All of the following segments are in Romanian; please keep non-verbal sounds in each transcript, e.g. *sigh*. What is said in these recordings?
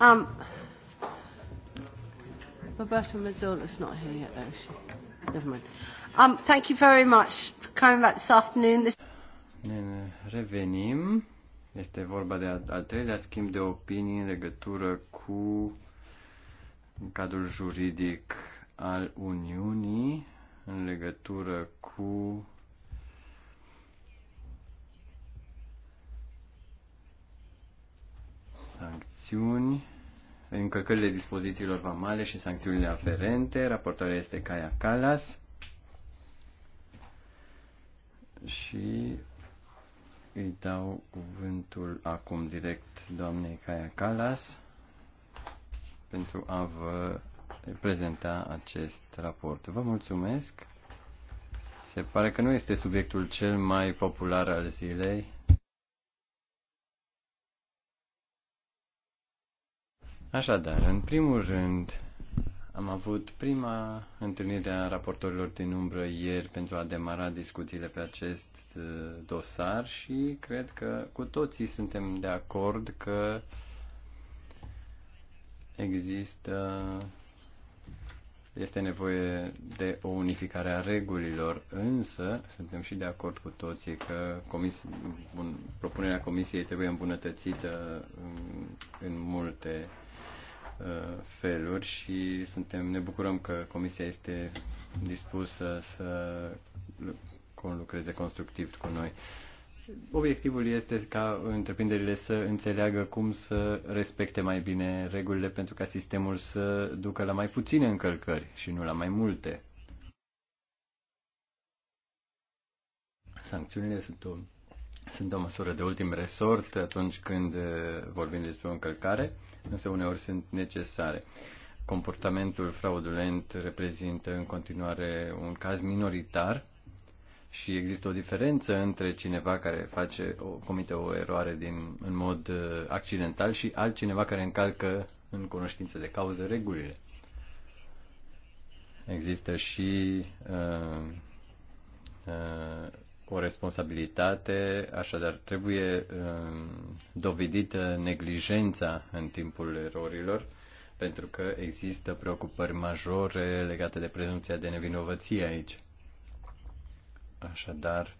Um, Roberta Mazzola not here yet, though. She, never mind. Um, thank you very much for coming back this afternoon. This... Ne revenim. Este vorba de al treilea schimb de opinii în legătură cu cadrul juridic al Uniunii în legătură cu sancțiuni, încălcările dispozițiilor vamale și sancțiunile aferente. Raportoarea este Caia Calas. Și îi dau cuvântul acum direct doamnei Caia Calas pentru a vă prezenta acest raport. Vă mulțumesc! Se pare că nu este subiectul cel mai popular al zilei, Așadar, în primul rând, am avut prima întâlnire a raportorilor din umbră ieri pentru a demara discuțiile pe acest uh, dosar și cred că cu toții suntem de acord că există este nevoie de o unificare a regulilor, însă suntem și de acord cu toții că comis, bun, propunerea comisiei trebuie îmbunătățită în, um, în multe Uh, feluri și suntem, ne bucurăm că Comisia este dispusă să conlucreze constructiv cu noi. Obiectivul este ca întreprinderile să înțeleagă cum să respecte mai bine regulile pentru ca sistemul să ducă la mai puține încălcări și nu la mai multe. Sancțiunile sunt un sunt o măsură de ultim resort atunci când eh, vorbim despre o încălcare, însă uneori sunt necesare. Comportamentul fraudulent reprezintă în continuare un caz minoritar și există o diferență între cineva care face, o, comite o eroare din, în mod eh, accidental și altcineva care încalcă în cunoștință de cauză regulile. Există și uh, uh, o responsabilitate, așadar trebuie um, dovedită neglijența în timpul erorilor, pentru că există preocupări majore legate de prezumția de nevinovăție aici. Așadar,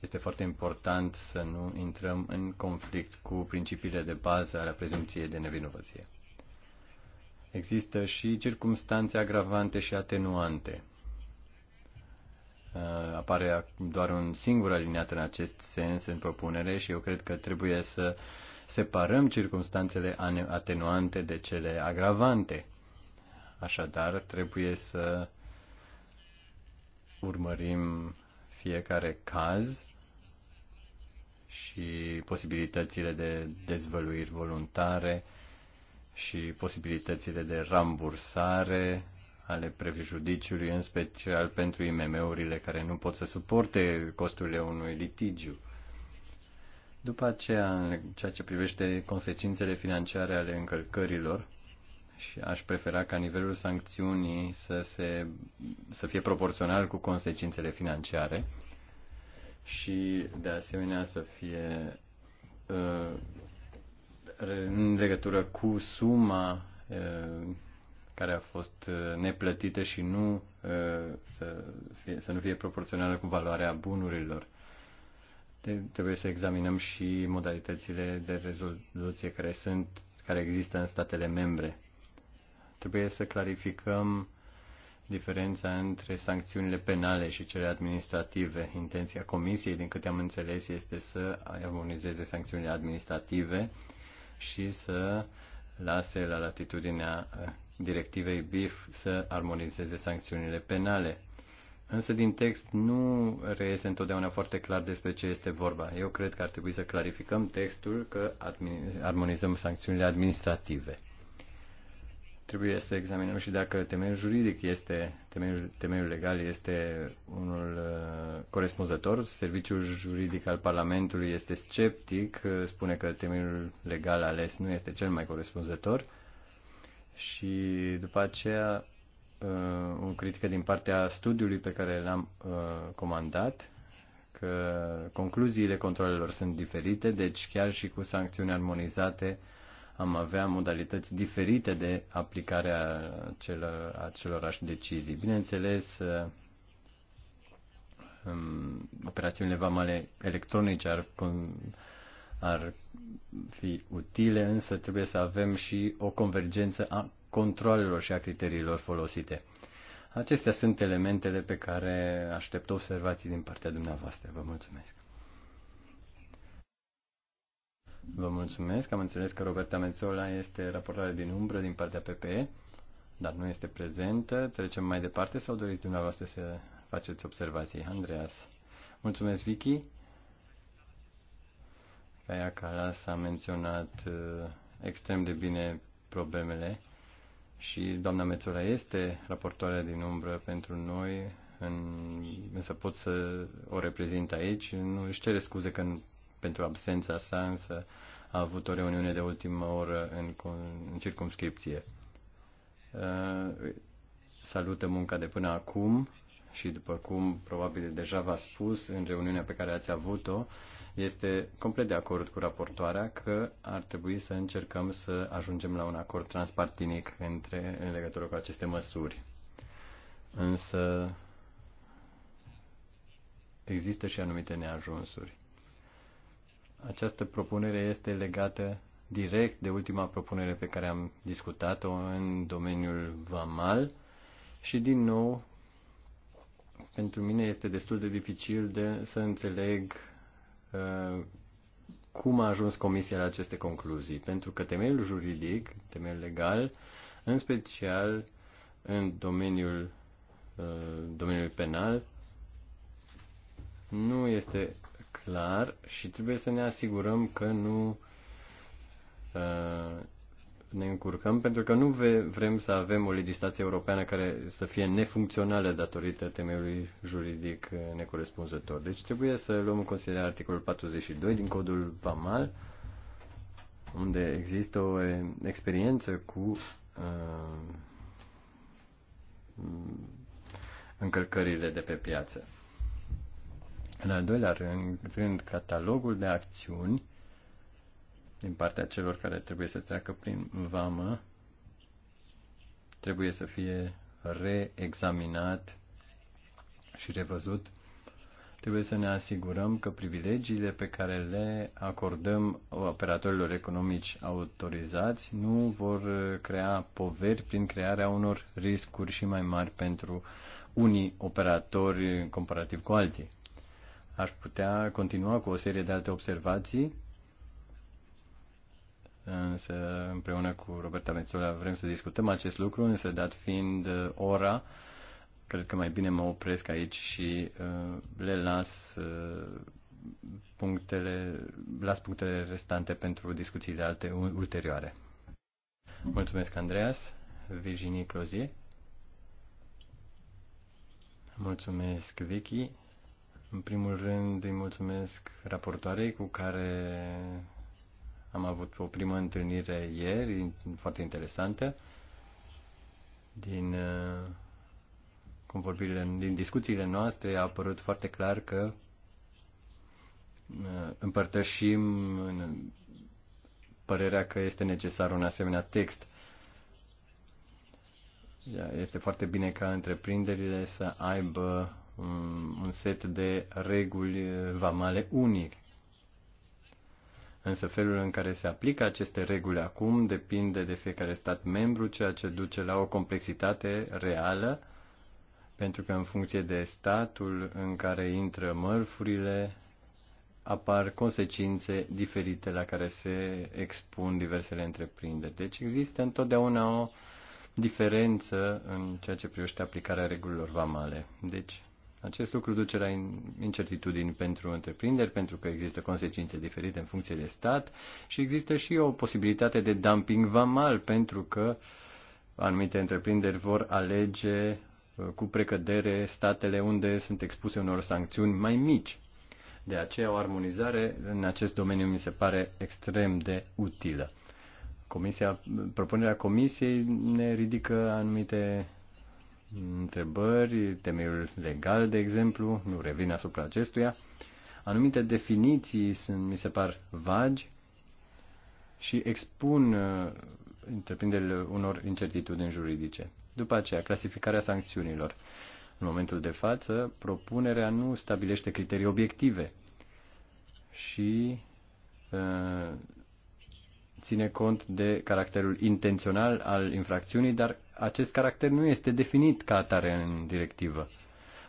este foarte important să nu intrăm în conflict cu principiile de bază ale prezumției de nevinovăție. Există și circumstanțe agravante și atenuante Uh, apare doar un singur aliniat în acest sens în propunere și eu cred că trebuie să separăm circunstanțele atenuante de cele agravante. Așadar, trebuie să urmărim fiecare caz și posibilitățile de dezvăluiri voluntare și posibilitățile de rambursare ale prejudiciului, în special pentru IMM-urile care nu pot să suporte costurile unui litigiu. După aceea, în ceea ce privește consecințele financiare ale încălcărilor, și aș prefera ca nivelul sancțiunii să, se, să fie proporțional cu consecințele financiare și, de asemenea, să fie uh, în legătură cu suma uh, care a fost uh, neplătită și nu uh, să, fie, să nu fie proporțională cu valoarea bunurilor. De, trebuie să examinăm și modalitățile de rezoluție care sunt, care există în statele membre. Trebuie să clarificăm diferența între sancțiunile penale și cele administrative. Intenția Comisiei, din câte am înțeles, este să armonizeze sancțiunile administrative și să lase la latitudinea uh, directivei BIF să armonizeze sancțiunile penale. Însă din text nu reiese întotdeauna foarte clar despre ce este vorba. Eu cred că ar trebui să clarificăm textul că armonizăm sancțiunile administrative. Trebuie să examinăm și dacă temeiul juridic este, temeiul, temeiul legal este unul uh, corespunzător. Serviciul juridic al Parlamentului este sceptic, uh, spune că temeiul legal ales nu este cel mai corespunzător. Uh, și după aceea uh, o critică din partea studiului pe care l-am uh, comandat, că concluziile controlelor sunt diferite, deci chiar și cu sancțiuni armonizate am avea modalități diferite de aplicare a celor, acelorași decizii. Bineînțeles, uh, um, operațiunile vamale electronice ar ar fi utile, însă trebuie să avem și o convergență a controlelor și a criteriilor folosite. Acestea sunt elementele pe care aștept observații din partea dumneavoastră. Vă mulțumesc. Vă mulțumesc. Am înțeles că Roberta Menzola este raportare din umbră din partea PPE, dar nu este prezentă. Trecem mai departe sau doriți dumneavoastră să faceți observații? Andreas. Mulțumesc, Vicky. Aia Calas a menționat uh, extrem de bine problemele și doamna Mețura este raportoarea din umbră pentru noi, în, însă pot să o reprezint aici. Nu își cere scuze că pentru absența sa, însă a avut o reuniune de ultimă oră în, în circumscripție. Uh, salută munca de până acum și după cum probabil deja v-a spus în reuniunea pe care ați avut-o, este complet de acord cu raportoarea că ar trebui să încercăm să ajungem la un acord transpartinic între, în legătură cu aceste măsuri. Însă există și anumite neajunsuri. Această propunere este legată direct de ultima propunere pe care am discutat-o în domeniul VAMAL și din nou pentru mine este destul de dificil de să înțeleg Uh, cum a ajuns Comisia la aceste concluzii, pentru că temeiul juridic, temeiul legal, în special în domeniul, uh, domeniul penal, nu este clar și trebuie să ne asigurăm că nu uh, ne încurcăm pentru că nu vrem să avem o legislație europeană care să fie nefuncțională datorită temeiului juridic necorespunzător. Deci trebuie să luăm în considerare articolul 42 din codul PAMAL, unde există o experiență cu uh, încălcările de pe piață. În al doilea rând, catalogul de acțiuni din partea celor care trebuie să treacă prin vamă trebuie să fie reexaminat și revăzut. Trebuie să ne asigurăm că privilegiile pe care le acordăm operatorilor economici autorizați nu vor crea poveri prin crearea unor riscuri și mai mari pentru unii operatori comparativ cu alții. Aș putea continua cu o serie de alte observații însă împreună cu Roberta Mețola vrem să discutăm acest lucru, însă dat fiind uh, ora, cred că mai bine mă opresc aici și uh, le las uh, punctele, las punctele restante pentru discuțiile alte ulterioare. Mulțumesc, Andreas. Virginie Clozier. Mulțumesc, Vicky. În primul rând îi mulțumesc raportoarei cu care am avut o primă întâlnire ieri, foarte interesantă, din uh, convorbirile, din discuțiile noastre a apărut foarte clar că uh, împărtășim părerea că este necesar un asemenea text. Da, este foarte bine ca întreprinderile să aibă un, um, un set de reguli uh, vamale unic Însă felul în care se aplică aceste reguli acum depinde de fiecare stat membru, ceea ce duce la o complexitate reală, pentru că în funcție de statul în care intră mărfurile, apar consecințe diferite la care se expun diversele întreprinderi. Deci există întotdeauna o diferență în ceea ce privește aplicarea regulilor vamale. Deci acest lucru duce la incertitudini pentru întreprinderi, pentru că există consecințe diferite în funcție de stat și există și o posibilitate de dumping vamal, pentru că anumite întreprinderi vor alege uh, cu precădere statele unde sunt expuse unor sancțiuni mai mici. De aceea o armonizare în acest domeniu mi se pare extrem de utilă. Comisia, propunerea comisiei ne ridică anumite întrebări, temeiul legal, de exemplu, nu revin asupra acestuia. Anumite definiții sunt, mi se par vagi și expun uh, întreprinderile unor incertitudini juridice. După aceea, clasificarea sancțiunilor. În momentul de față, propunerea nu stabilește criterii obiective și uh, ține cont de caracterul intențional al infracțiunii, dar acest caracter nu este definit ca atare în directivă.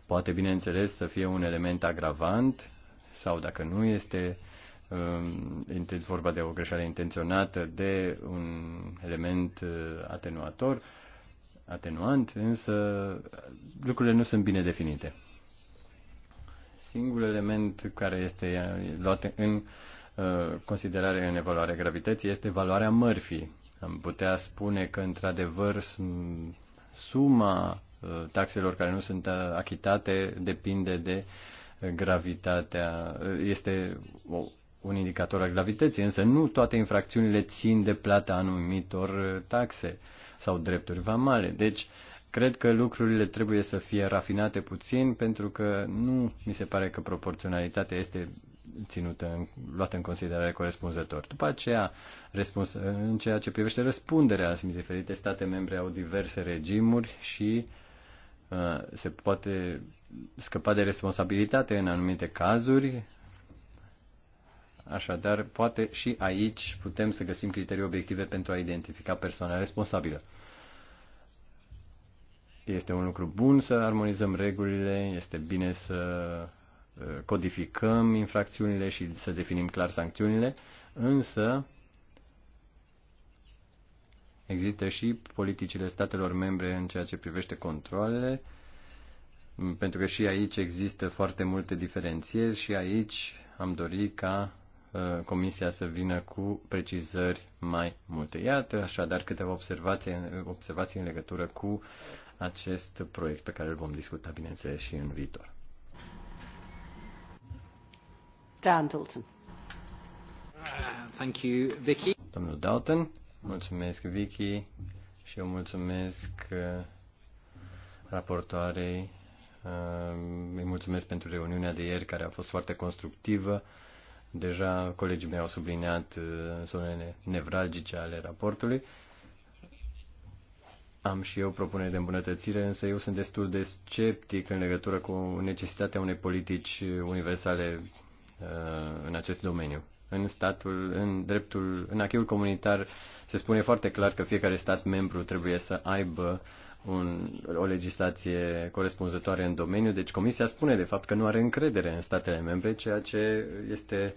Poate, bineînțeles, să fie un element agravant sau, dacă nu este um, vorba de o greșeală intenționată, de un element uh, atenuator, atenuant, însă lucrurile nu sunt bine definite. Singurul element care este luat în Uh, considerare în evaluarea gravității este valoarea Murphy. Am putea spune că, într-adevăr, suma uh, taxelor care nu sunt uh, achitate depinde de gravitatea, este un indicator al gravității, însă nu toate infracțiunile țin de plata anumitor taxe sau drepturi vamale. Deci, cred că lucrurile trebuie să fie rafinate puțin pentru că nu mi se pare că proporționalitatea este ținute, în, în considerare corespunzător. După aceea, răspuns, în ceea ce privește răspunderea, diferite state membre au diverse regimuri și uh, se poate scăpa de responsabilitate în anumite cazuri. Așadar, poate și aici putem să găsim criterii obiective pentru a identifica persoana responsabilă este un lucru bun să armonizăm regulile, este bine să codificăm infracțiunile și să definim clar sancțiunile, însă există și politicile statelor membre în ceea ce privește controlele, pentru că și aici există foarte multe diferențieri și aici am dorit ca uh, Comisia să vină cu precizări mai multe. Iată așadar câteva observații, observații în legătură cu acest proiect pe care îl vom discuta, bineînțeles, și în viitor. Dan Dalton. Uh, Vicky. Domnul Dalton, mulțumesc Vicky și eu mulțumesc uh, raportoarei. Uh, îi mulțumesc pentru reuniunea de ieri care a fost foarte constructivă. Deja colegii mei au subliniat zonele nevralgice ale raportului. Am și eu propuneri de îmbunătățire, însă eu sunt destul de sceptic în legătură cu necesitatea unei politici universale Uh, în acest domeniu. În statul, în dreptul, în acheul comunitar se spune foarte clar că fiecare stat membru trebuie să aibă un, o legislație corespunzătoare în domeniu, deci Comisia spune de fapt că nu are încredere în statele membre, ceea ce este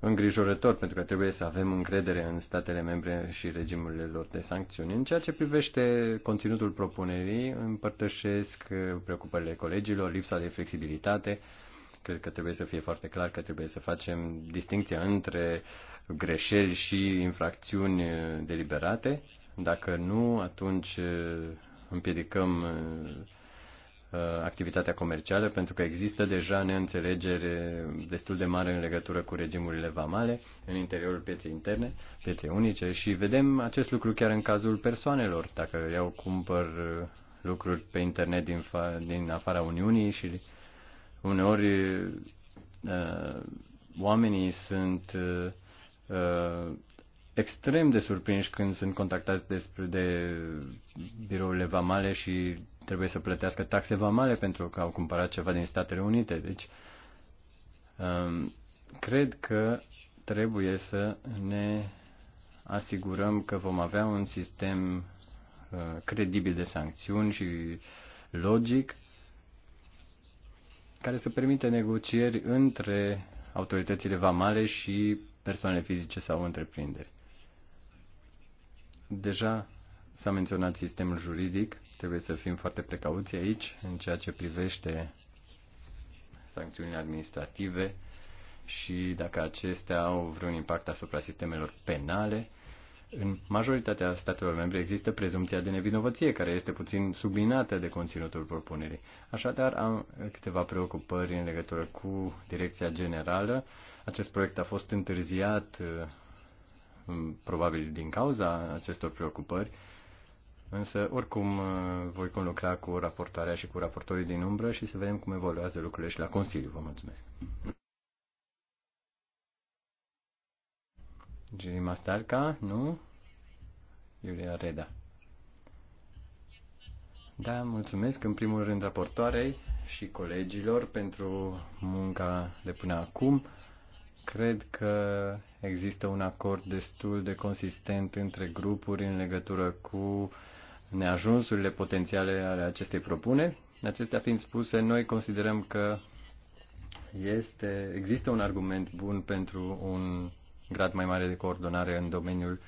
îngrijorător, pentru că trebuie să avem încredere în statele membre și regimurile lor de sancțiuni. În ceea ce privește conținutul propunerii, împărtășesc preocupările colegilor, lipsa de flexibilitate, uh, Cred că trebuie să fie foarte clar că trebuie să facem distinția între greșeli și infracțiuni deliberate. Dacă nu, atunci uh, împiedicăm uh, uh, activitatea comercială, pentru că există deja neînțelegere destul de mare în legătură cu regimurile vamale în interiorul pieței interne, pieței unice și vedem acest lucru chiar în cazul persoanelor. Dacă eu cumpăr lucruri pe internet din, fa- din afara Uniunii și Uneori uh, oamenii sunt uh, extrem de surprinși când sunt contactați despre de birourile vamale și trebuie să plătească taxe vamale pentru că au cumpărat ceva din Statele Unite. Deci, um, cred că trebuie să ne asigurăm că vom avea un sistem uh, credibil de sancțiuni și logic care să permită negocieri între autoritățile vamale și persoane fizice sau întreprinderi. Deja s-a menționat sistemul juridic, trebuie să fim foarte precauți aici în ceea ce privește sancțiunile administrative și dacă acestea au vreun impact asupra sistemelor penale. În majoritatea statelor membre există prezumția de nevinovăție, care este puțin subminată de conținutul propunerii. Așadar, am câteva preocupări în legătură cu direcția generală. Acest proiect a fost întârziat, uh, probabil din cauza acestor preocupări, însă, oricum, uh, voi conlucra cu raportarea și cu raportorii din umbră și să vedem cum evoluează lucrurile și la Consiliu. Vă mulțumesc! Giri Mastalca, nu? Iulia Reda. Da, mulțumesc în primul rând raportoarei și colegilor pentru munca de până acum. Cred că există un acord destul de consistent între grupuri în legătură cu neajunsurile potențiale ale acestei propuneri. Acestea fiind spuse, noi considerăm că este, există un argument bun pentru un grad mai mare de coordonare în domeniul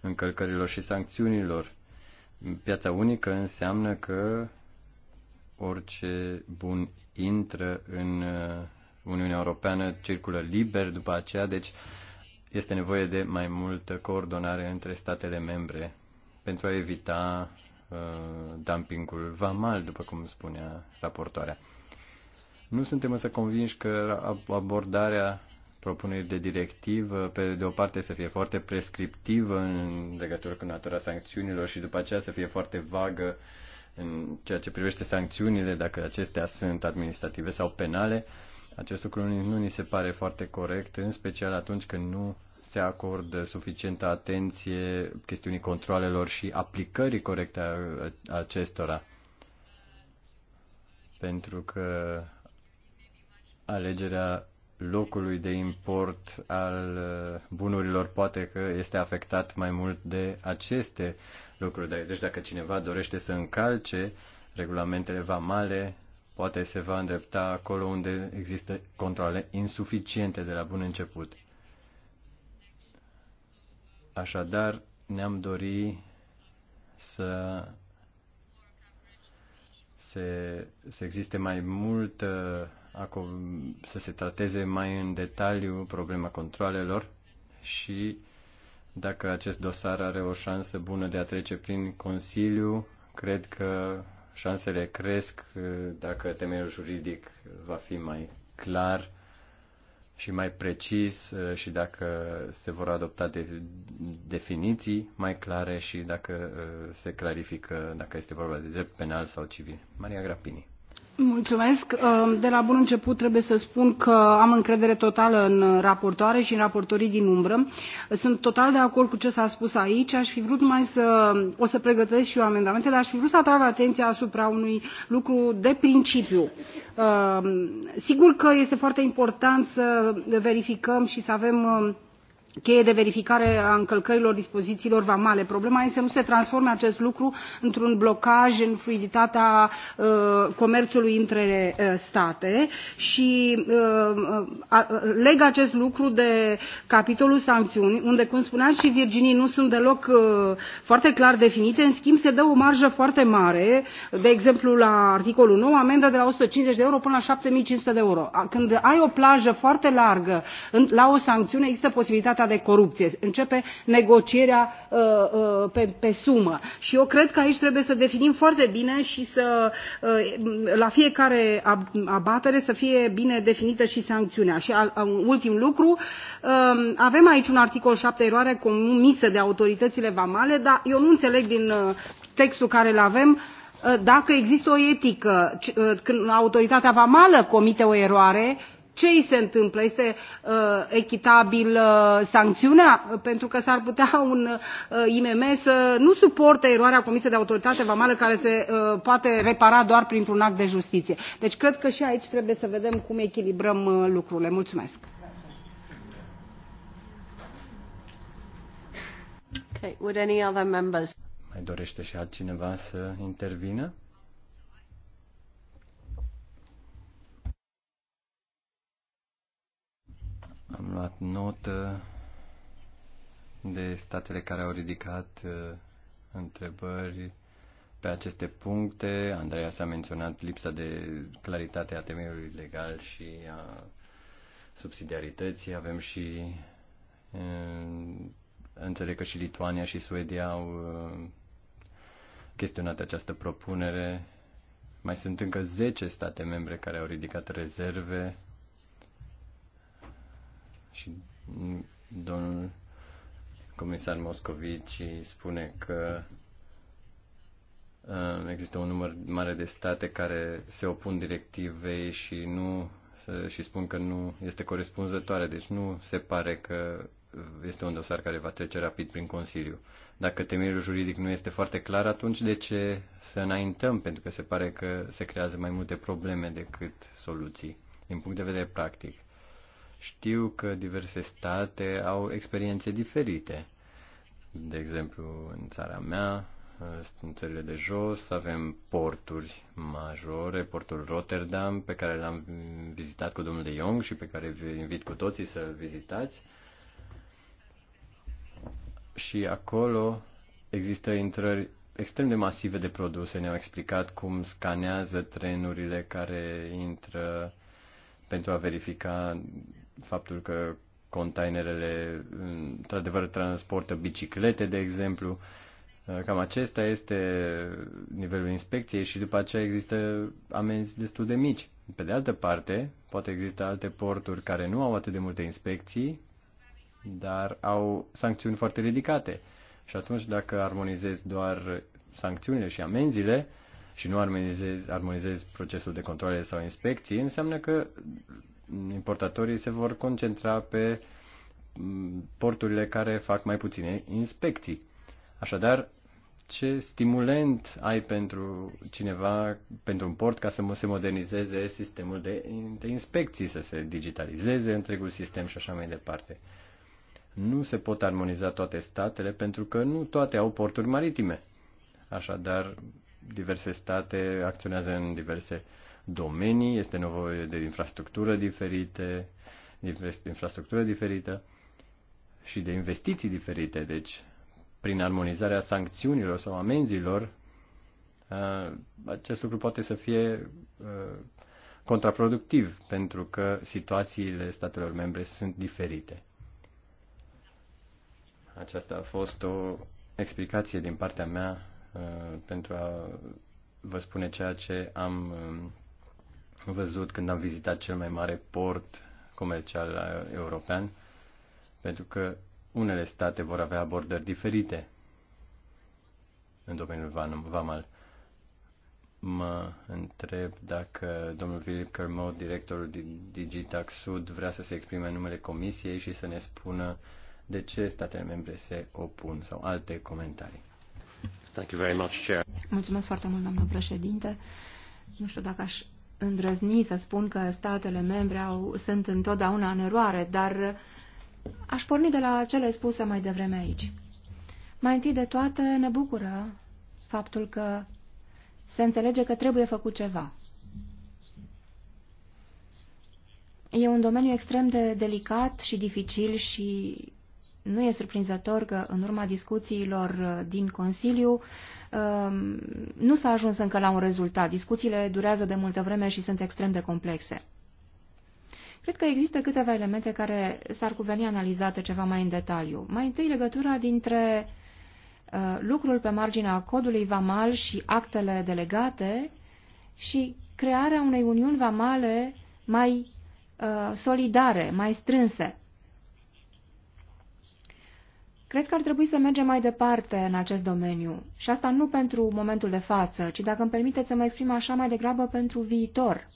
încălcărilor și sancțiunilor. Piața unică înseamnă că orice bun intră în uh, Uniunea Europeană, circulă liber după aceea, deci este nevoie de mai multă coordonare între statele membre pentru a evita uh, dumpingul vamal, după cum spunea raportoarea. Nu suntem însă convinși că abordarea propuneri de directivă, pe de o parte să fie foarte prescriptivă în legătură cu natura sancțiunilor și după aceea să fie foarte vagă în ceea ce privește sancțiunile, dacă acestea sunt administrative sau penale. Acest lucru nu ni se pare foarte corect, în special atunci când nu se acordă suficientă atenție chestiunii controlelor și aplicării corecte a acestora. Pentru că alegerea locului de import al uh, bunurilor poate că este afectat mai mult de aceste lucruri. Deci dacă cineva dorește să încalce regulamentele vamale, poate se va îndrepta acolo unde există controle insuficiente de la bun început. Așadar, ne-am dorit să se, să existe mai multă să se trateze mai în detaliu problema controlelor și dacă acest dosar are o șansă bună de a trece prin Consiliu, cred că șansele cresc eh, dacă temeiul juridic va fi mai clar și mai precis eh, și dacă se vor adopta de, definiții mai clare și dacă eh, se clarifică dacă este vorba de drept penal sau civil. Maria Grapini. Uh, de la bun început trebuie să spun că am încredere totală în raportoare și în raportorii din umbră. Sunt total de acord cu ce s-a spus aici. Aș fi vrut mai să... O să pregătesc și eu amendamente, dar aș fi vrut să atrag atenția asupra unui lucru de principiu. Uh, sigur că este foarte important să verificăm și să avem uh, cheie de verificare a încălcărilor dispozițiilor vamale. problema este să nu se transforme acest lucru într un blocaj în fluiditatea uh, comerțului între uh, state și uh, uh leg acest lucru de capitolul sancțiuni unde cum spunea și virginie nu sunt deloc uh, foarte clar definite în schimb se dă o marjă foarte mare de exemplu la articolul 9, amendă de la 150 de euro până la 7.500 de euro. când ai o plajă foarte largă în, la o sancțiune există posibilitatea partea de corupție începe negocierea uh, uh, pe, sumă și eu cred că aici trebuie să definim foarte bine și să uh, la fiecare abatere să fie bine definită și sancțiunea. și un ultim lucru um, avem aici un articol șapte eroare comisă de autoritățile vamale dar eu nu înțeleg din textul care îl avem dacă există o etică când autoritatea vamală comite o eroare ce îi se întâmplă? Este uh, echitabil uh, sancțiunea? Pentru că s-ar putea *laughs* un uh, IMM să nu suporte eroarea comisă de autoritate vamală care se uh, poate repara doar printr-un act de justiție. Deci cred că și aici trebuie să vedem cum echilibrăm uh, lucrurile. Mulțumesc! Okay. Would any other members? Mai dorește și altcineva să intervină? Am luat notă de statele care au ridicat uh, întrebări pe aceste puncte. Andreea s-a menționat lipsa de claritate a temeiului legal și a subsidiarității. Avem și uh, înțeleg că și Lituania și Suedia au uh, chestionat această propunere. Mai sunt încă 10 state membre care au ridicat rezerve și domnul comisar Moscovici spune că uh, există un număr mare de state care se opun directivei și nu uh, și spun că nu este corespunzătoare, deci nu se pare că este un dosar care va trece rapid prin Consiliu. Dacă temerul juridic nu este foarte clar, atunci de ce să înaintăm? Pentru că se pare că se creează mai multe probleme decât soluții, din punct de vedere practic. Știu că diverse state au experiențe diferite. De exemplu, în țara mea, în țările de jos, avem porturi majore, portul Rotterdam, pe care l-am vizitat cu domnul de Jong și pe care vă invit cu toții să-l vizitați. Și acolo există intrări extrem de masive de produse. Ne-au explicat cum scanează trenurile care intră pentru a verifica faptul că containerele într-adevăr transportă biciclete, de exemplu. Uh, cam acesta este nivelul inspecției și după aceea există amenzi destul de mici. Pe de altă parte, poate există alte porturi care nu au atât de multe inspecții, dar au sancțiuni foarte ridicate. Și atunci dacă armonizezi doar sancțiunile și amenziile și nu armonizezi, armonizezi procesul de controle sau inspecții, înseamnă că importatorii se vor concentra pe mm, porturile care fac mai puține inspecții. Așadar, ce stimulent ai pentru cineva, pentru un port, ca să se modernizeze sistemul de, de inspecții, să se digitalizeze întregul sistem și așa mai departe. Nu se pot armoniza toate statele pentru că nu toate au porturi maritime. Așadar, diverse state acționează în diverse uh, domenii, este nevoie de infrastructură diferite, de infrastructură diferită și de investiții diferite. Deci, prin armonizarea sancțiunilor sau amenzilor, acest lucru poate să fie contraproductiv, pentru că situațiile statelor membre sunt diferite. Aceasta a fost o explicație din partea mea pentru a vă spune ceea ce am văzut când am vizitat cel mai mare port comercial european, pentru că unele state vor avea abordări diferite în domeniul vamal. Mă întreb dacă domnul Philip Kermode, directorul Digitax Sud, vrea să se exprime în numele comisiei și să ne spună de ce statele membre se opun sau alte comentarii. Thank you very much, Chair. Mulțumesc foarte mult, doamnă președinte. Nu știu dacă aș îndrăzni să spun că statele membre au, sunt întotdeauna în eroare, dar aș porni de la cele spuse mai devreme aici. Mai întâi de toate ne bucură faptul că se înțelege că trebuie făcut ceva. E un domeniu extrem de delicat și dificil și nu e surprinzător că în urma discuțiilor uh, din Consiliu um, nu s-a ajuns încă la un rezultat. Discuțiile durează de multă vreme și sunt extrem de complexe. Cred că există câteva elemente care s-ar cuveni analizate ceva mai în detaliu. Mai întâi legătura dintre uh, lucrul pe marginea codului VAMAL și actele delegate și crearea unei uniuni VAMALE mai uh, solidare, mai strânse. Cred că ar trebui să mergem mai departe în acest domeniu și asta nu pentru momentul de față, ci dacă îmi permiteți să mă exprim așa mai degrabă pentru viitor.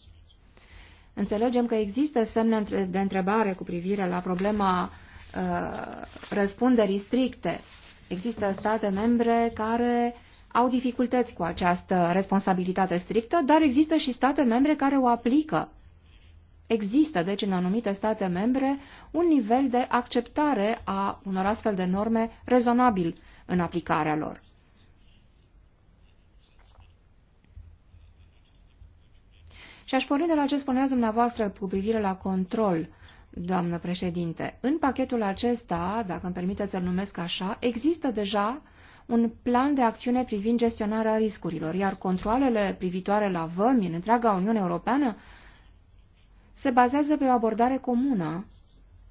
Înțelegem că există semne de întrebare cu privire la problema uh, răspunderii stricte. Există state membre care au dificultăți cu această responsabilitate strictă, dar există și state membre care o aplică Există, deci, în anumite state membre, un nivel de acceptare a unor astfel de norme rezonabil în aplicarea lor. Și aș porni de la ce spuneați dumneavoastră cu privire la control, doamnă președinte. În pachetul acesta, dacă îmi permiteți să-l numesc așa, există deja un plan de acțiune privind gestionarea riscurilor, iar controlele privitoare la vămi în întreaga Uniune Europeană se bazează pe o abordare comună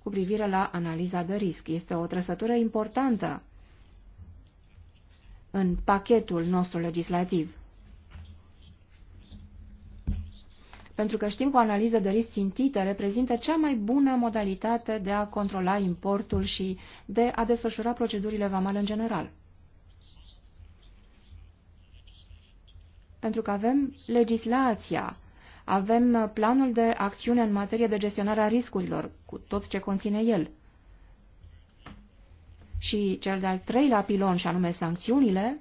cu privire la analiza de risc. Este o trăsătură importantă în pachetul nostru legislativ. Pentru că știm că o analiză de risc țintită reprezintă cea mai bună modalitate de a controla importul și de a desfășura procedurile vamale în general. Pentru că avem legislația avem uh, planul de acțiune în materie de gestionare a riscurilor, cu tot ce conține el. Și cel de-al treilea pilon, și anume sancțiunile,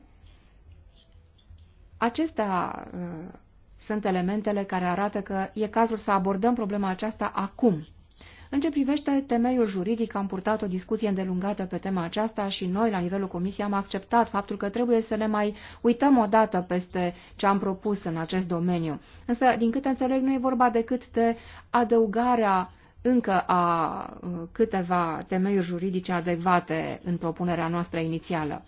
acestea uh, sunt elementele care arată că e cazul să abordăm problema aceasta acum. În ce privește temeiul juridic, am purtat o discuție îndelungată pe tema aceasta și noi, la nivelul comisiei, am acceptat faptul că trebuie să ne mai uităm o dată peste ce am propus în acest domeniu. Însă, din câte înțeleg, nu e vorba decât de adăugarea încă a uh, câteva temeiuri juridice adecvate în propunerea noastră inițială.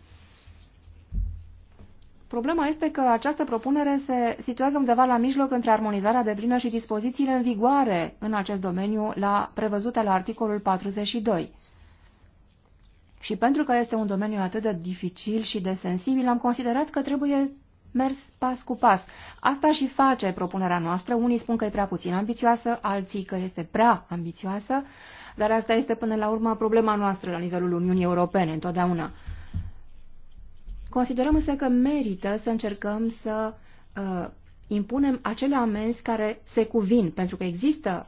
Problema este că această propunere se situează undeva la mijloc între armonizarea de plină și dispozițiile în vigoare în acest domeniu la, prevăzute la articolul 42. Și pentru că este un domeniu atât de dificil și de sensibil, am considerat că trebuie mers pas cu pas. Asta și face propunerea noastră. Unii spun că e prea puțin ambițioasă, alții că este prea ambițioasă, dar asta este până la urmă problema noastră la nivelul Uniunii Europene întotdeauna. Considerăm însă că merită să încercăm să uh, impunem acele amenzi care se cuvin, pentru că există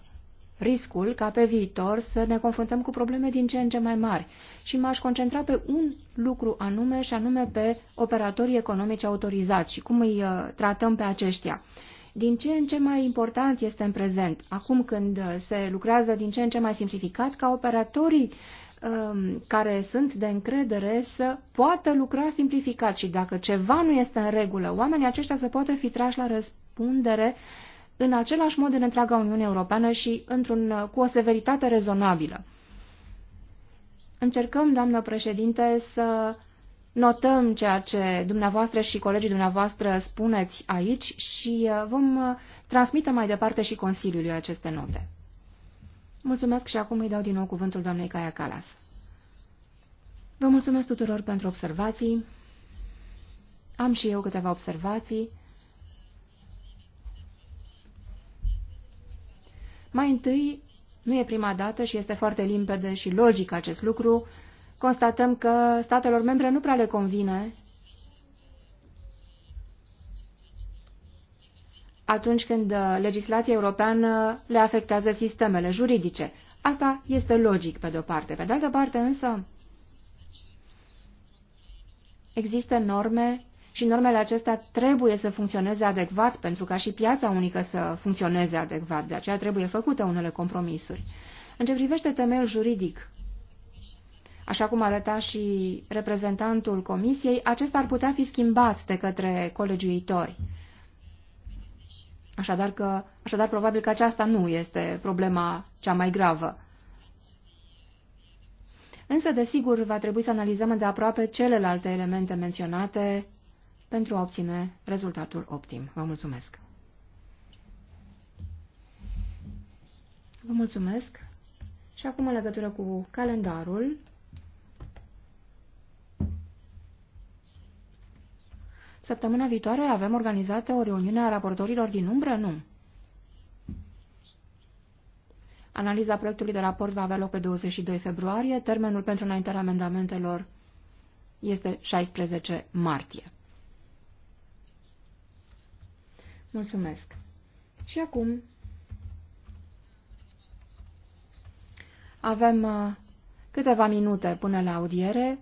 riscul ca pe viitor să ne confruntăm cu probleme din ce în ce mai mari și m-aș concentra pe un lucru anume și anume pe operatorii economici autorizați și cum îi uh, tratăm pe aceștia. Din ce în ce mai important este în prezent, acum când se lucrează din ce în ce mai simplificat, ca operatorii Um, care sunt de încredere să poată lucra simplificat și dacă ceva nu este în regulă, oamenii aceștia să poată fi trași la răspundere în același mod în întreaga Uniune Europeană și într-un, uh, cu o severitate rezonabilă. Încercăm, doamnă președinte, să notăm ceea ce dumneavoastră și colegii dumneavoastră spuneți aici și uh, vom uh, transmite mai departe și Consiliului aceste note. Mulțumesc și acum îi dau din nou cuvântul doamnei Caia Calas. Vă mulțumesc tuturor pentru observații. Am și eu câteva observații. Mai întâi, nu e prima dată și este foarte limpede și logic acest lucru, constatăm că statelor membre nu prea le convine atunci când uh, legislația europeană le afectează sistemele juridice. Asta este logic, pe de-o parte. Pe de altă parte, însă, există norme și normele acestea trebuie să funcționeze adecvat pentru ca și piața unică să funcționeze adecvat. De aceea trebuie făcute unele compromisuri. În ce privește temeiul juridic, așa cum arăta și reprezentantul comisiei, acesta ar putea fi schimbat de către colegiuitori. Așadar, că, așadar, probabil că aceasta nu este problema cea mai gravă. Însă, desigur, va trebui să analizăm de aproape celelalte elemente menționate pentru a obține rezultatul optim. Vă mulțumesc! Vă mulțumesc! Și acum, în legătură cu calendarul, Săptămâna viitoare avem organizată o reuniune a raportorilor din umbră? Nu. Analiza proiectului de raport va avea loc pe 22 februarie. Termenul pentru înaintarea amendamentelor este 16 martie. Mulțumesc. Și acum avem uh, câteva minute până la audiere.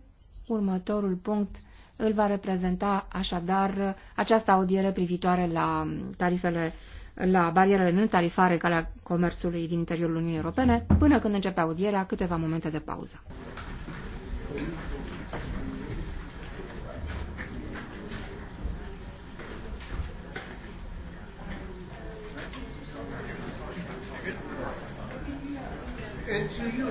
Următorul punct îl va reprezenta așadar această audiere privitoare la tarifele la barierele non-tarifare care la comerțului din interiorul Uniunii Europene, până când începe audierea, câteva momente de pauză. And you,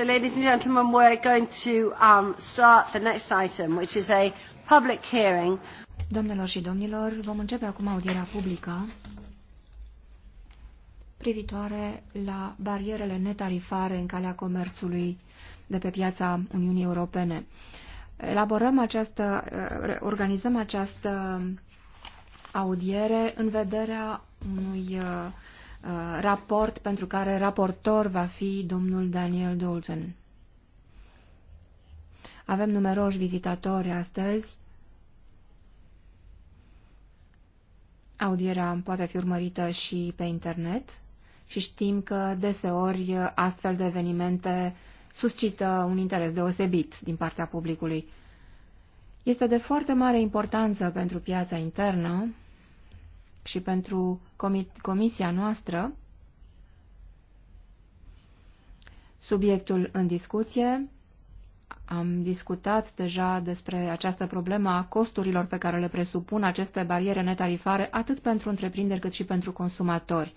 So, ladies and gentlemen, we're going to um, start the next item, which is a public hearing. Domnilor și domnilor, vom începe acum audierea publică privitoare la barierele netarifare în calea comerțului de pe piața Uniunii Europene. Elaborăm această, uh, organizăm această audiere în vederea unui uh, Uh, raport pentru care raportor va fi domnul Daniel Dolzen. Avem numeroși vizitatori astăzi. Audierea poate fi urmărită și pe internet și știm că deseori astfel de evenimente suscită un interes deosebit din partea publicului. Este de foarte mare importanță pentru piața internă și pentru comisia noastră, subiectul în discuție. Am discutat deja despre această problemă a costurilor pe care le presupun aceste bariere netarifare, atât pentru întreprinderi cât și pentru consumatori.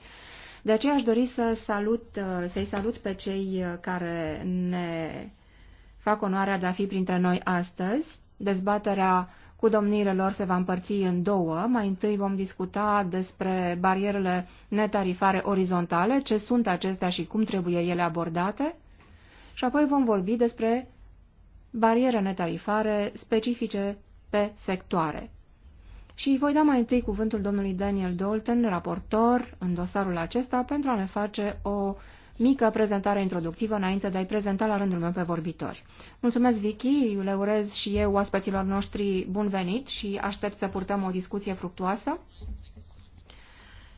De aceea aș dori să salut, să-i salut pe cei care ne fac onoarea de a fi printre noi astăzi. Dezbaterea cu domniile lor se va împărți în două. Mai întâi vom discuta despre barierele netarifare orizontale, ce sunt acestea și cum trebuie ele abordate, și apoi vom vorbi despre bariere netarifare specifice pe sectoare. Și voi da mai întâi cuvântul domnului Daniel Dolten, raportor, în dosarul acesta, pentru a ne face o mică prezentare introductivă înainte de a-i prezenta la rândul meu pe vorbitori. Mulțumesc, Vicky, le urez și eu oaspeților noștri bun venit și aștept să purtăm o discuție fructuoasă.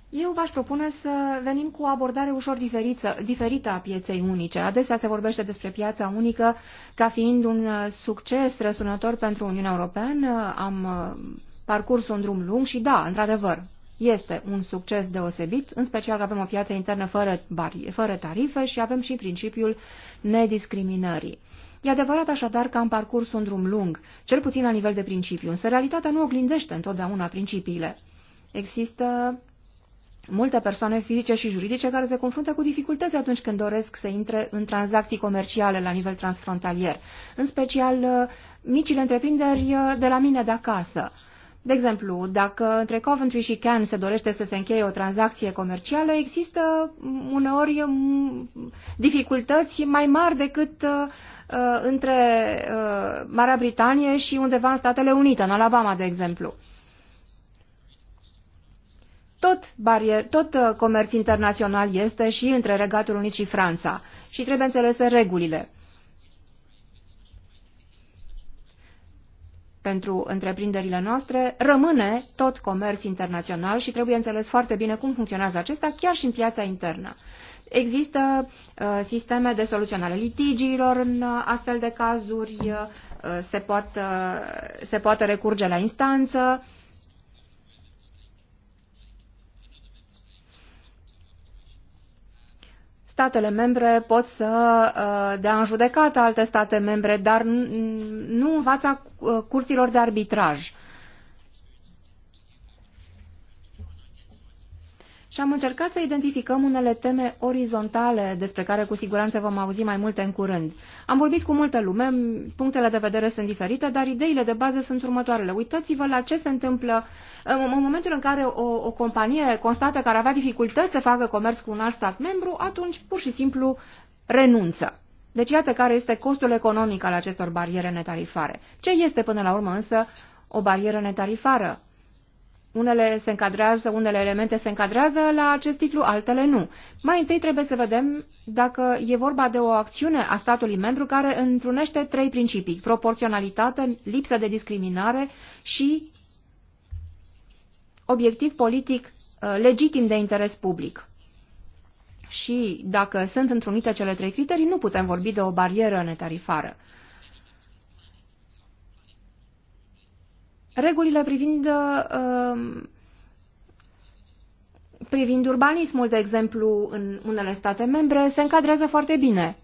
Eu v-aș propune să venim cu o abordare ușor diferiță, diferită a pieței unice. Adesea se vorbește despre piața unică ca fiind un succes răsunător pentru Uniunea Europeană. Am uh, parcurs un drum lung și da, într-adevăr, este un succes deosebit, în special că avem o piață internă fără, bari, fără tarife și avem și principiul nediscriminării. E adevărat așadar că am parcurs un drum lung, cel puțin la nivel de principiu, însă realitatea nu oglindește întotdeauna principiile. Există multe persoane fizice și juridice care se confruntă cu dificultăți atunci când doresc să intre în tranzacții comerciale la nivel transfrontalier, în special uh, micile întreprinderi uh, de la mine de acasă. De exemplu, dacă între Coventry și Cannes se dorește să se încheie o tranzacție comercială, există uneori dificultăți mai mari decât uh, uh, între uh, Marea Britanie și undeva în Statele Unite, în Alabama, de exemplu. Tot, barier, tot uh, comerț internațional este și între Regatul Unit și Franța și trebuie înțelese regulile. pentru întreprinderile noastre, rămâne tot comerț internațional și trebuie înțeles foarte bine cum funcționează acesta, chiar și în piața internă. Există uh, sisteme de soluționare litigiilor în uh, astfel de cazuri, uh, se, poate uh, se poate recurge la instanță, uh, statele membre pot să uh, dea în judecată alte state membre, dar nu în fața uh, curților de arbitraj. și am încercat să identificăm unele teme orizontale despre care cu siguranță vom auzi mai multe în curând. Am vorbit cu multă lume, punctele de vedere sunt diferite, dar ideile de bază sunt următoarele. Uitați-vă la ce se întâmplă în momentul în care o, o companie constată că ar avea dificultăți să facă comerț cu un alt stat membru, atunci pur și simplu renunță. Deci iată care este costul economic al acestor bariere netarifare. Ce este până la urmă însă o barieră netarifară? Unele se încadrează, unele elemente se încadrează la acest titlu, altele nu. Mai întâi trebuie să vedem dacă e vorba de o acțiune a statului membru care întrunește trei principii. Proporționalitate, lipsă de discriminare și obiectiv politic uh, legitim de interes public. Și dacă sunt întrunite cele trei criterii, nu putem vorbi de o barieră netarifară. regulile privind, uh, privind urbanismul, de exemplu, în unele state membre, se încadrează foarte bine.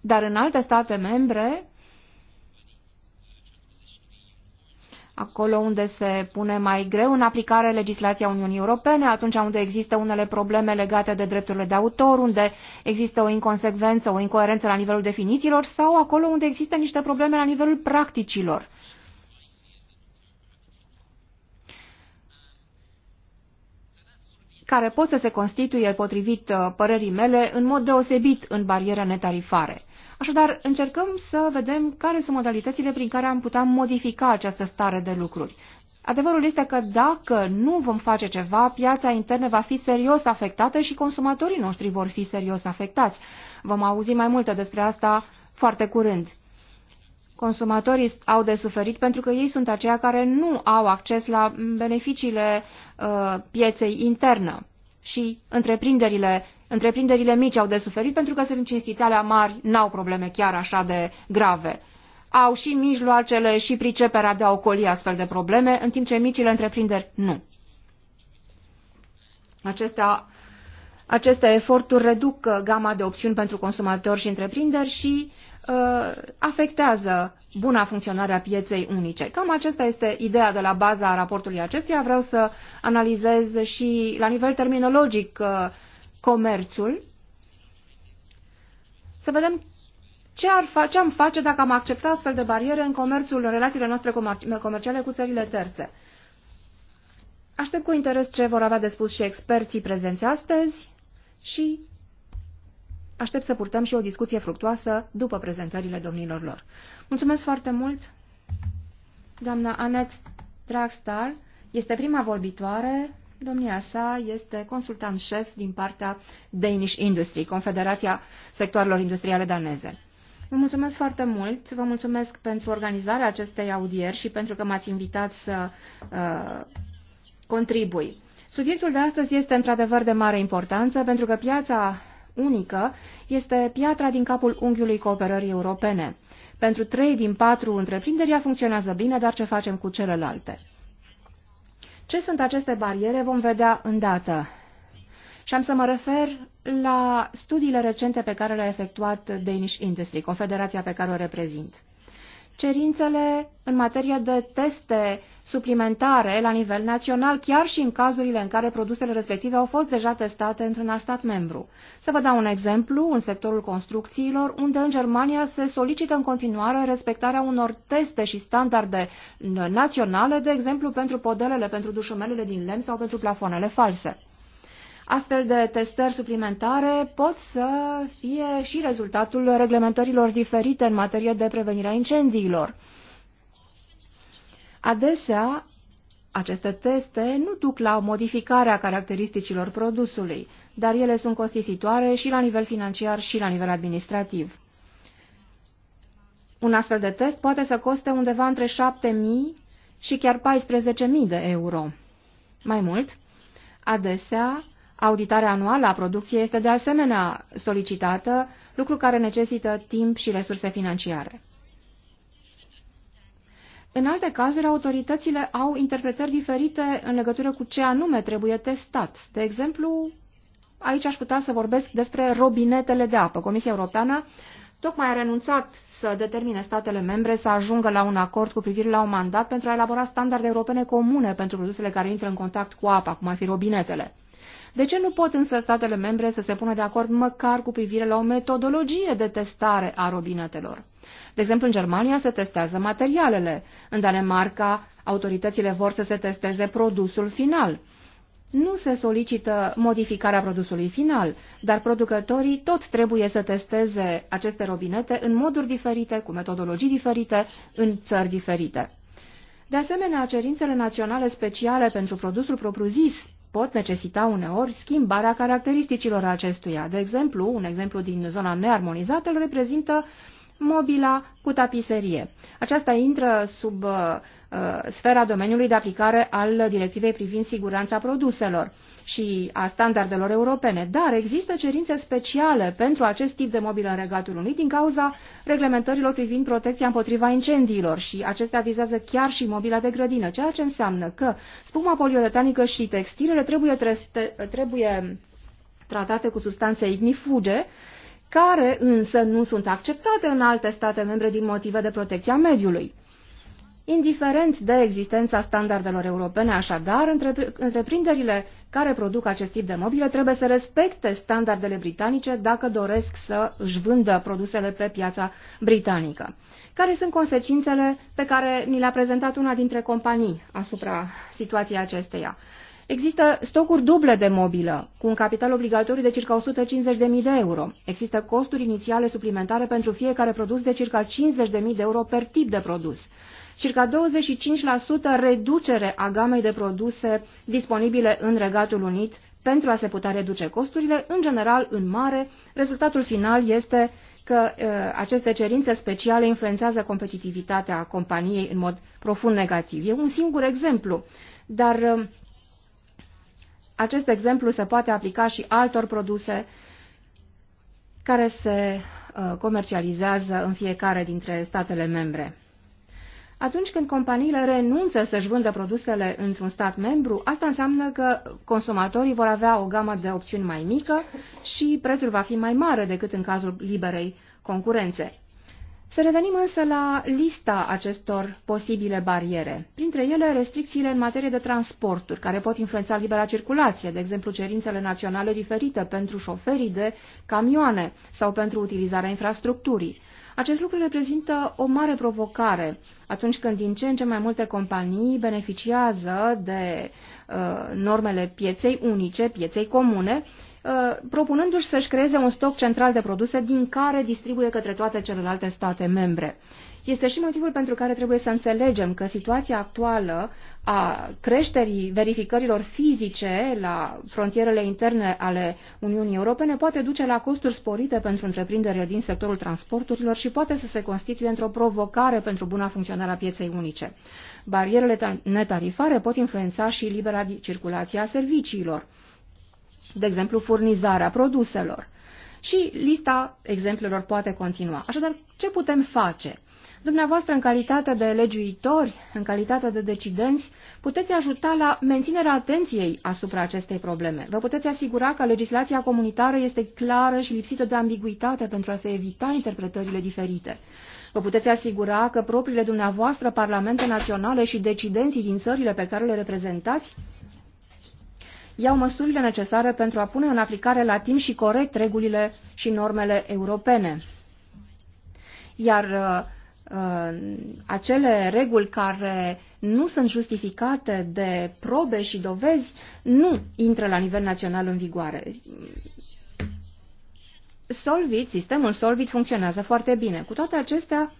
Dar în alte state membre, acolo unde se pune mai greu în aplicare legislația Uniunii Europene, atunci unde există unele probleme legate de drepturile de autor, unde există o inconsecvență, o incoerență la nivelul definițiilor sau acolo unde există niște probleme la nivelul practicilor. care pot să se constituie, potrivit uh, părerii mele, în mod deosebit în bariere netarifare. Așadar, încercăm să vedem care sunt modalitățile prin care am putea modifica această stare de lucruri. Adevărul este că dacă nu vom face ceva, piața internă va fi serios afectată și consumatorii noștri vor fi serios afectați. Vom auzi mai multe despre asta foarte curând consumatorii au de suferit pentru că ei sunt aceia care nu au acces la beneficiile uh, pieței internă și întreprinderile, întreprinderile mici au de suferit pentru că cinstitele mari n-au probleme chiar așa de grave. Au și mijloacele și priceperea de a ocoli astfel de probleme, în timp ce micile întreprinderi nu. Acestea, aceste eforturi reduc gama de opțiuni pentru consumatori și întreprinderi și uh, Uh, afectează buna funcționare a pieței unice. Cam aceasta este ideea de la baza raportului acestuia. Vreau să analizez și la nivel terminologic uh, comerțul, să vedem ce, ar fa- ce am face dacă am accepta astfel de bariere în comerțul, în relațiile noastre comer- comerciale cu țările terțe. Aștept cu interes ce vor avea de spus și experții prezenți astăzi și Aștept să purtăm și o discuție fructuoasă după prezentările domnilor lor. Mulțumesc foarte mult! Doamna Anet Dragstar este prima vorbitoare. Domnia sa este consultant șef din partea Danish Industry, Confederația Sectoarelor Industriale Daneze. Vă mulțumesc foarte mult, vă mulțumesc pentru organizarea acestei audieri și pentru că m-ați invitat să uh, contribui. Subiectul de astăzi este într-adevăr de mare importanță pentru că piața unică este piatra din capul unghiului cooperării europene. Pentru trei din patru întreprinderi ea funcționează bine, dar ce facem cu celelalte? Ce sunt aceste bariere vom vedea îndată. Și am să mă refer la studiile recente pe care le-a efectuat Danish Industry, confederația pe care o reprezint cerințele în materie de teste suplimentare la nivel național, chiar și în cazurile în care produsele respective au fost deja testate într-un alt stat membru. Să vă dau un exemplu, în sectorul construcțiilor, unde în Germania se solicită în continuare respectarea unor teste și standarde naționale, de exemplu pentru podelele, pentru dușumelele din lemn sau pentru plafonele false. Astfel de testări suplimentare pot să fie și rezultatul reglementărilor diferite în materie de prevenire a incendiilor. Adesea, aceste teste nu duc la modificarea caracteristicilor produsului, dar ele sunt costisitoare și la nivel financiar și la nivel administrativ. Un astfel de test poate să coste undeva între 7.000 și chiar 14.000 de euro. Mai mult, adesea, Auditarea anuală a producției este de asemenea solicitată, lucru care necesită timp și resurse financiare. În alte cazuri, autoritățile au interpretări diferite în legătură cu ce anume trebuie testat. De exemplu, aici aș putea să vorbesc despre robinetele de apă. Comisia Europeană tocmai a renunțat să determine statele membre să ajungă la un acord cu privire la un mandat pentru a elabora standarde europene comune pentru produsele care intră în contact cu apa, cum ar fi robinetele. De ce nu pot însă statele membre să se pună de acord măcar cu privire la o metodologie de testare a robinetelor? De exemplu, în Germania se testează materialele, în Danemarca autoritățile vor să se testeze produsul final. Nu se solicită modificarea produsului final, dar producătorii tot trebuie să testeze aceste robinete în moduri diferite, cu metodologii diferite, în țări diferite. De asemenea, cerințele naționale speciale pentru produsul propriu-zis pot necesita uneori schimbarea caracteristicilor acestuia. De exemplu, un exemplu din zona nearmonizată îl reprezintă mobila cu tapiserie. Aceasta intră sub uh, sfera domeniului de aplicare al directivei privind siguranța produselor și a standardelor europene, dar există cerințe speciale pentru acest tip de mobilă în Regatul Unit din cauza reglementărilor privind protecția împotriva incendiilor și acestea vizează chiar și mobila de grădină, ceea ce înseamnă că spuma poliuretanică și textilele trebuie, tre trebuie tratate cu substanțe ignifuge, care însă nu sunt acceptate în alte state membre din motive de protecția mediului. Indiferent de existența standardelor europene, așadar, întreprinderile care produc acest tip de mobile trebuie să respecte standardele britanice dacă doresc să își vândă produsele pe piața britanică. Care sunt consecințele pe care mi le-a prezentat una dintre companii asupra situației acesteia? Există stocuri duble de mobilă, cu un capital obligatoriu de circa 150.000 de euro. Există costuri inițiale suplimentare pentru fiecare produs de circa 50.000 de euro per tip de produs circa 25% reducere a gamei de produse disponibile în Regatul Unit pentru a se putea reduce costurile. În general, în mare, rezultatul final este că e, aceste cerințe speciale influențează competitivitatea companiei în mod profund negativ. E un singur exemplu, dar e, acest exemplu se poate aplica și altor produse care se comercializează în fiecare dintre statele membre. Atunci când companiile renunță să-și vândă produsele într-un stat membru, asta înseamnă că consumatorii vor avea o gamă de opțiuni mai mică și prețul va fi mai mare decât în cazul liberei concurențe. Să revenim însă la lista acestor posibile bariere. Printre ele, restricțiile în materie de transporturi, care pot influența libera circulație, de exemplu cerințele naționale diferite pentru șoferii de camioane sau pentru utilizarea infrastructurii. Acest lucru reprezintă o mare provocare atunci când din ce în ce mai multe companii beneficiază de uh, normele pieței unice, pieței comune, uh, propunându-și să-și creeze un stoc central de produse din care distribuie către toate celelalte state membre. Este și motivul pentru care trebuie să înțelegem că situația actuală a creșterii verificărilor fizice la frontierele interne ale Uniunii Europene poate duce la costuri sporite pentru întreprinderile din sectorul transporturilor și poate să se constituie într-o provocare pentru buna funcționare a pieței unice. Barierele netarifare pot influența și libera circulație a serviciilor, de exemplu furnizarea produselor. Și lista exemplelor poate continua. Așadar, ce putem face? Dumneavoastră, în calitate de legiuitori, în calitate de decidenți, puteți ajuta la menținerea atenției asupra acestei probleme. Vă puteți asigura că legislația comunitară este clară și lipsită de ambiguitate pentru a se evita interpretările diferite. Vă puteți asigura că propriile dumneavoastră parlamente naționale și decidenții din țările pe care le reprezentați iau măsurile necesare pentru a pune în aplicare la timp și corect regulile și normele europene. Iar uh, Uh, acele reguli care nu sunt justificate de probe și dovezi nu intră la nivel național în vigoare. Solvit, sistemul Solvit funcționează foarte bine. Cu toate acestea,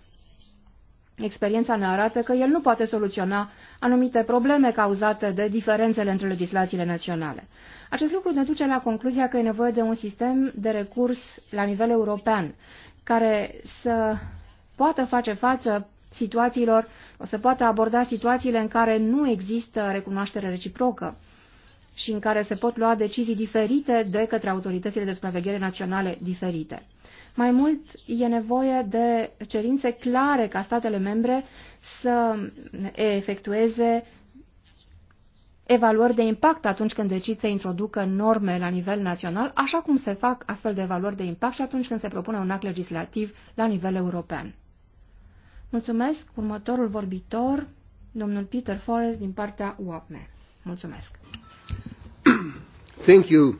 experiența ne arată că el nu poate soluționa anumite probleme cauzate de diferențele între legislațiile naționale. Acest lucru ne duce la concluzia că e nevoie de un sistem de recurs la nivel european care să poată face față situațiilor, să poată aborda situațiile în care nu există recunoaștere reciprocă și în care se pot lua decizii diferite de către autoritățile de supraveghere naționale diferite. Mai mult, e nevoie de cerințe clare ca statele membre să efectueze evaluări de impact atunci când decid să introducă norme la nivel național, așa cum se fac astfel de evaluări de impact și atunci când se propune un act legislativ la nivel european. Mulțumesc. Următorul vorbitor, domnul Peter Forrest din partea UAPME. Mulțumesc. Thank you,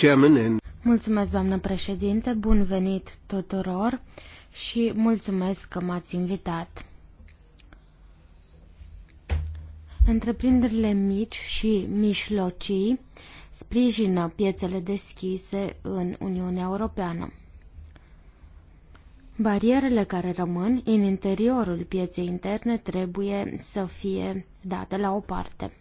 Chairman. And... Mulțumesc, doamnă președinte. Bun venit tuturor și mulțumesc că m-ați invitat. Întreprinderile mici și mișlocii sprijină piețele deschise în Uniunea Europeană. Barierele care rămân în interiorul pieței interne trebuie să fie date la o parte.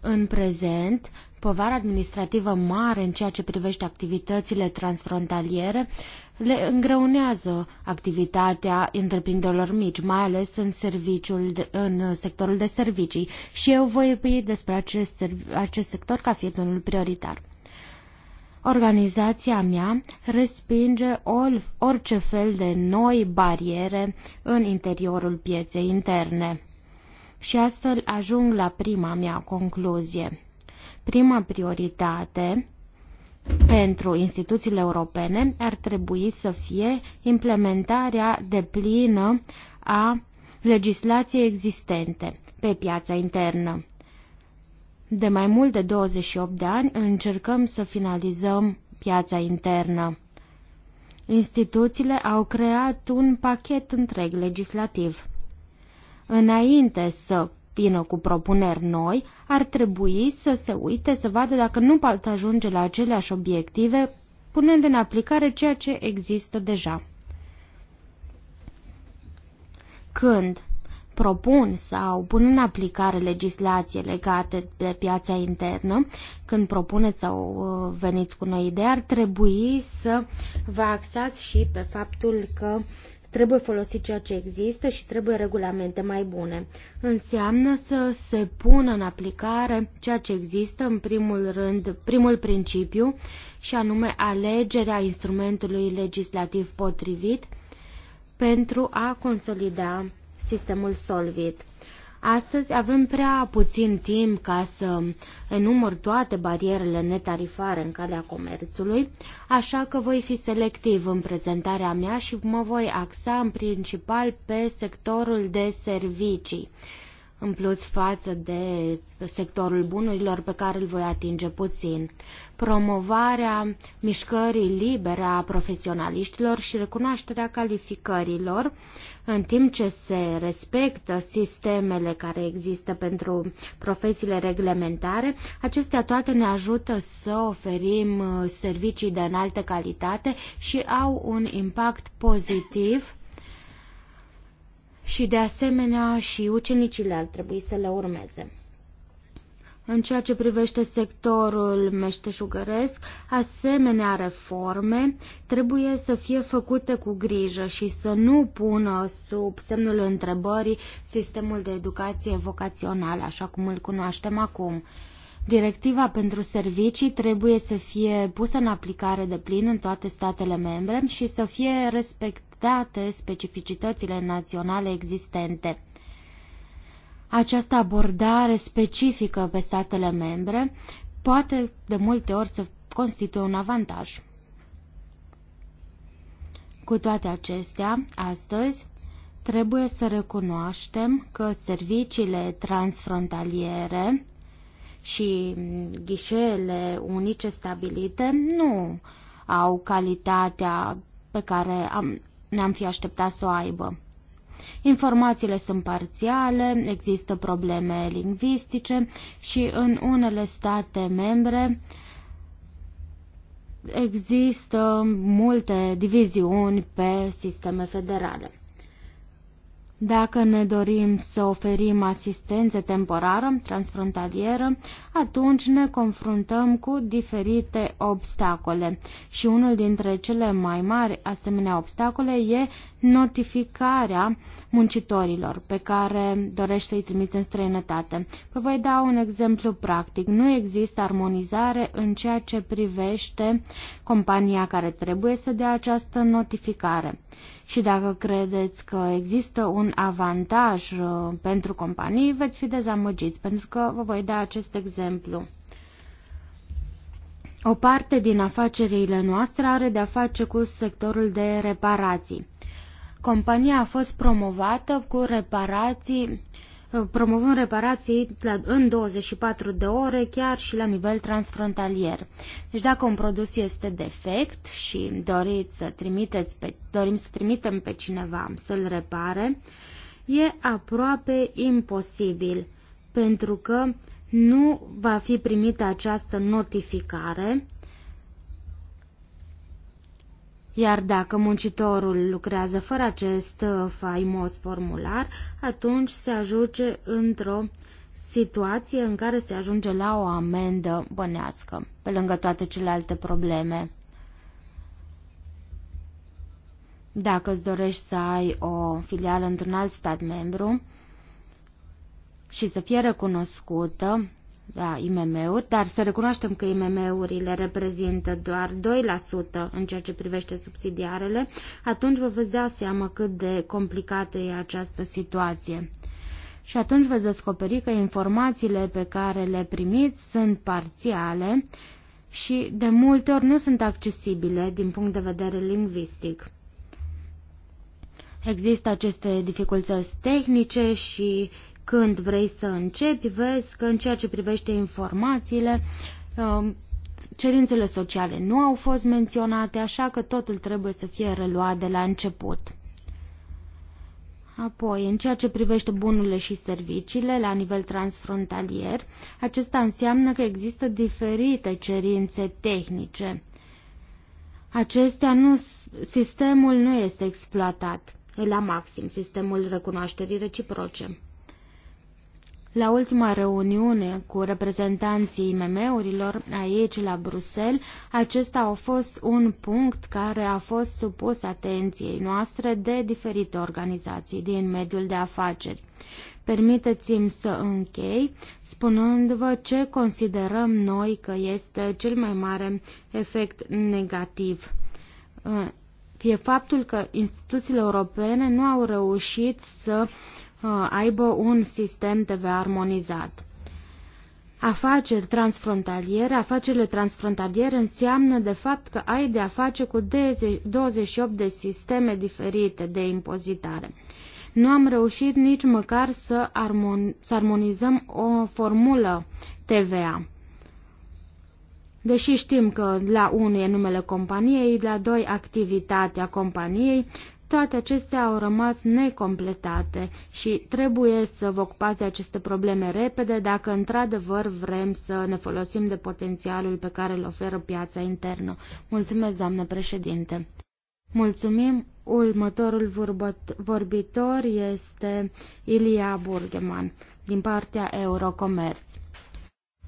În prezent, povara administrativă mare în ceea ce privește activitățile transfrontaliere le îngreunează activitatea întreprinderilor mici, mai ales în, serviciul de, în sectorul de servicii și eu voi iubi despre acest, acest sector ca fiind unul prioritar. Organizația mea respinge orice fel de noi bariere în interiorul pieței interne. Și astfel ajung la prima mea concluzie. Prima prioritate pentru instituțiile europene ar trebui să fie implementarea deplină a legislației existente pe piața internă. De mai mult de 28 de ani încercăm să finalizăm piața internă. Instituțiile au creat un pachet întreg legislativ. Înainte să vină cu propuneri noi, ar trebui să se uite să vadă dacă nu poate ajunge la aceleași obiective, punând în aplicare ceea ce există deja. Când propun sau pun în aplicare legislație legate de piața internă, când propuneți sau uh, veniți cu noi idei, ar trebui să vă axați și pe faptul că trebuie folosit ceea ce există și trebuie regulamente mai bune. Înseamnă să se pună în aplicare ceea ce există în primul rând, primul principiu, și anume alegerea instrumentului legislativ potrivit pentru a consolida sistemul Solvit. Astăzi avem prea puțin timp ca să enumăr toate barierele netarifare în calea comerțului, așa că voi fi selectiv în prezentarea mea și mă voi axa în principal pe sectorul de servicii, în plus față de sectorul bunurilor pe care îl voi atinge puțin. Promovarea mișcării libere a profesionaliștilor și recunoașterea calificărilor, uh, în timp ce se respectă sistemele care există pentru profesiile reglementare, acestea toate ne ajută să oferim uh, servicii de înaltă calitate și au un impact pozitiv și de asemenea și ucenicile ar trebui să le urmeze. În ceea ce privește sectorul meșteșugăresc, asemenea reforme trebuie să fie făcute cu grijă și să nu pună sub semnul întrebării sistemul de educație vocațională, așa cum îl cunoaștem acum. Directiva pentru servicii trebuie să fie pusă în aplicare de plin în toate statele membre și să fie respectate specificitățile naționale existente. Această abordare specifică pe statele membre poate de multe ori să constituie un avantaj. Cu toate acestea, astăzi trebuie să recunoaștem că serviciile transfrontaliere și ghișeele unice stabilite nu au calitatea pe care am, ne-am fi așteptat să o aibă. Informațiile sunt parțiale, există probleme lingvistice și în unele state membre există multe diviziuni pe sisteme federale. Dacă ne dorim să oferim asistență temporară, transfrontalieră, atunci ne confruntăm cu diferite obstacole și unul dintre cele mai mari asemenea obstacole e notificarea muncitorilor pe care dorești să-i trimiți în străinătate. Vă voi da un exemplu practic. Nu există armonizare în ceea ce privește compania care trebuie să dea această notificare și dacă credeți că există un avantaj uh, pentru companii, veți fi dezamăgiți, pentru că vă voi da acest exemplu. O parte din afacerile noastre are de-a face cu sectorul de reparații. Compania a fost promovată cu reparații promovând reparații în 24 de ore, chiar și la nivel transfrontalier. Deci dacă un produs este defect și doriți să trimiteți pe, dorim să trimitem pe cineva să-l repare, e aproape imposibil, pentru că nu va fi primită această notificare iar dacă muncitorul lucrează fără acest uh, faimos formular, atunci se ajunge într-o situație în care se ajunge la o amendă bănească, pe lângă toate celelalte probleme. Dacă îți dorești să ai o filială într-un alt stat membru și să fie recunoscută la IMM-uri, dar să recunoaștem că IMM-urile reprezintă doar 2% în ceea ce privește subsidiarele, atunci vă veți da seama cât de complicată e această situație. Și atunci veți descoperi că informațiile pe care le primiți sunt parțiale și de multe ori nu sunt accesibile din punct de vedere lingvistic. Există aceste dificultăți tehnice și când vrei să începi, vezi că în ceea ce privește informațiile, um, cerințele sociale nu au fost menționate, așa că totul trebuie să fie reluat de la început. Apoi, în ceea ce privește bunurile și serviciile la nivel transfrontalier, acesta înseamnă că există diferite cerințe tehnice. Acestea nu, sistemul nu este exploatat la maxim, sistemul recunoașterii reciproce. La ultima reuniune cu reprezentanții IMM-urilor aici la Bruxelles, acesta a fost un punct care a fost supus atenției noastre de diferite organizații din mediul de afaceri. Permiteți-mi să închei spunându-vă ce considerăm noi că este cel mai mare efect negativ e faptul că instituțiile europene nu au reușit să Uh, aibă un sistem TV armonizat. Afaceri transfrontaliere, afacerile transfrontaliere înseamnă de fapt că ai de a face cu 28 de sisteme diferite de impozitare. Nu am reușit nici măcar să, armon, să armonizăm o formulă TVA. Deși știm că la 1 e numele companiei, la 2 activitatea companiei, toate acestea au rămas necompletate și trebuie să vă ocupați de aceste probleme repede dacă într-adevăr vrem să ne folosim de potențialul pe care îl oferă piața internă. Mulțumesc, doamnă președinte! Mulțumim! Următorul vorbitor este Ilia Burgeman din partea Eurocomerț.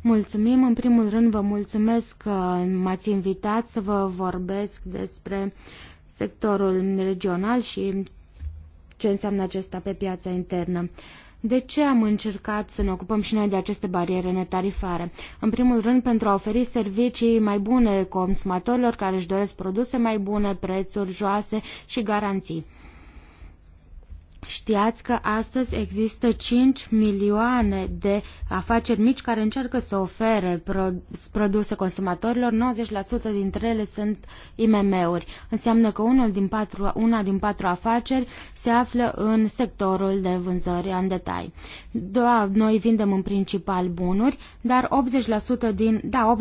Mulțumim, în primul rând vă mulțumesc că m-ați invitat să vă vorbesc despre sectorul regional și ce înseamnă acesta pe piața internă. De ce am încercat să ne ocupăm și noi de aceste bariere netarifare? În primul rând, pentru a oferi servicii mai bune consumatorilor care își doresc produse mai bune, prețuri joase și garanții. Știați că astăzi există 5 milioane de afaceri mici care încearcă să ofere produse consumatorilor, 90% dintre ele sunt IMM-uri. Înseamnă că unul din patru, una din patru afaceri se află în sectorul de vânzări în detai. Da, noi vindem în principal bunuri, dar 80% din, da,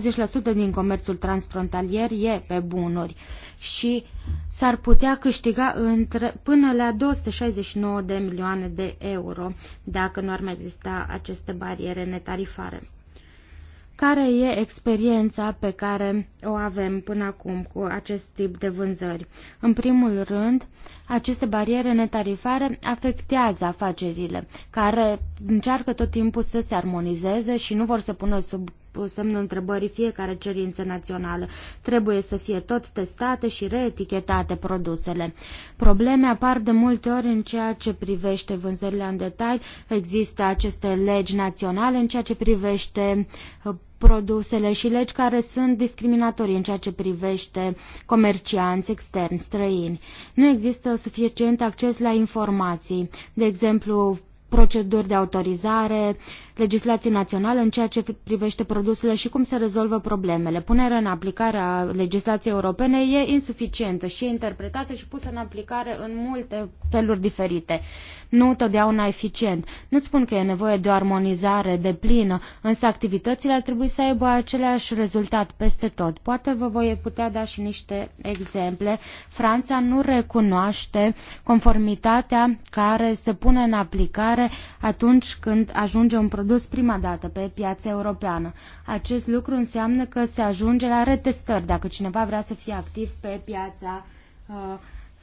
80% din comerțul transfrontalier e pe bunuri și s-ar putea câștiga între, până la 269 de milioane de euro dacă nu ar mai exista aceste bariere netarifare. Care e experiența pe care o avem până acum cu acest tip de vânzări? În primul rând, aceste bariere netarifare afectează afacerile, care încearcă tot timpul să se armonizeze și nu vor să pună sub semnul întrebării fiecare cerință națională. Trebuie să fie tot testate și reetichetate produsele. Probleme apar de multe ori în ceea ce privește vânzările în detail. Există aceste legi naționale în ceea ce privește uh, produsele și legi care sunt discriminatorii în ceea ce privește comercianți externi, străini. Nu există suficient acces la informații, de exemplu proceduri de autorizare, legislație națională în ceea ce privește produsele și cum se rezolvă problemele. Punerea în aplicare a legislației europene e insuficientă și e interpretată și pusă în aplicare în multe feluri diferite. Nu totdeauna eficient. Nu spun că e nevoie de o armonizare de plină, însă activitățile ar trebui să aibă aceleași rezultat peste tot. Poate vă voi putea da și niște exemple. Franța nu recunoaște conformitatea care se pune în aplicare atunci când ajunge un produs introdus prima dată pe piața europeană. Acest lucru înseamnă că se ajunge la retestări dacă cineva vrea să fie activ pe piața uh,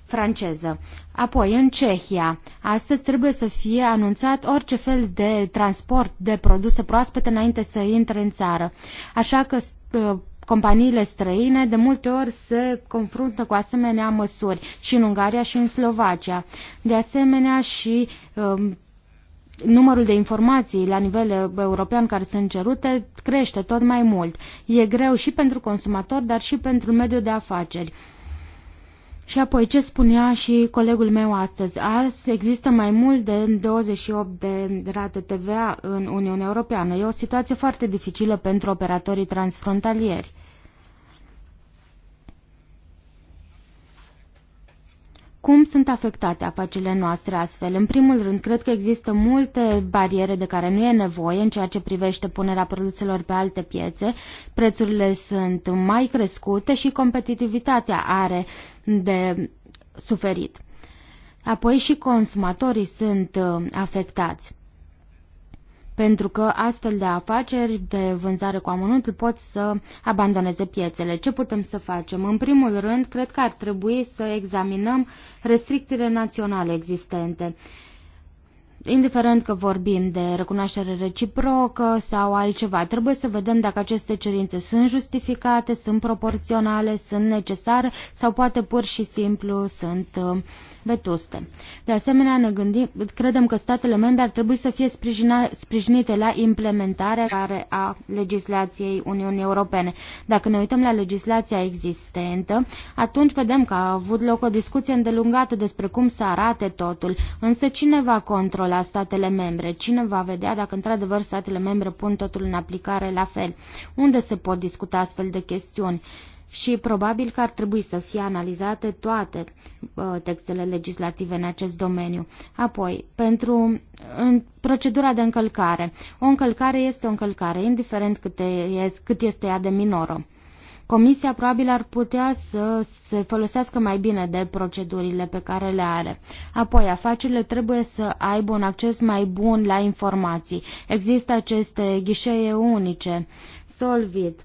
franceză. Apoi, în Cehia, astăzi trebuie să fie anunțat orice fel de transport de produse proaspete înainte să intre în țară. Așa că uh, companiile străine de multe ori se confruntă cu asemenea măsuri și în Ungaria și în Slovacia. De asemenea și uh, numărul de informații la nivel european care sunt cerute crește tot mai mult. E greu și pentru consumator, dar și pentru mediul de afaceri. Și apoi, ce spunea și colegul meu astăzi, azi există mai mult de 28 de rate TVA în Uniunea Europeană. E o situație foarte dificilă pentru operatorii transfrontalieri. Cum sunt afectate afacerile noastre astfel? În primul rând, cred că există multe bariere de care nu e nevoie în ceea ce privește punerea produselor pe alte piețe. Prețurile sunt mai crescute și competitivitatea are de suferit. Apoi și consumatorii sunt uh, afectați pentru că astfel de afaceri de vânzare cu amănuntul pot să abandoneze piețele. Ce putem să facem? În primul rând, cred că ar trebui să examinăm restricțiile naționale existente indiferent că vorbim de recunoaștere reciprocă sau altceva, trebuie să vedem dacă aceste cerințe sunt justificate, sunt proporționale, sunt necesare sau poate pur și simplu sunt uh, vetuste. De asemenea, ne gândim, credem că statele membre ar trebui să fie sprijina, sprijinite la implementarea care a legislației Uniunii Europene. Dacă ne uităm la legislația existentă, atunci vedem că a avut loc o discuție îndelungată despre cum să arate totul, însă cine va controla la statele membre? Cine va vedea dacă într-adevăr statele membre pun totul în aplicare la fel? Unde se pot discuta astfel de chestiuni? și probabil că ar trebui să fie analizate toate textele legislative în acest domeniu. Apoi, pentru în procedura de încălcare. O încălcare este o încălcare, indiferent cât, cât este ea de minoră. Comisia probabil ar putea să se folosească mai bine de procedurile pe care le are. Apoi, afacerile trebuie să aibă un acces mai bun la informații. Există aceste ghișee unice, Solvit,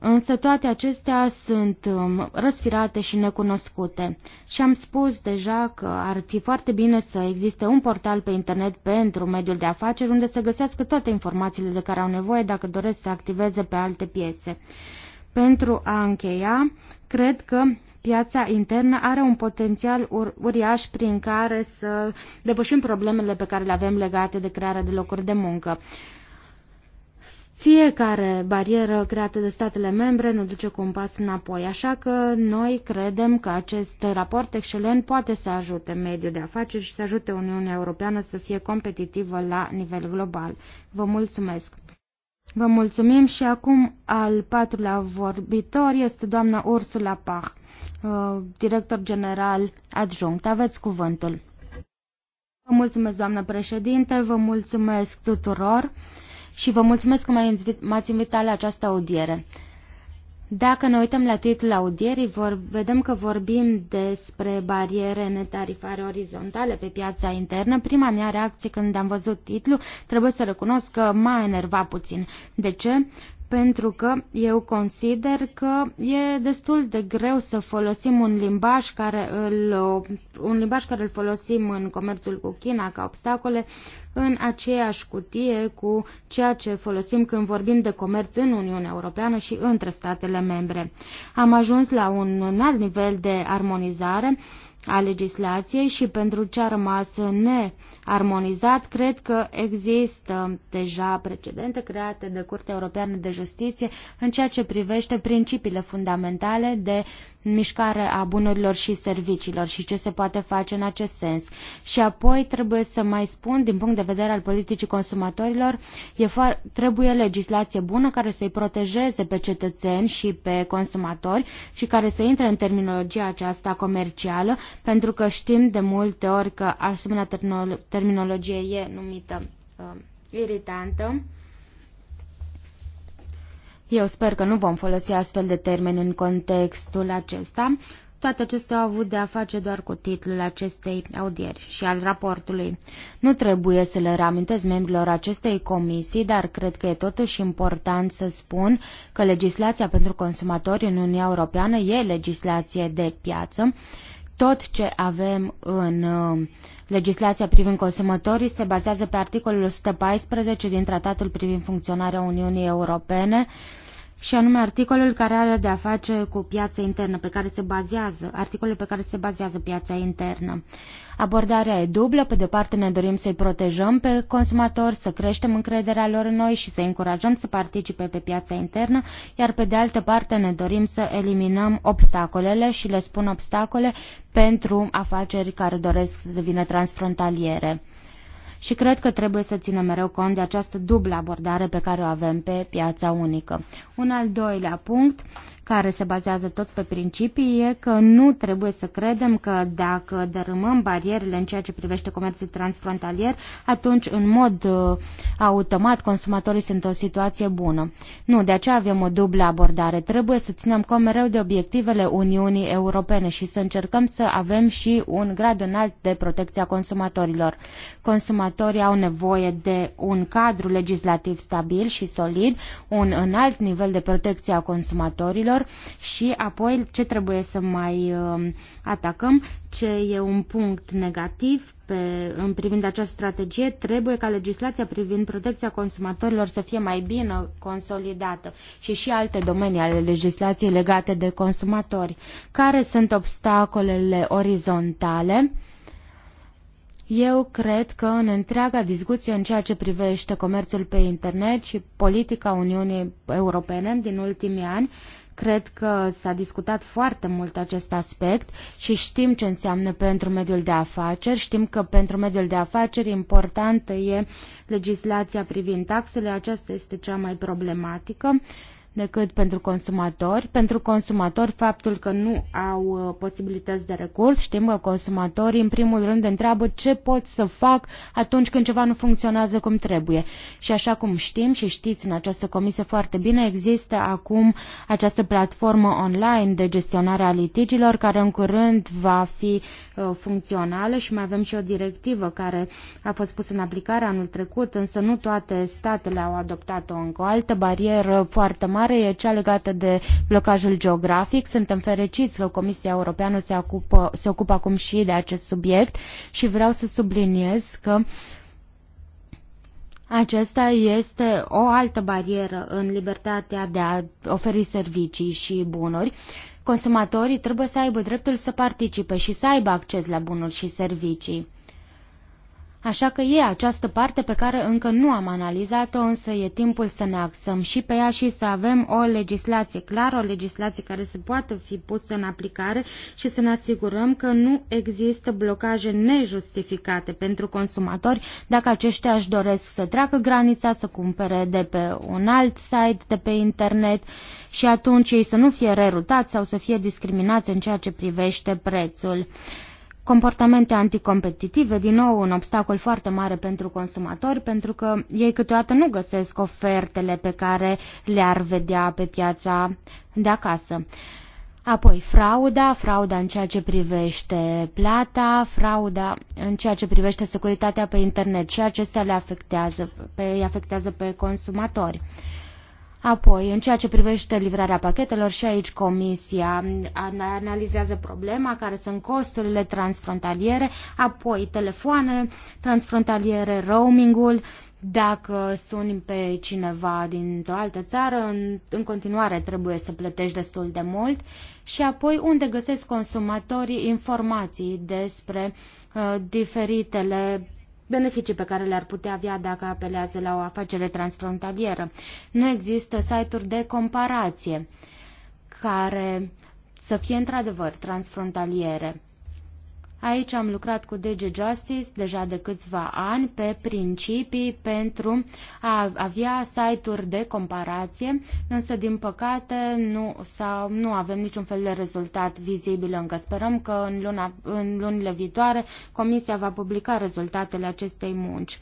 Însă toate acestea sunt um, răsfirate și necunoscute. Și am spus deja că ar fi foarte bine să existe un portal pe internet pentru mediul de afaceri unde să găsească toate informațiile de care au nevoie dacă doresc să activeze pe alte piețe. Pentru a încheia, cred că piața internă are un potențial uriaș prin care să depășim problemele pe care le avem legate de crearea de locuri de muncă. Uh, fiecare barieră creată de statele membre ne duce cu un pas înapoi, așa că noi credem că acest raport excelent poate să ajute mediul de afaceri și să ajute Uniunea Europeană să fie competitivă la nivel global. Vă mulțumesc! Vă mulțumim și acum al patrulea vorbitor este doamna Ursula Pach, uh, director general adjunct. Aveți cuvântul. Vă mulțumesc, doamnă președinte, vă mulțumesc tuturor și vă mulțumesc că m-ați invitat la această audiere. Dacă ne uităm la titlul audierii, vor, vedem că vorbim despre bariere netarifare orizontale pe piața internă. Prima mea reacție când am văzut titlul, trebuie să recunosc că m-a enervat puțin. De ce? pentru că eu consider că e destul de greu să folosim un limbaj care îl, un limbaj care îl folosim în comerțul cu China ca obstacole în aceeași cutie cu ceea ce folosim când vorbim de comerț în Uniunea Europeană și între statele membre. Am ajuns la un, un alt nivel de armonizare a legislației și pentru ce a rămas nearmonizat, cred că există deja precedente create de Curtea Europeană de Justiție în ceea ce privește principiile fundamentale de mișcare a bunurilor și serviciilor și ce se poate face în acest sens. Și apoi trebuie să mai spun, din punct de vedere al politicii consumatorilor, e trebuie legislație bună care să-i protejeze pe cetățeni și pe consumatori și care să intre în terminologia aceasta comercială, pentru că știm de multe ori că asemenea terminologie e numită uh, iritantă. Eu sper că nu vom folosi astfel de termeni în contextul acesta. Toate acestea au avut de a face doar cu titlul acestei audieri și al raportului. Nu trebuie să le reamintesc membrilor acestei comisii, dar cred că e totuși important să spun că legislația pentru consumatori în Uniunea Europeană e legislație de piață tot ce avem în uh, legislația privind consumatorii se bazează pe articolul 114 din Tratatul privind funcționarea Uniunii Europene, și anume articolul care are de a face cu piața internă, pe care se bazează, articolul pe care se bazează piața internă. Abordarea e dublă, pe de o parte ne dorim să-i protejăm pe consumatori, să creștem încrederea lor în noi și să încurajăm să participe pe piața internă, iar pe de altă parte ne dorim să eliminăm obstacolele și le spun obstacole pentru afaceri care doresc să devină transfrontaliere și cred că trebuie să ținem mereu cont de această dublă abordare pe care o avem pe piața unică. Un al doilea punct, care se bazează tot pe principii, e că nu trebuie să credem că dacă dărâmăm barierele în ceea ce privește comerțul transfrontalier, atunci în mod uh, automat consumatorii sunt o situație bună. Nu, de aceea avem o dublă abordare. Trebuie să ținem cont mereu de obiectivele Uniunii Europene și să încercăm să avem și un grad înalt de protecția consumatorilor. Consumatorii au nevoie de un cadru legislativ stabil și solid, un înalt nivel de protecție a consumatorilor, lor și apoi ce trebuie să mai um, atacăm, ce e un punct negativ pe, în privind această strategie, trebuie ca legislația privind protecția consumatorilor să fie mai bine consolidată și și alte domenii ale legislației legate de consumatori. Care sunt obstacolele orizontale? Eu cred că în întreaga discuție în ceea ce privește comerțul pe internet și politica Uniunii Europene din ultimii ani, Cred că s-a discutat foarte mult acest aspect și știm ce înseamnă pentru mediul de afaceri. Știm că pentru mediul de afaceri importantă e legislația privind taxele. Aceasta este cea mai problematică. Uh, decât pentru consumatori. Pentru consumatori, faptul că nu au uh, posibilități de recurs, știm că consumatorii, în primul rând, întreabă ce pot să fac atunci când ceva nu funcționează cum trebuie. Și așa cum știm și știți în această comisie foarte bine, există acum această platformă online de gestionare a litigilor, care în curând va fi uh, funcțională și mai avem și o directivă care a fost pusă în aplicare anul trecut, însă nu toate statele au adoptat-o încă. O altă barieră foarte mare mare e cea legată de blocajul geografic. Suntem fericiți că Comisia Europeană se ocupă, se ocupă acum și de acest subiect și vreau să subliniez că acesta este o altă barieră în libertatea de a oferi servicii și bunuri. Consumatorii trebuie să aibă dreptul să participe și să aibă acces la bunuri și servicii. Așa că e această parte pe care încă nu am analizat-o, însă e timpul să ne axăm și pe ea și să avem o legislație clară, o legislație care să poată fi pusă în aplicare și să ne asigurăm că nu există blocaje nejustificate pentru consumatori dacă aceștia își doresc să treacă granița, să cumpere de pe un alt site, de pe internet și atunci ei să nu fie rerutați sau să fie discriminați în ceea ce privește prețul comportamente anticompetitive, din nou un obstacol foarte mare pentru consumatori, pentru că ei câteodată nu găsesc ofertele pe care le-ar vedea pe piața de acasă. Apoi frauda, frauda în ceea ce privește plata, frauda în ceea ce privește securitatea pe internet și acestea le afectează, pe, îi afectează pe consumatori. Uh, Apoi, în ceea ce privește livrarea pachetelor, și aici Comisia analizează problema, care sunt costurile transfrontaliere, apoi telefoane transfrontaliere, roamingul, dacă suni pe cineva dintr-o altă țară, în, în continuare trebuie să plătești destul de mult și apoi unde găsesc consumatorii informații despre uh, diferitele beneficii pe care le-ar putea avea dacă apelează la o afacere transfrontalieră. Nu există site-uri de comparație care să fie într-adevăr transfrontaliere. Aici am lucrat cu DG Justice deja de câțiva ani pe principii pentru a avea site-uri de comparație, însă din păcate nu, sau, nu avem niciun fel de rezultat vizibil încă. Sperăm că în, luna, în lunile viitoare Comisia va publica rezultatele acestei munci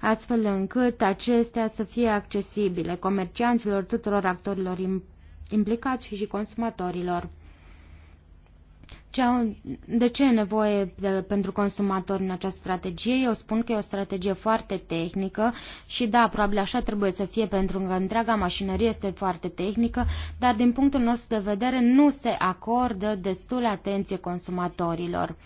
astfel încât acestea să fie accesibile comercianților, tuturor actorilor implicați și consumatorilor. Ce au, de ce e nevoie de, pentru consumator în această strategie? Eu spun că e o strategie foarte tehnică și da, probabil așa trebuie să fie pentru că întreaga mașinărie este foarte tehnică, dar din punctul nostru de vedere nu se acordă destul atenție consumatorilor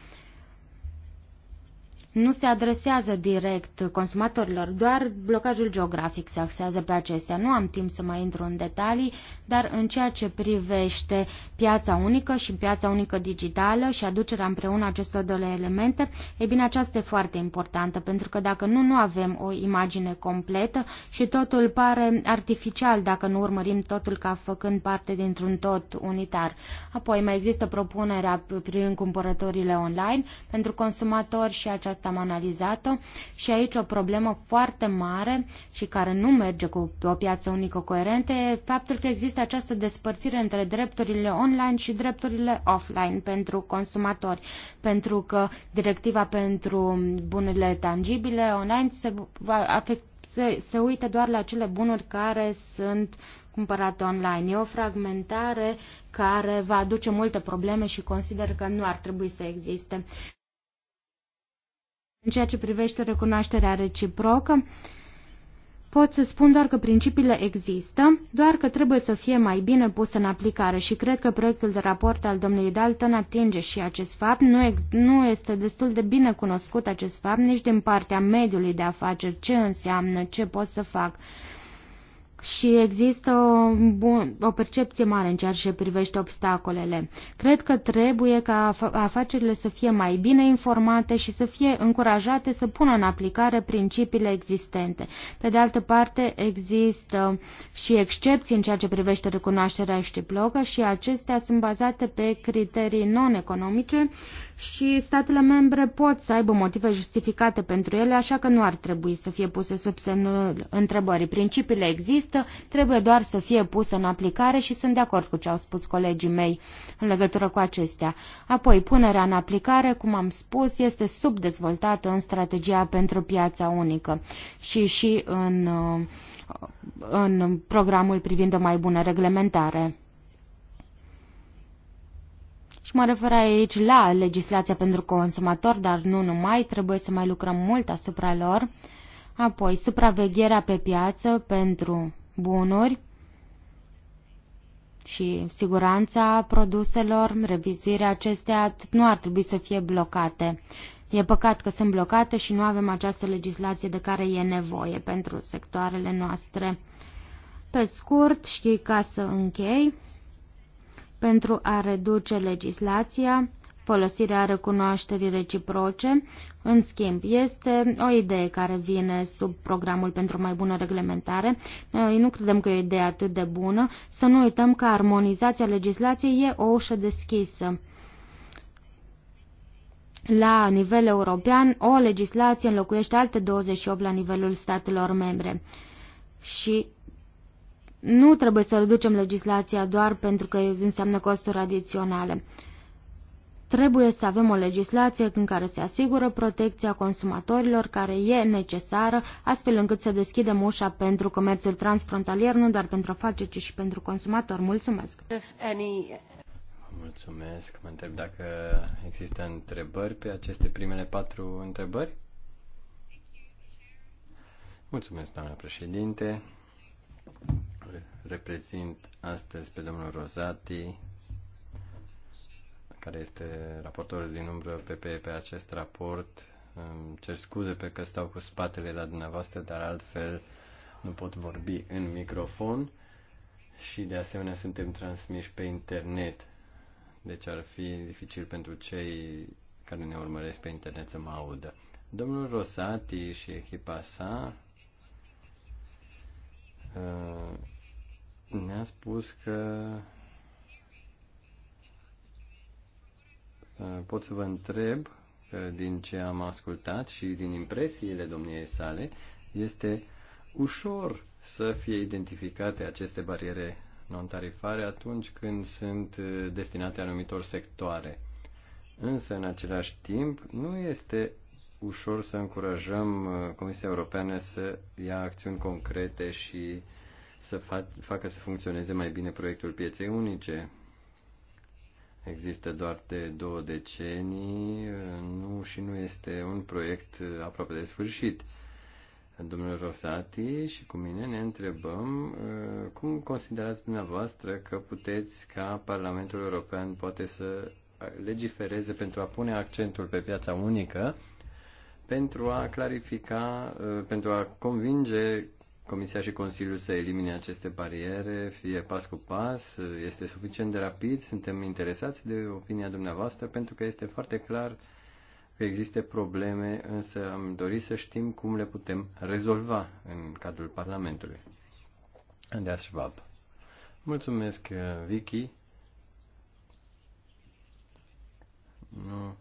nu se adresează direct consumatorilor, doar blocajul geografic se axează pe acestea. Nu am timp să mai intru în detalii, dar în ceea ce privește piața unică și piața unică digitală și aducerea împreună acestor două elemente, e bine, aceasta e foarte importantă, pentru că dacă nu, nu avem o imagine completă și totul pare artificial dacă nu urmărim totul ca făcând parte dintr-un tot unitar. Apoi mai există propunerea prin cumpărătorile online pentru consumatori și această fost, am analizat-o și aici o problemă foarte mare și care nu merge cu o piață unică coerentă e faptul că există această despărțire între drepturile online și drepturile offline pentru consumatori, pentru că directiva pentru bunurile tangibile online se, afect, se, se uită doar la cele bunuri care sunt cumpărate online. E o fragmentare care va aduce multe probleme și consider că nu ar trebui să existe. În ceea ce privește recunoașterea reciprocă, pot să spun doar că principiile există, doar că trebuie să fie mai bine puse în aplicare și cred că proiectul de raport al domnului Dalton atinge și acest fapt. Nu, ex- nu este destul de bine cunoscut acest fapt nici din partea mediului de afaceri, ce înseamnă, ce pot să fac și există o, bun, o percepție mare în ceea ce privește obstacolele. Cred că trebuie ca afacerile să fie mai bine informate și să fie încurajate să pună în aplicare principiile existente. Pe de altă parte, există și excepții în ceea ce privește recunoașterea știplogă și acestea sunt bazate pe criterii non-economice și statele membre pot să aibă motive justificate pentru ele, așa că nu ar trebui să fie puse sub semnul întrebării. Principiile există, trebuie doar să fie puse în aplicare și sunt de acord cu ce au spus colegii mei în legătură cu acestea. Apoi, punerea în aplicare, cum am spus, este subdezvoltată în strategia pentru piața unică și și în, în programul privind o mai bună reglementare. Și mă refer aici la legislația pentru consumator, dar nu numai, trebuie să mai lucrăm mult asupra lor. Apoi, supravegherea pe piață pentru bunuri și siguranța produselor, revizuirea acestea nu ar trebui să fie blocate. E păcat că sunt blocate și nu avem această legislație de care e nevoie pentru sectoarele noastre. Pe scurt și ca să închei, pentru a reduce legislația, folosirea recunoașterii reciproce. În schimb, este o idee care vine sub programul pentru mai bună reglementare. Noi nu credem că e o idee atât de bună. Să nu uităm că armonizația legislației e o ușă deschisă. La nivel european, o legislație înlocuiește alte 28 la nivelul statelor membre. Și nu trebuie să reducem legislația doar pentru că înseamnă costuri adiționale. Trebuie să avem o legislație în care se asigură protecția consumatorilor care e necesară, astfel încât să deschidem ușa pentru comerțul transfrontalier, nu doar pentru afaceri, ci și pentru consumator. Mulțumesc! Mulțumesc! Mă întreb dacă există întrebări pe aceste primele patru întrebări. Mulțumesc, doamna președinte! reprezint astăzi pe domnul Rozati, care este raportor din umbră pe, pe acest raport. Îmi cer scuze pe că stau cu spatele la dumneavoastră, dar altfel nu pot vorbi în microfon și de asemenea suntem transmiși pe internet. Deci ar fi dificil pentru cei care ne urmăresc pe internet să mă audă. Domnul Rosati și echipa sa Uh, ne-a spus că uh, pot să vă întreb din ce am ascultat și din impresiile domniei sale, este ușor să fie identificate aceste bariere non-tarifare atunci când sunt uh, destinate anumitor sectoare. Însă, în același timp, nu este ușor să încurajăm uh, Comisia Europeană să ia acțiuni concrete și să facă să funcționeze mai bine proiectul pieței unice. Există doar de două decenii uh, nu, și nu este un proiect uh, aproape de sfârșit. Domnul Rosati și cu mine ne întrebăm cum considerați dumneavoastră că puteți ca Parlamentul European poate să legifereze pentru a pune accentul pe piața unică pentru a clarifica, uh, pentru a convinge Comisia și Consiliul să elimine aceste bariere, fie pas cu pas, uh, este suficient de rapid, suntem interesați de opinia dumneavoastră pentru că este foarte clar că există probleme, însă am dorit să știm cum le putem rezolva în cadrul Parlamentului. Andreas Schwab. Mulțumesc, uh, Vicky. Nu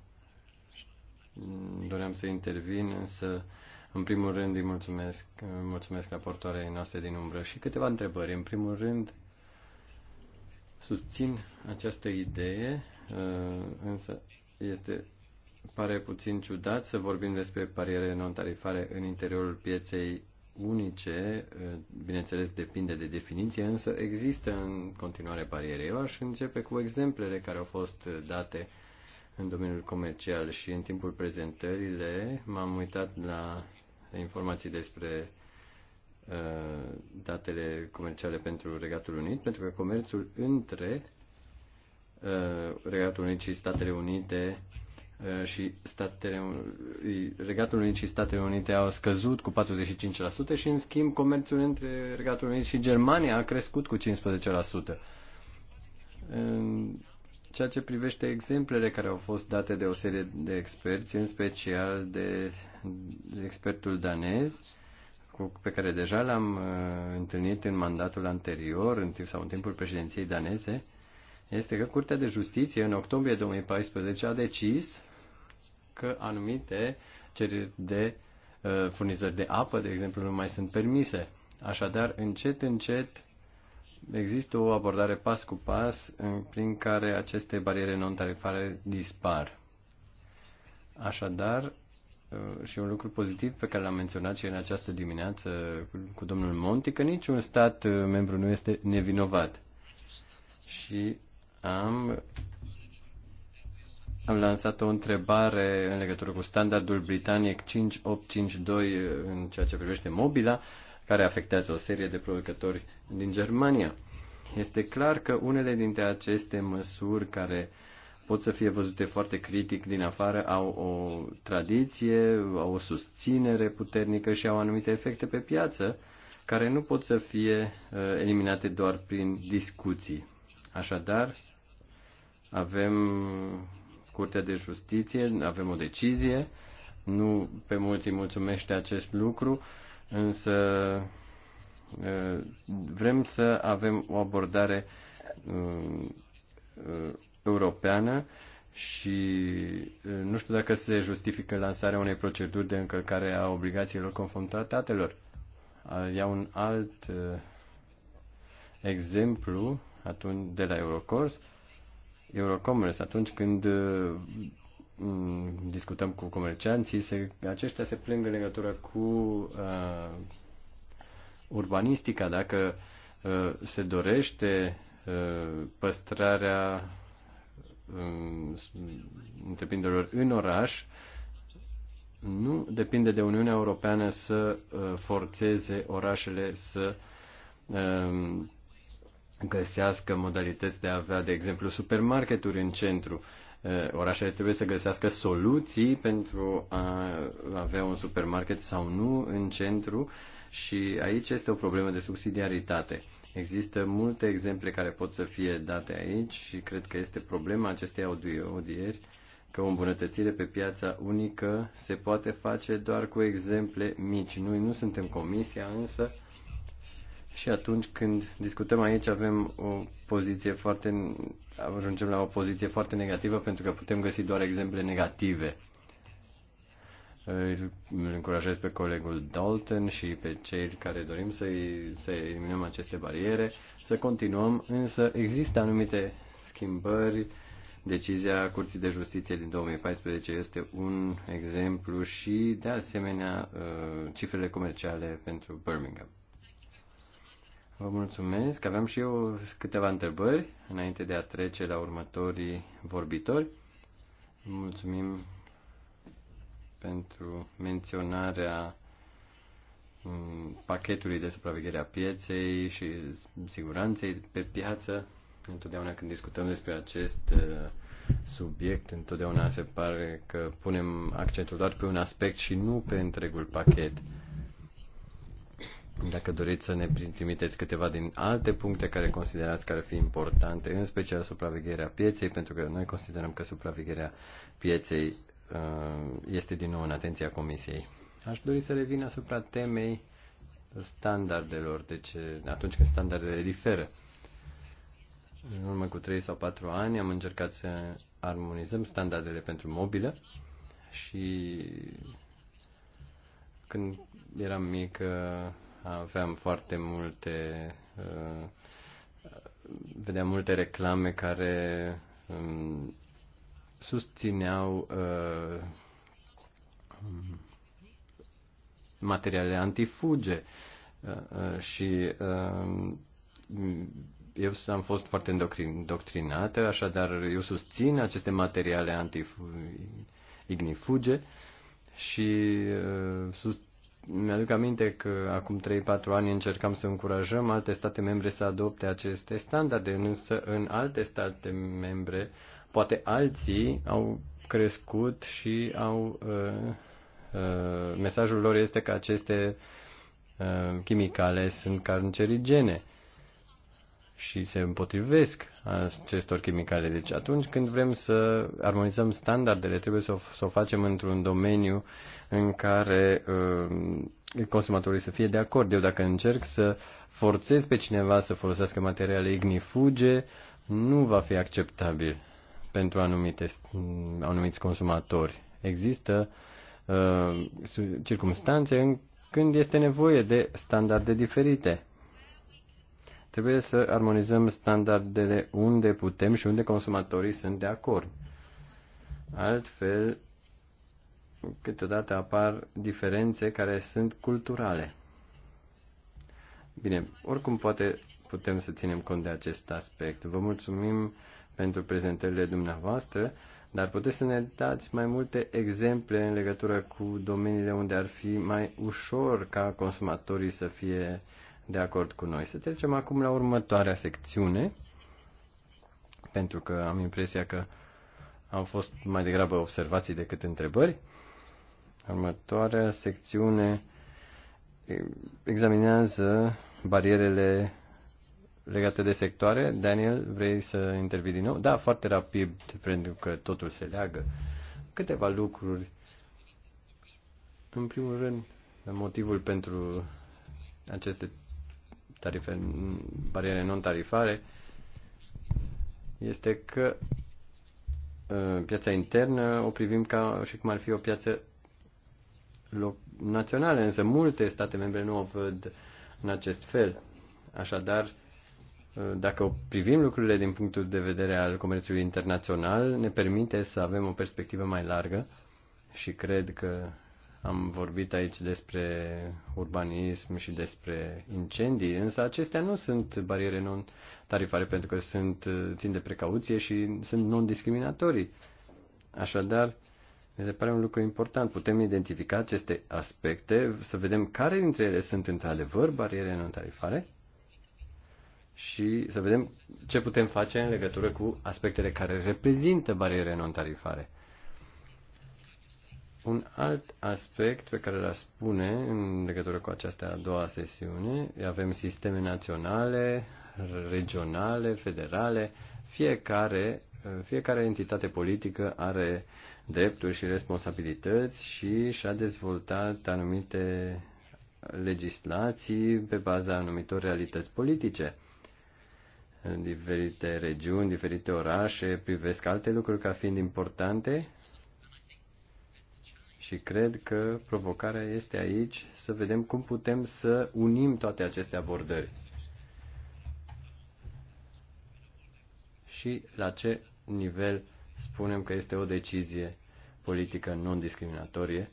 doream să intervin, însă în primul rând îi mulțumesc, mulțumesc raportoarei noastre din umbră și câteva întrebări. În primul rând, susțin această idee, uh, însă este pare puțin ciudat să vorbim despre pariere non-tarifare în interiorul pieței unice, uh, bineînțeles depinde de definiție, însă există în continuare pariere Eu aș începe cu exemplele care au fost uh, date uh, în domeniul comercial și în timpul prezentările m-am uitat la informații despre uh, datele comerciale pentru Regatul Unit, pentru că comerțul între uh, Regatul Unit și Statele Unite uh, și Statele, Regatul Unit și Statele Unite au scăzut cu 45% și în schimb comerțul între Regatul Unit și Germania a crescut cu 15% ceea ce privește exemplele care au fost date de o serie de experți, în special de expertul danez, cu, pe care deja l-am uh, întâlnit în mandatul anterior, în timp sau în timpul președinției daneze, este că Curtea de Justiție în octombrie 2014 a decis că anumite cereri de uh, furnizări de apă, de exemplu, nu mai sunt permise. Așadar, încet, încet, există o abordare pas cu pas prin care aceste bariere non-tarifare dispar. Așadar, uh, și un lucru pozitiv pe care l-am menționat și în această dimineață cu domnul Monti, că niciun stat uh, membru nu este nevinovat. Și am, am lansat o întrebare în legătură cu standardul britanic 5852 uh, în ceea ce privește mobila care afectează o serie de producători din Germania. Este clar că unele dintre aceste măsuri care pot să fie văzute foarte critic din afară au o tradiție, au o susținere puternică și au anumite efecte pe piață care nu pot să fie uh, eliminate doar prin discuții. Așadar, avem Curtea de Justiție, avem o decizie, nu pe mulți îi mulțumește acest lucru, Însă vrem să avem o abordare europeană și nu știu dacă se justifică lansarea unei proceduri de încălcare a obligațiilor conform tratatelor. Ia un alt exemplu atunci de la Eurocors, Eurocommerce, atunci când Mm, discutăm cu comercianții, se, aceștia se plâng în legătură cu uh, urbanistica, dacă uh, se dorește uh, păstrarea uh, întreprinderilor în oraș, nu depinde de Uniunea Europeană să uh, forțeze orașele să uh, găsească modalități de a avea, de exemplu, supermarketuri în centru. Uh, orașele trebuie să găsească soluții pentru a avea un supermarket sau nu în centru și aici este o problemă de subsidiaritate. Există multe exemple care pot să fie date aici și cred că este problema acestei audieri că o îmbunătățire pe piața unică se poate face doar cu exemple mici. Noi nu suntem comisia, însă și atunci când discutăm aici avem o poziție foarte ajungem la o poziție foarte negativă pentru că putem găsi doar exemple negative. Îl încurajez pe colegul Dalton și pe cei care dorim să, să eliminăm aceste bariere, să continuăm, însă există anumite schimbări. Decizia Curții de Justiție din 2014 este un exemplu și, de asemenea, uh, cifrele comerciale pentru Birmingham. Vă mulțumesc. Aveam și eu câteva întrebări înainte de a trece la următorii vorbitori. Mulțumim pentru menționarea mm, pachetului de supraveghere a pieței și siguranței pe piață. Întotdeauna când discutăm despre acest uh, subiect, întotdeauna se pare că punem accentul doar pe un aspect și nu pe întregul pachet. Dacă doriți să ne trimiteți câteva din alte puncte care considerați că ar fi importante, în special supravegherea pieței, pentru că noi considerăm că supravegherea pieței uh, este din nou în atenția Comisiei. Aș dori să revin asupra temei standardelor, deci atunci când standardele diferă. În urmă cu 3 sau 4 ani am încercat să armonizăm standardele pentru mobilă și când eram mic uh, aveam foarte multe, uh, vedeam multe reclame care um, susțineau uh, materiale antifuge uh, și eu am fost foarte îndoctrinată, așadar eu susțin aceste materiale antifuge și uh, susțin mi-aduc aminte că acum 3-4 ani încercam să încurajăm alte state membre să adopte aceste standarde, însă în alte state membre, poate alții au crescut și au. Uh, uh, mesajul lor este că aceste uh, chimicale sunt cancerigene și se împotrivesc acestor chimicale. Deci atunci când vrem să armonizăm standardele, trebuie să o, să o facem într-un domeniu în care uh, consumatorii să fie de acord. Eu dacă încerc să forțez pe cineva să folosească materiale ignifuge, nu va fi acceptabil pentru anumite, anumiți consumatori. Există uh, circumstanțe în când este nevoie de standarde diferite Trebuie să armonizăm standardele unde putem și unde consumatorii sunt de acord. Altfel, câteodată apar diferențe care sunt culturale. Bine, oricum poate putem să ținem cont de acest aspect. Vă mulțumim pentru prezentările dumneavoastră, dar puteți să ne dați mai multe exemple în legătură cu domeniile unde ar fi mai ușor ca consumatorii să fie de acord cu noi. Să trecem acum la următoarea secțiune, pentru că am impresia că au fost mai degrabă observații decât întrebări. Următoarea secțiune examinează barierele legate de sectoare. Daniel, vrei să intervii din nou? Da, foarte rapid, pentru că totul se leagă. Câteva lucruri. În primul rând, motivul pentru aceste tarife, bariere non-tarifare, este că ă, piața internă o privim ca și cum ar fi o piață națională, însă multe state membre nu o văd în acest fel. Așadar, ă, dacă privim lucrurile din punctul de vedere al comerțului internațional, ne permite să avem o perspectivă mai largă și cred că am vorbit aici despre urbanism și despre incendii, însă acestea nu sunt bariere non-tarifare pentru că sunt, țin de precauție și sunt non-discriminatorii. Așadar, mi se pare un lucru important. Putem identifica aceste aspecte, să vedem care dintre ele sunt într-adevăr bariere non-tarifare și să vedem ce putem face în legătură cu aspectele care reprezintă bariere non-tarifare. Un alt aspect pe care l-aș spune în legătură cu această a doua sesiune, avem sisteme naționale, regionale, federale, fiecare, fiecare entitate politică are drepturi și responsabilități și și-a dezvoltat anumite legislații pe baza anumitor realități politice. Diferite regiuni, diferite orașe privesc alte lucruri ca fiind importante și cred că provocarea este aici să vedem cum putem să unim toate aceste abordări. Și la ce nivel spunem că este o decizie politică non-discriminatorie.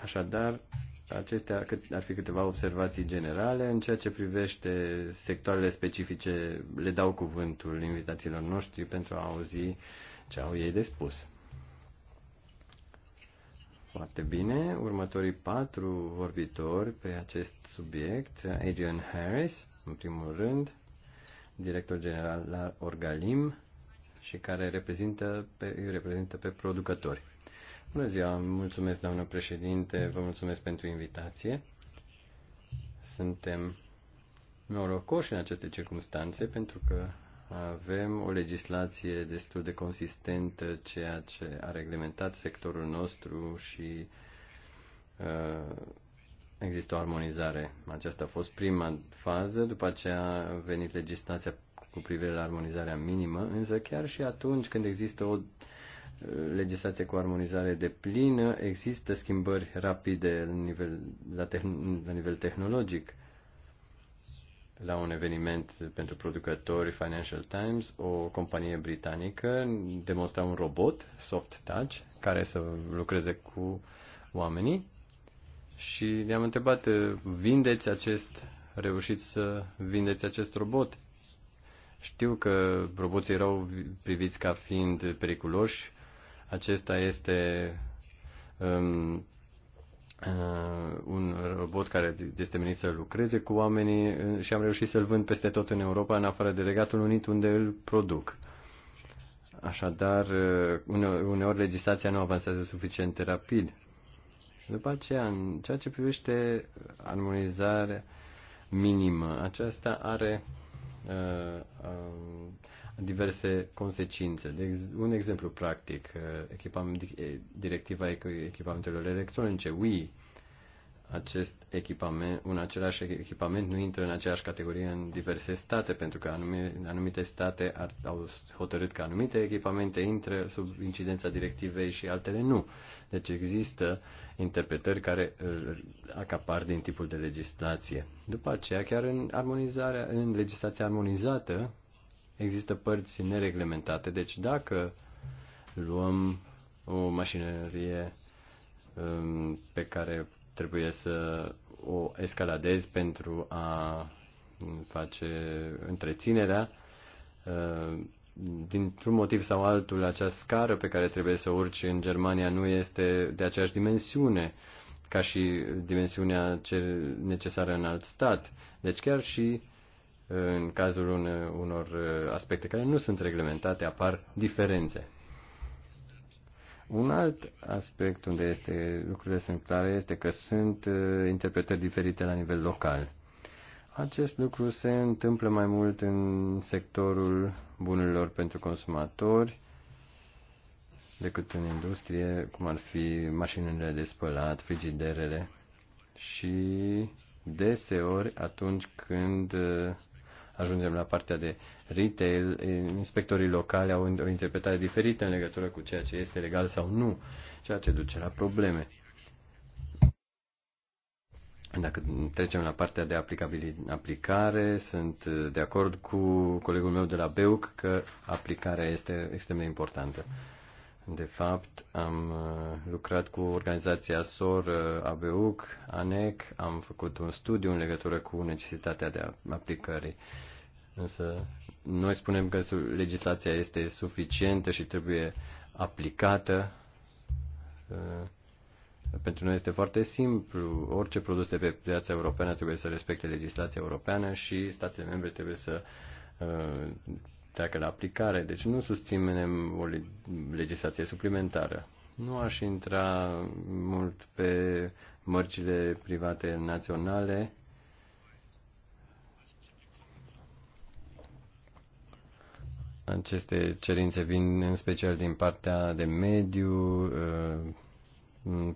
Așadar, acestea ar fi câteva observații generale. În ceea ce privește sectoarele specifice, le dau cuvântul invitațiilor noștri pentru a auzi ce au ei de spus. Foarte bine. Următorii patru vorbitori pe acest subiect, Adrian Harris, în primul rând, director general la Orgalim și care reprezintă pe, îi reprezintă pe producători. Bună ziua, mulțumesc doamnă președinte, vă mulțumesc pentru invitație. Suntem norocoși în aceste circunstanțe pentru că avem o legislație destul de consistentă, ceea ce a reglementat sectorul nostru și uh, există o armonizare. Aceasta a fost prima fază, după aceea a venit legislația cu privire la armonizarea minimă, însă chiar și atunci când există o uh, legislație cu armonizare de plină, există schimbări rapide la nivel, la, te- la nivel tehnologic. Uh, la un eveniment pentru producători Financial Times, o companie britanică demonstra un robot, Soft Touch, care să lucreze cu oamenii și ne-am întrebat, vindeți acest, reușiți să vindeți acest robot? Știu că roboții erau priviți ca fiind periculoși. Acesta este um, Uh, un robot care este menit să lucreze cu oamenii uh, și am reușit să-l vând peste tot în Europa, în afară de Regatul Unit, unde îl produc. Așadar, uh, uneori legislația nu avansează suficient de rapid. după aceea, în ceea ce privește armonizarea minimă, aceasta are uh, uh, diverse consecințe. De un exemplu practic, uh, echipament, directiva echipamentelor electronice, WI, acest echipament, un același echipament nu intră în aceeași categorie în diverse state, pentru că anumite, anumite state ar, au hotărât că anumite echipamente intră sub incidența directivei și altele nu. Deci există interpretări care uh, acapar din tipul de legislație. După aceea, chiar în armonizarea, în legislația armonizată, există părți nereglementate. Deci dacă luăm o mașinărie um, pe care trebuie să o escaladezi pentru a face întreținerea, uh, dintr-un motiv sau altul, acea scară pe care trebuie să urci în Germania nu este de aceeași dimensiune ca și dimensiunea necesară în alt stat. Deci chiar și în cazul unor uh, aspecte care nu sunt reglementate, apar diferențe. Un alt aspect unde este, lucrurile sunt clare este că sunt uh, interpretări diferite la nivel local. Acest lucru se întâmplă mai mult în sectorul bunurilor pentru consumatori decât în industrie, cum ar fi mașinile de spălat, frigiderele și deseori atunci când uh, ajungem la partea de retail, inspectorii locali au o interpretare diferită în legătură cu ceea ce este legal sau nu, ceea ce duce la probleme. Dacă trecem la partea de aplicare, sunt de acord cu colegul meu de la BEUC că aplicarea este extrem de importantă. Mm. De fapt, am uh, lucrat cu organizația SOR uh, ABUC, ANEC, am făcut un studiu în legătură cu necesitatea de aplicării. Însă noi spunem că legislația este suficientă și trebuie aplicată. Uh, pentru noi este foarte simplu. Orice produs de pe piața europeană trebuie să respecte legislația europeană și statele membre trebuie să treacă la aplicare. Deci nu susținem o legislație suplimentară. Nu aș intra mult pe mărcile private naționale. Aceste cerințe vin în special din partea de mediu, uh,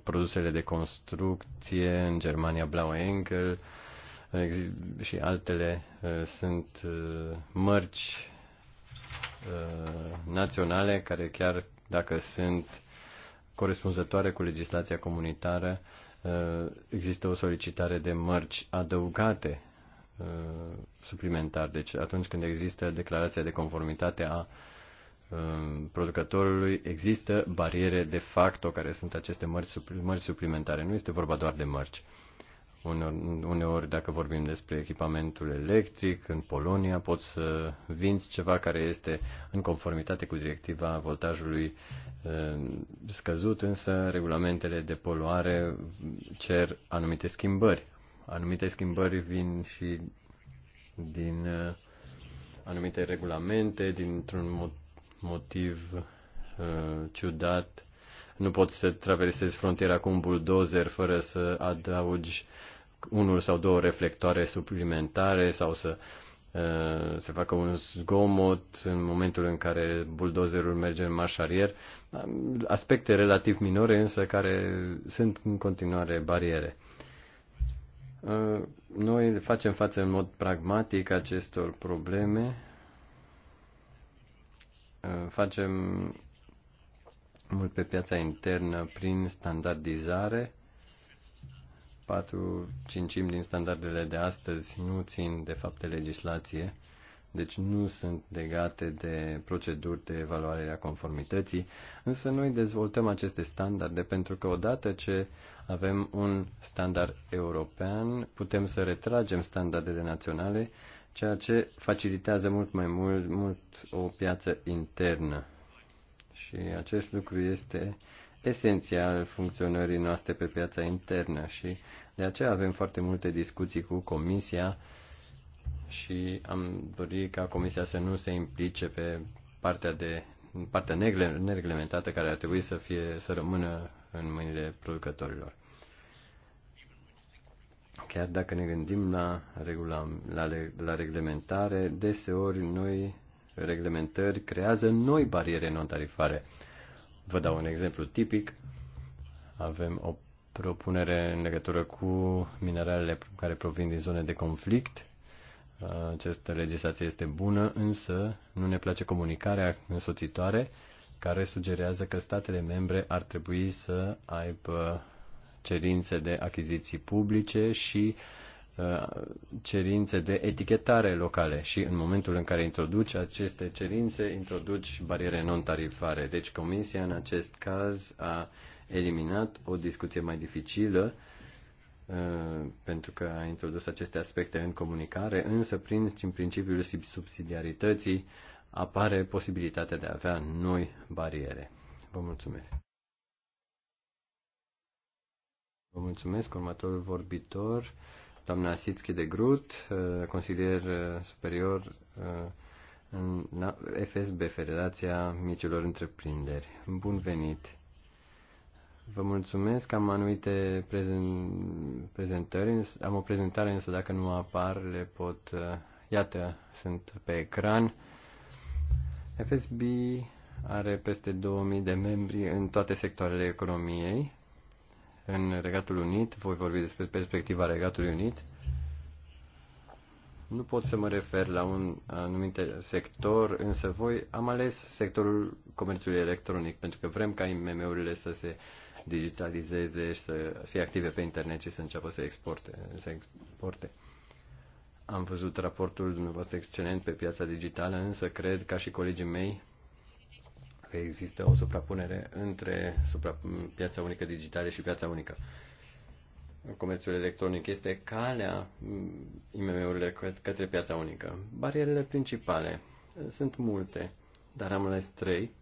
produsele de construcție, în Germania Blau Enkel uh, și altele uh, sunt mărci Uh, naționale, care chiar dacă sunt corespunzătoare cu legislația comunitară, uh, există o solicitare de mărci adăugate uh, suplimentar. Deci atunci când există declarația de conformitate a um, producătorului, există bariere de facto care sunt aceste mărci, mărci suplimentare. Nu este vorba doar de mărci. Uneori, uneori, dacă vorbim despre echipamentul electric, în Polonia poți să vinzi ceva care este în conformitate cu directiva voltajului eh, scăzut, însă regulamentele de poluare cer anumite schimbări. Anumite schimbări vin și din eh, anumite regulamente, dintr-un motiv eh, ciudat. Nu poți să traversezi frontiera cu un buldozer fără să adaugi uh, unul sau două reflectoare suplimentare sau să uh, se facă un zgomot în momentul în care buldozerul merge în marșarier. Aspecte relativ minore, însă care sunt în continuare bariere. Uh, noi facem față în mod pragmatic acestor probleme. Uh, facem mult pe piața internă prin standardizare 4 cincimi din standardele de astăzi nu țin de fapt de legislație, deci nu sunt legate de proceduri de evaluare a conformității, însă noi dezvoltăm aceste standarde pentru că odată ce avem un standard european, putem să retragem standardele naționale, ceea ce facilitează mult mai mult, mult o piață internă. Și acest lucru este uh, esențial funcționării noastre pe piața internă și de aceea avem foarte multe discuții cu Comisia și am dorit ca Comisia să nu se implice pe partea de partea nereglementată care ar trebui să fie să rămână în mâinile producătorilor. Chiar dacă ne gândim la, regula, la, la reglementare, deseori noi reglementări creează noi bariere non-tarifare. Vă dau un exemplu tipic. Avem o propunere în legătură cu mineralele care provin din zone de conflict. Această legislație este bună, însă nu ne place comunicarea însoțitoare care sugerează că statele membre ar trebui să aibă cerințe de achiziții publice și Uh, cerințe de etichetare locale și în momentul în care introduci aceste cerințe, introduci bariere non-tarifare. Deci Comisia în acest caz a eliminat o discuție mai dificilă uh, pentru că a introdus aceste aspecte în comunicare, însă prin principiul subsidiarității apare posibilitatea de a avea noi bariere. Vă mulțumesc! Vă mulțumesc, următorul vorbitor doamna Sitski de Grut, uh, consilier uh, superior uh, în FSB, Federația Micilor Întreprinderi. Bun venit! Vă mulțumesc, am anumite prezen... prezentări, am o prezentare, însă dacă nu apar, le pot... Iată, sunt pe ecran. FSB are peste 2000 de membri în toate sectoarele economiei, în Regatul Unit, voi vorbi despre perspectiva Regatului Unit, nu pot să mă refer la un anumit sector, însă voi am ales sectorul comerțului electronic, pentru că vrem ca IMM-urile să se digitalizeze și să fie active pe internet și să înceapă să exporte. Să exporte. Am văzut raportul dumneavoastră excelent pe piața digitală, însă cred, ca și colegii mei, că există o suprapunere între supra, piața unică digitală și piața unică. Comerțul electronic este calea mm, IMM-urile către piața unică. Barierele principale sunt multe, dar am ales trei.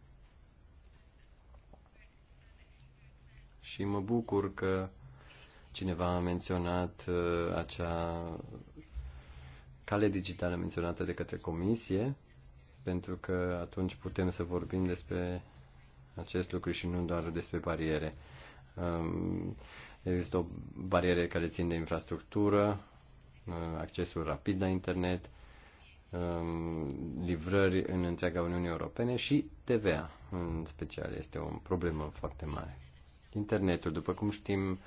Și mă bucur că cineva a menționat uh, acea cale digitală menționată de către comisie pentru că atunci putem să vorbim despre acest lucru și nu doar despre bariere. Um, există o bariere care țin de infrastructură, uh, accesul rapid la internet, um, livrări în întreaga Uniune Europene și TVA în special este o problemă foarte mare. Internetul, după cum știm,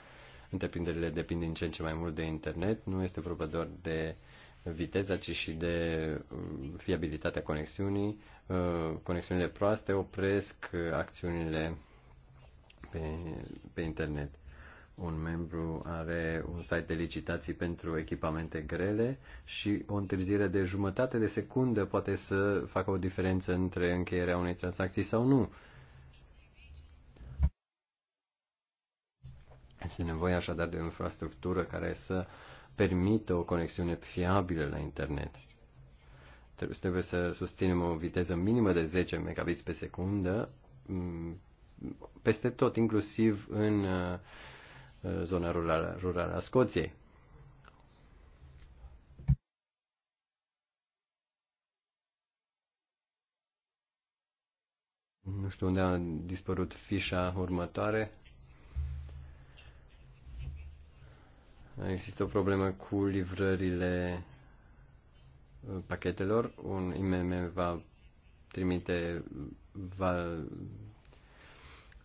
întreprinderile depind din ce în ce mai mult de internet, nu este vorba doar de uh, viteza, ci și de um, fiabilitatea conexiunii. Uh, conexiunile proaste opresc acțiunile pe, pe internet. Un membru are un site de licitații pentru echipamente grele și o întârziere de jumătate de secundă poate să facă o diferență între încheierea unei tranzacții sau nu. Este nevoie așadar de o infrastructură care să uh, permită o conexiune fiabilă la internet. Trebuie să susținem o viteză minimă de 10 megabits pe secundă mm, peste tot, inclusiv în uh, uh, zona rurală, rurală a Scoției. Nu știu unde a dispărut fișa următoare. Există o problemă cu livrările uh, pachetelor. Un IMM va trimite va,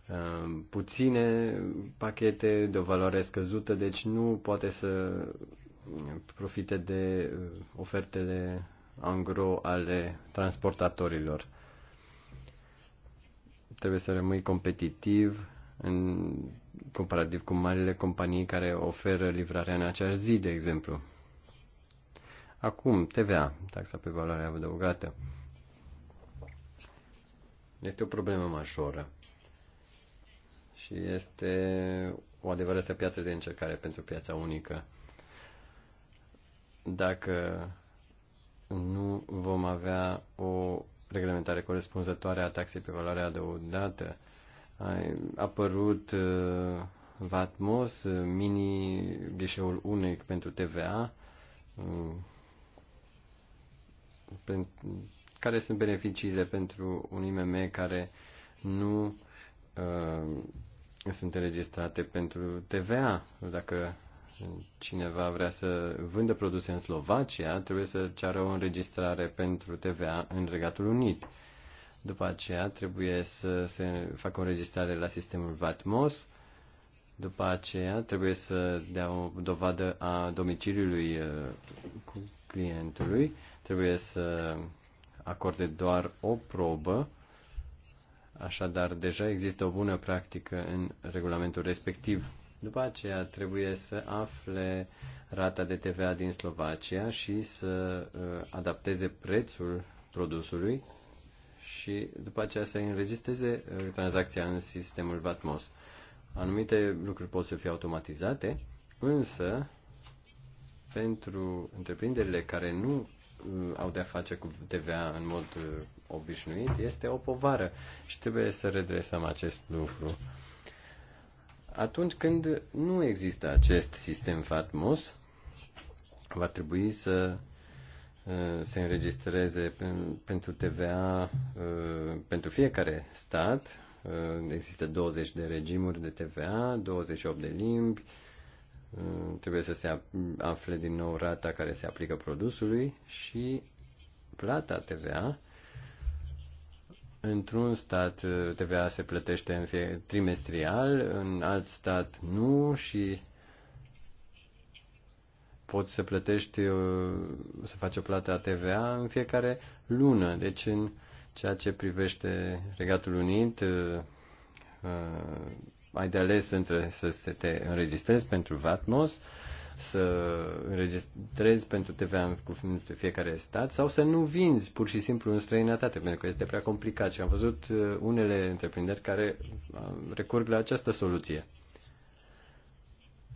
uh, puține pachete de o valoare scăzută, deci nu poate să profite de uh, ofertele angro ale transportatorilor. Trebuie să rămâi competitiv în comparativ cu marile companii care oferă livrarea în acea zi, de exemplu. Acum, TVA, taxa pe valoare adăugată, este o problemă majoră și este o adevărată piatră de încercare pentru piața unică. Dacă nu vom avea o reglementare corespunzătoare a taxei pe valoare adăugată, a apărut uh, VATMOS, uh, mini ghișeul unic pentru TVA, uh, care sunt beneficiile pentru un IMM care nu sunt înregistrate pentru TVA. Dacă cineva vrea să vândă produse în Slovacia, trebuie să ceară o înregistrare pentru TVA în Regatul Unit. După aceea trebuie să se facă o înregistrare la sistemul VATMOS. După aceea trebuie să dea o dovadă a domiciliului uh, cu clientului. Trebuie să acorde doar o probă. Așadar, deja există o bună practică în regulamentul respectiv. După aceea trebuie să afle rata de TVA din Slovacia și să uh, adapteze prețul produsului și după aceea să înregistreze uh, tranzacția în sistemul VATMOS. Anumite lucruri pot să fie automatizate, însă pentru întreprinderile care nu uh, au de-a face cu TVA în mod uh, obișnuit, este o povară și trebuie să redresăm acest lucru. Atunci când nu există acest sistem FATMOS, va trebui să Uh, se înregistreze pentru TVA uh, pentru fiecare stat. Uh, există 20 de regimuri de TVA, 28 de limbi. Trebuie să se afle din nou rata care se aplică produsului și plata TVA. Într-un stat TVA se plătește în fie, trimestrial, în alt stat nu și poți să plătești, uh, să faci o plată a TVA în fiecare lună. Deci în ceea ce privește Regatul Unit, uh, uh, ai de ales între să te înregistrezi pentru VATMOS, să înregistrezi pentru TVA în fiecare stat sau să nu vinzi pur și simplu în străinătate, pentru că este prea complicat și am văzut unele întreprinderi care recurg la această soluție.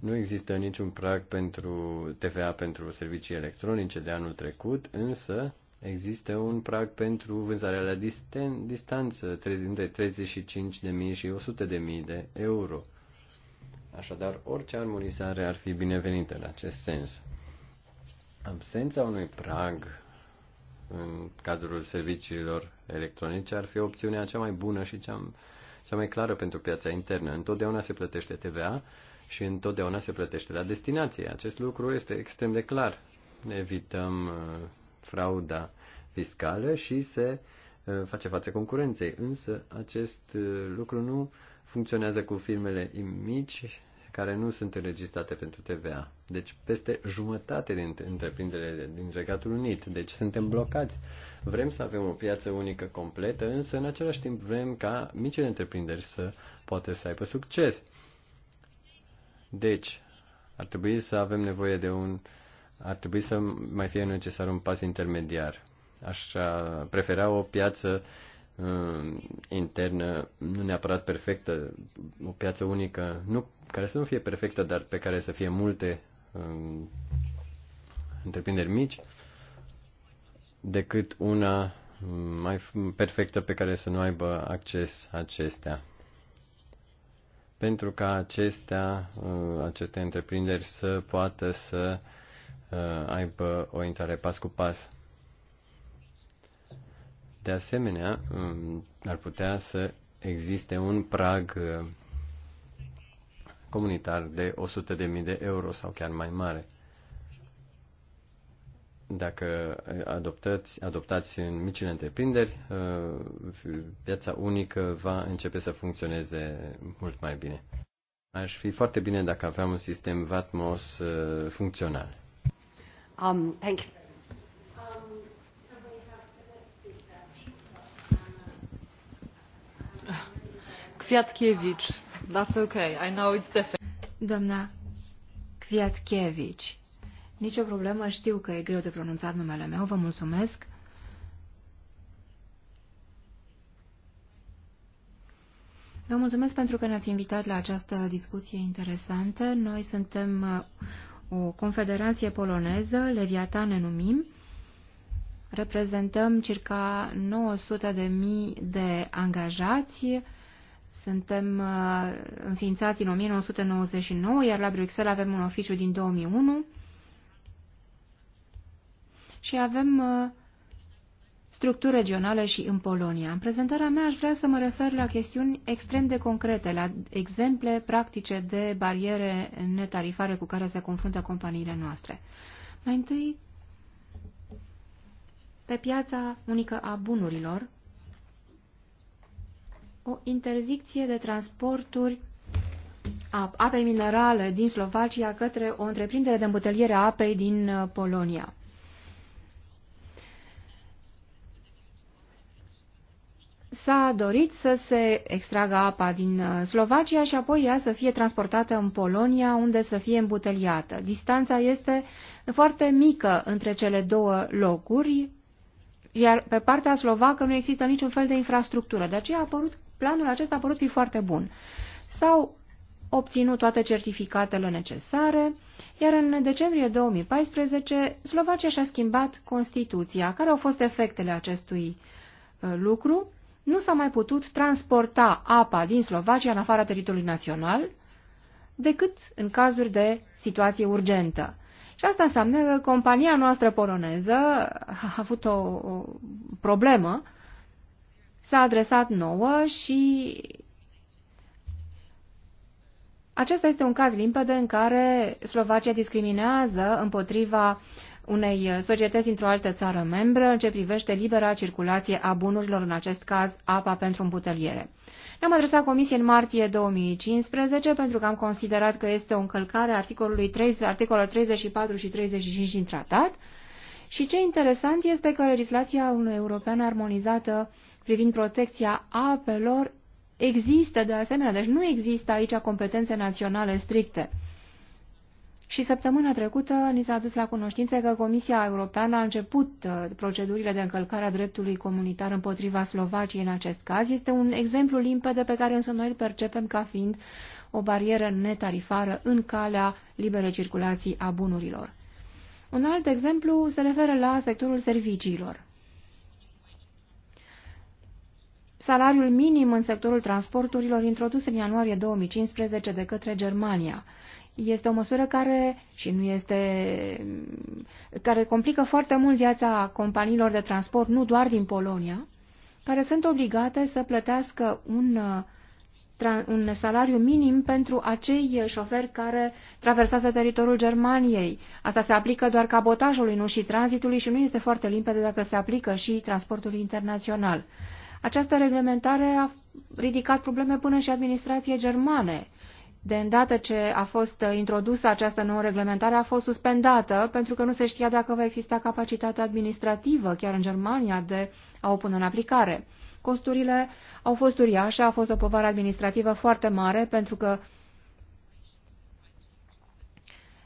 Nu există niciun prag pentru TVA pentru servicii electronice de anul trecut, însă există un prag pentru vânzarea la disten, distanță între 35.000 și 100.000 de euro. Așadar, orice armonizare ar fi binevenită în acest sens. Absența unui prag în cadrul serviciilor electronice ar fi opțiunea cea mai bună și cea, cea mai clară pentru piața internă. Întotdeauna se plătește TVA și întotdeauna se plătește la destinație. Acest lucru este extrem de clar. Evităm uh, frauda fiscală și se uh, face față concurenței. Însă acest uh, lucru nu funcționează cu firmele mici care nu sunt înregistrate pentru TVA. Deci peste jumătate din întreprinderile din Regatul Unit. Deci suntem blocați. Vrem să avem o piață unică completă, însă în același timp vrem ca micile întreprinderi să poată să aibă succes. Deci, ar trebui să avem nevoie de un. ar trebui să mai fie necesar un pas intermediar. Aș prefera o piață uh, internă, nu neapărat perfectă, o piață unică, nu, care să nu fie perfectă, dar pe care să fie multe uh, întreprinderi mici, decât una um, mai perfectă pe care să nu aibă acces acestea pentru ca acestea, uh, aceste întreprinderi să poată să uh, aibă o intrare pas cu pas. De asemenea, um, ar putea să existe un prag uh, comunitar de 100.000 de euro sau chiar mai mare dacă adoptați, adoptați în micile întreprinderi, piața uh, unică va începe să funcționeze mult mai bine. Aș fi foarte bine dacă aveam un sistem VATMOS uh, funcțional. Um, thank you. Kwiatkiewicz. That's okay. I know it's different. Doamna Kwiatkiewicz. Nicio problemă, știu că e greu de pronunțat numele meu, vă mulțumesc. Vă mulțumesc pentru că ne-ați invitat la această discuție interesantă. Noi suntem uh, o confederație poloneză, Leviatan ne numim. Reprezentăm circa 900 de mii de angajați. Suntem uh, înființați în 1999, iar la Bruxelles avem un oficiu din 2001 și avem uh, structuri regionale și în Polonia. În prezentarea mea aș vrea să mă refer la chestiuni extrem de concrete, la exemple practice de bariere netarifare cu care se confruntă companiile noastre. Mai întâi, pe piața unică a bunurilor, o interzicție de transporturi a apei minerale din Slovacia către o întreprindere de îmbuteliere a apei din uh, Polonia. s-a dorit să se extragă apa din uh, Slovacia și apoi ea să fie transportată în Polonia, unde să fie îmbuteliată. Distanța este foarte mică între cele două locuri, iar pe partea slovacă nu există niciun fel de infrastructură. De aceea a apărut, planul acesta a apărut fi foarte bun. S-au obținut toate certificatele necesare, iar în decembrie 2014 Slovacia și-a schimbat Constituția. Care au fost efectele acestui uh, lucru? nu s-a mai putut transporta apa din Slovacia în afara teritoriului național decât în cazuri de situație urgentă. Și asta înseamnă că compania noastră poloneză a avut o, o problemă, s-a adresat nouă și acesta este un caz limpede în care Slovacia discriminează împotriva unei societăți într-o altă țară membră în ce privește libera circulație a bunurilor, în acest caz apa pentru îmbuteliere. Ne-am adresat comisiei în martie 2015 pentru că am considerat că este o încălcare a articolului 30, articolul 34 și 35 din tratat și ce interesant este că legislația unui european armonizată privind protecția apelor există de asemenea, deci nu există aici competențe naționale stricte. Și săptămâna trecută ni s-a adus la cunoștință că Comisia Europeană a început uh, procedurile de încălcare a dreptului comunitar împotriva Slovaciei în acest caz. Este un exemplu limpede pe care însă noi îl percepem ca fiind o barieră netarifară în calea liberei circulații a bunurilor. Un alt exemplu se referă la sectorul serviciilor. Salariul minim în sectorul transporturilor introdus în ianuarie 2015 de către Germania – este o măsură care și nu este care complică foarte mult viața companiilor de transport, nu doar din Polonia, care sunt obligate să plătească un, un salariu minim pentru acei șoferi care traversează teritoriul Germaniei. Asta se aplică doar cabotajului, nu și tranzitului și nu este foarte limpede dacă se aplică și transportului internațional. Această reglementare a ridicat probleme până și administrației germane, de îndată ce a fost introdusă această nouă reglementare, a fost suspendată pentru că nu se știa dacă va exista capacitatea administrativă, chiar în Germania, de a o pune în aplicare. Costurile au fost uriașe, a fost o povară administrativă foarte mare pentru că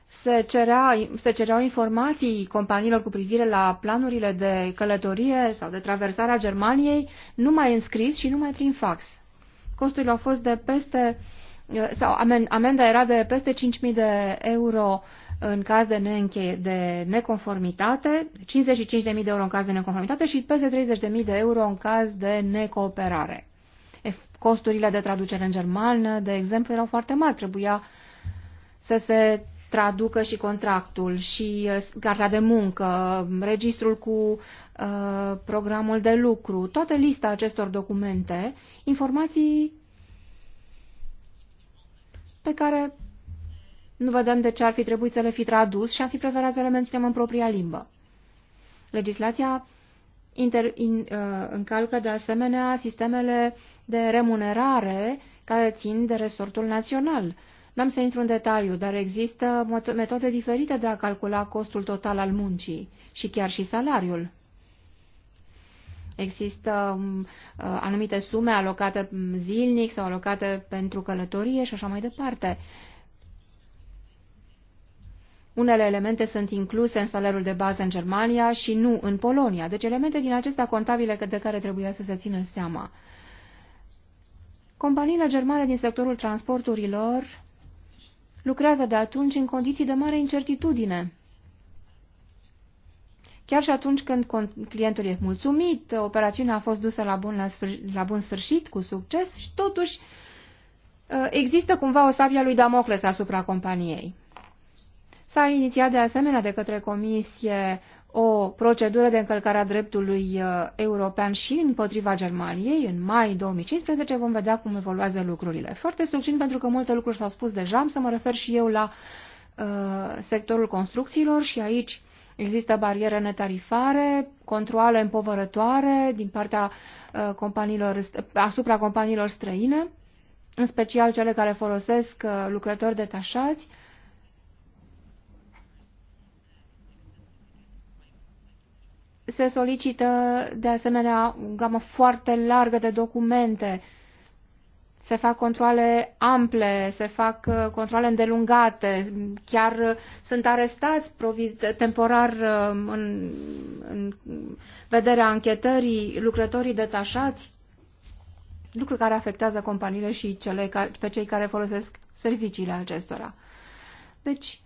se, cerea, se cereau informații companiilor cu privire la planurile de călătorie sau de traversare a Germaniei numai în scris și numai prin fax. Costurile au fost de peste sau amenda era de peste 5.000 de euro în caz de, neînche- de neconformitate, 55.000 de euro în caz de neconformitate și peste 30.000 de euro în caz de necooperare. Costurile de traducere în germană, de exemplu, erau foarte mari. Trebuia să se traducă și contractul și uh, cartea de muncă, registrul cu uh, programul de lucru, toată lista acestor documente, informații pe care nu vedem de ce ar fi trebuit să le fi tradus și am fi preferat să le menținem în propria limbă. Legislația inter, in, uh, încalcă de asemenea sistemele de remunerare care țin de resortul național. N-am să intru în detaliu, dar există metode diferite de a calcula costul total al muncii și chiar și salariul. Există mm, uh, anumite sume alocate mm, zilnic sau alocate pentru călătorie și așa mai departe. Unele elemente sunt incluse în salariul de bază în Germania și nu în Polonia, deci elemente din acestea contabile de care trebuia să se țină seama. Companiile germane din sectorul transporturilor lucrează de atunci în condiții de mare incertitudine. Chiar și atunci când clientul e mulțumit, operațiunea a fost dusă la bun, la sfârșit, la bun sfârșit, cu succes și totuși ă, există cumva o sabia lui Damocles asupra companiei. S-a inițiat de asemenea de către comisie o procedură de încălcare a dreptului ă, european și împotriva Germaniei. În mai 2015 vom vedea cum evoluează lucrurile. Foarte succint pentru că multe lucruri s-au spus deja, am să mă refer și eu la uh, sectorul construcțiilor și aici Există bariere netarifare, controle împovărătoare din partea uh, companiilor, asupra companiilor străine, în special cele care folosesc uh, lucrători detașați, se solicită de asemenea o gamă foarte largă de documente uh, se fac controle ample, se fac uh, controle îndelungate, chiar uh, sunt arestați temporar uh, în, în vederea anchetării lucrătorii detașați, lucru care afectează companiile și cele care, pe cei care folosesc serviciile acestora. Deci,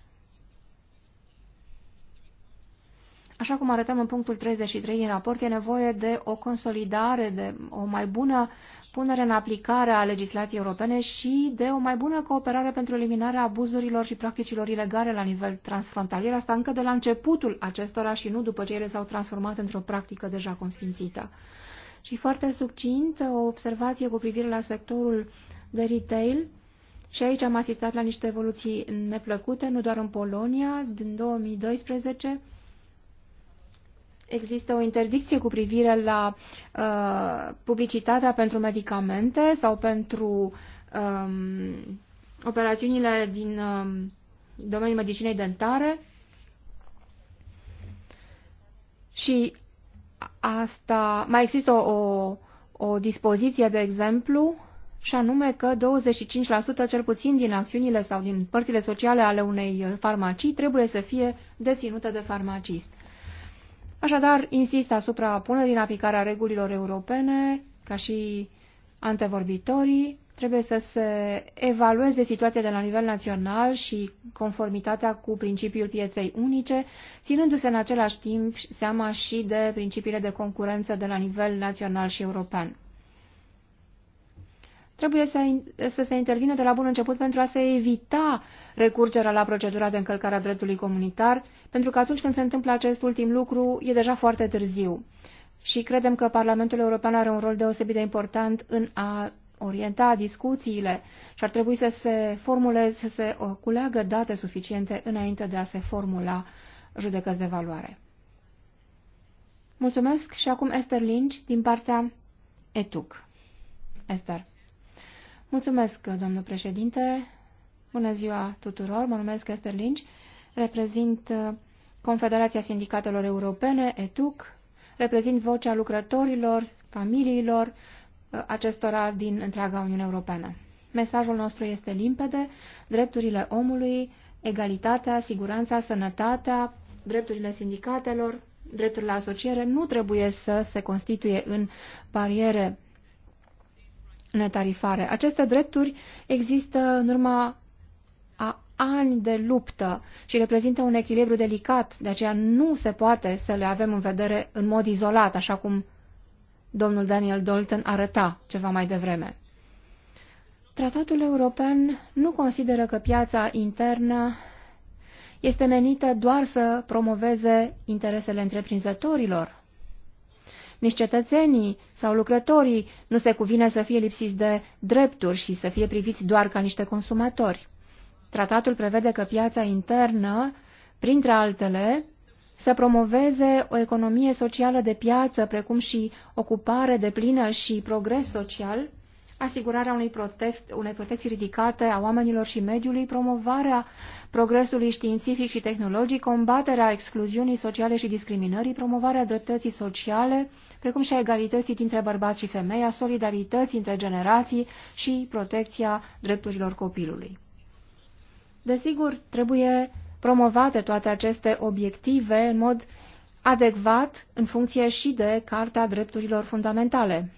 Așa cum arătăm în punctul 33 din raport, e nevoie de o consolidare, de o mai bună punere în aplicare a legislației europene și de o mai bună cooperare pentru eliminarea abuzurilor și practicilor ilegale la nivel transfrontalier, asta încă de la începutul acestora și nu după ce ele s-au transformat într-o practică deja consfințită. Și foarte succint, o observație cu privire la sectorul de retail, și aici am asistat la niște evoluții neplăcute, nu doar în Polonia, din 2012, există o interdicție cu privire la uh, publicitatea pentru medicamente sau pentru um, operațiunile din um, domeniul medicinei dentare. Și asta, mai există o, o, o dispoziție, de exemplu, și anume că 25% cel puțin din acțiunile sau din părțile sociale ale unei farmacii trebuie să fie deținute de farmacist. Așadar, insist asupra punerii în aplicare a regulilor europene, ca și antevorbitorii, trebuie să se evalueze situația de la nivel național și conformitatea cu principiul pieței unice, ținându-se în același timp seama și de principiile de concurență de la nivel național și european. Trebuie să, să se intervine de la bun început pentru a se evita recurgerea la procedura de încălcare a dreptului comunitar, pentru că atunci când se întâmplă acest ultim lucru, e deja foarte târziu. Și credem că Parlamentul European are un rol deosebit de important în a orienta discuțiile și ar trebui să se formuleze, să se culeagă date suficiente înainte de a se formula judecăți de valoare. Mulțumesc și acum Esther Lynch din partea ETUC. Esther. Mulțumesc, domnul președinte. Bună ziua tuturor, mă numesc Esther Lynch, reprezint uh, Confederația Sindicatelor Europene, ETUC, reprezint vocea lucrătorilor, familiilor, uh, acestora din întreaga Uniune Europeană. Mesajul nostru este limpede, drepturile omului, egalitatea, siguranța, sănătatea, drepturile sindicatelor, drepturile asociere nu trebuie să se constituie în bariere netarifare. Aceste drepturi există în urma ani de luptă și reprezintă un echilibru delicat, de aceea nu se poate să le avem în vedere în mod izolat, așa cum domnul Daniel Dalton arăta ceva mai devreme. Tratatul european nu consideră că piața internă este menită doar să promoveze interesele întreprinzătorilor. Nici cetățenii sau lucrătorii nu se cuvine să fie lipsiți de drepturi și să fie priviți doar ca niște consumatori. Tratatul prevede că piața internă, printre altele, să promoveze o economie socială de piață, precum și ocupare de plină și progres social, asigurarea unei, protect, unei protecții ridicate a oamenilor și mediului, promovarea progresului științific și tehnologic, combaterea excluziunii sociale și discriminării, promovarea dreptății sociale, precum și a egalității dintre bărbați și femei, a solidarității între generații și protecția drepturilor copilului. Desigur, trebuie promovate toate aceste obiective în mod adecvat în funcție și de Carta Drepturilor Fundamentale.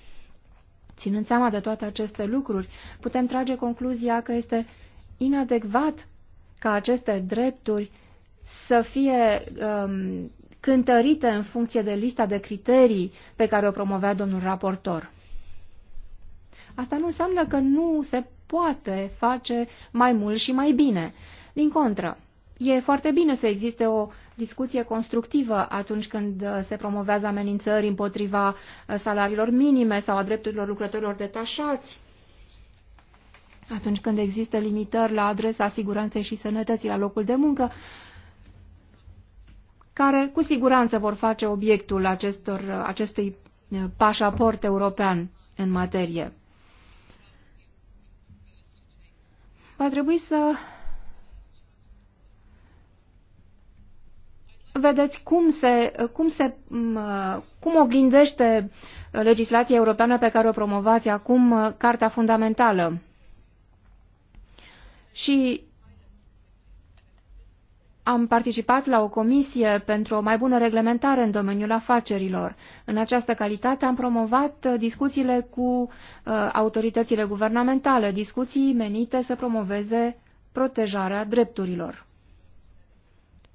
Ținând seama de toate aceste lucruri, putem trage concluzia că este inadecvat ca aceste drepturi să fie um, cântărite în funcție de lista de criterii pe care o promovea domnul raportor. Asta nu înseamnă că nu se poate face mai mult și mai bine. Din contră, e foarte bine să existe o discuție constructivă atunci când uh, se promovează amenințări împotriva uh, salariilor minime sau a drepturilor lucrătorilor detașați, atunci când există limitări la adresa siguranței și sănătății la locul de muncă, care cu siguranță vor face obiectul acestor, uh, acestui pașaport european în materie. va trebui să vedeți cum se, cum se cum oglindește legislația europeană pe care o promovați acum, Carta Fundamentală. Și am participat la o comisie pentru o mai bună reglementare în domeniul afacerilor. În această calitate am promovat uh, discuțiile cu uh, autoritățile guvernamentale, discuții menite să promoveze protejarea drepturilor,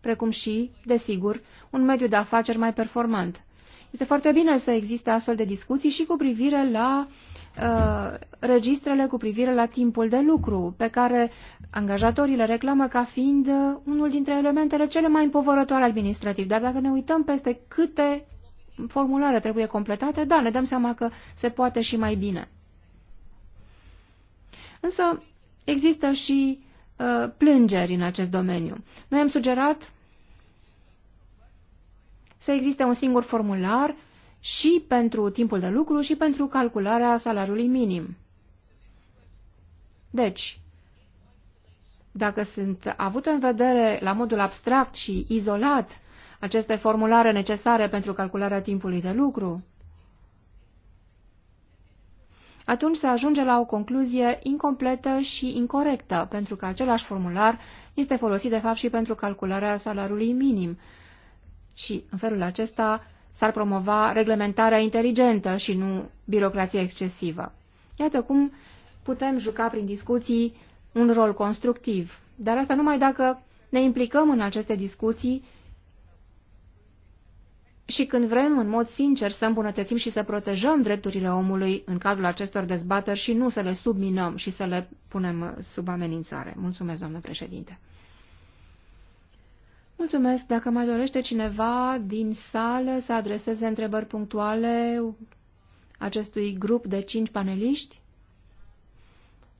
precum și, desigur, un mediu de afaceri mai performant. Este foarte bine să existe astfel de discuții și cu privire la uh, Uh, registrele cu privire la timpul de lucru, pe care angajatorii le reclamă ca fiind uh, unul dintre elementele cele mai împovărătoare administrativ. Dar dacă ne uităm peste câte formulare trebuie completate, da, ne dăm seama că se poate și mai bine. Însă există și uh, plângeri în acest domeniu. Noi am sugerat să existe un singur formular și pentru timpul de lucru și pentru calcularea salariului minim. Deci, dacă sunt avute în vedere la modul abstract și izolat aceste formulare necesare pentru calcularea timpului de lucru, atunci se ajunge la o concluzie incompletă și incorrectă, pentru că același formular este folosit de fapt și pentru calcularea salariului minim. Și în felul acesta S-ar promova reglementarea inteligentă și nu birocrația excesivă. Iată cum putem juca prin discuții un rol constructiv, dar asta numai dacă ne implicăm în aceste discuții și când vrem în mod sincer să îmbunătățim și să protejăm drepturile omului în cadrul acestor dezbateri și nu să le subminăm și să le punem sub amenințare. Mulțumesc, doamnă președinte. Mulțumesc. Dacă mai dorește cineva din sală să adreseze întrebări punctuale acestui grup de cinci paneliști,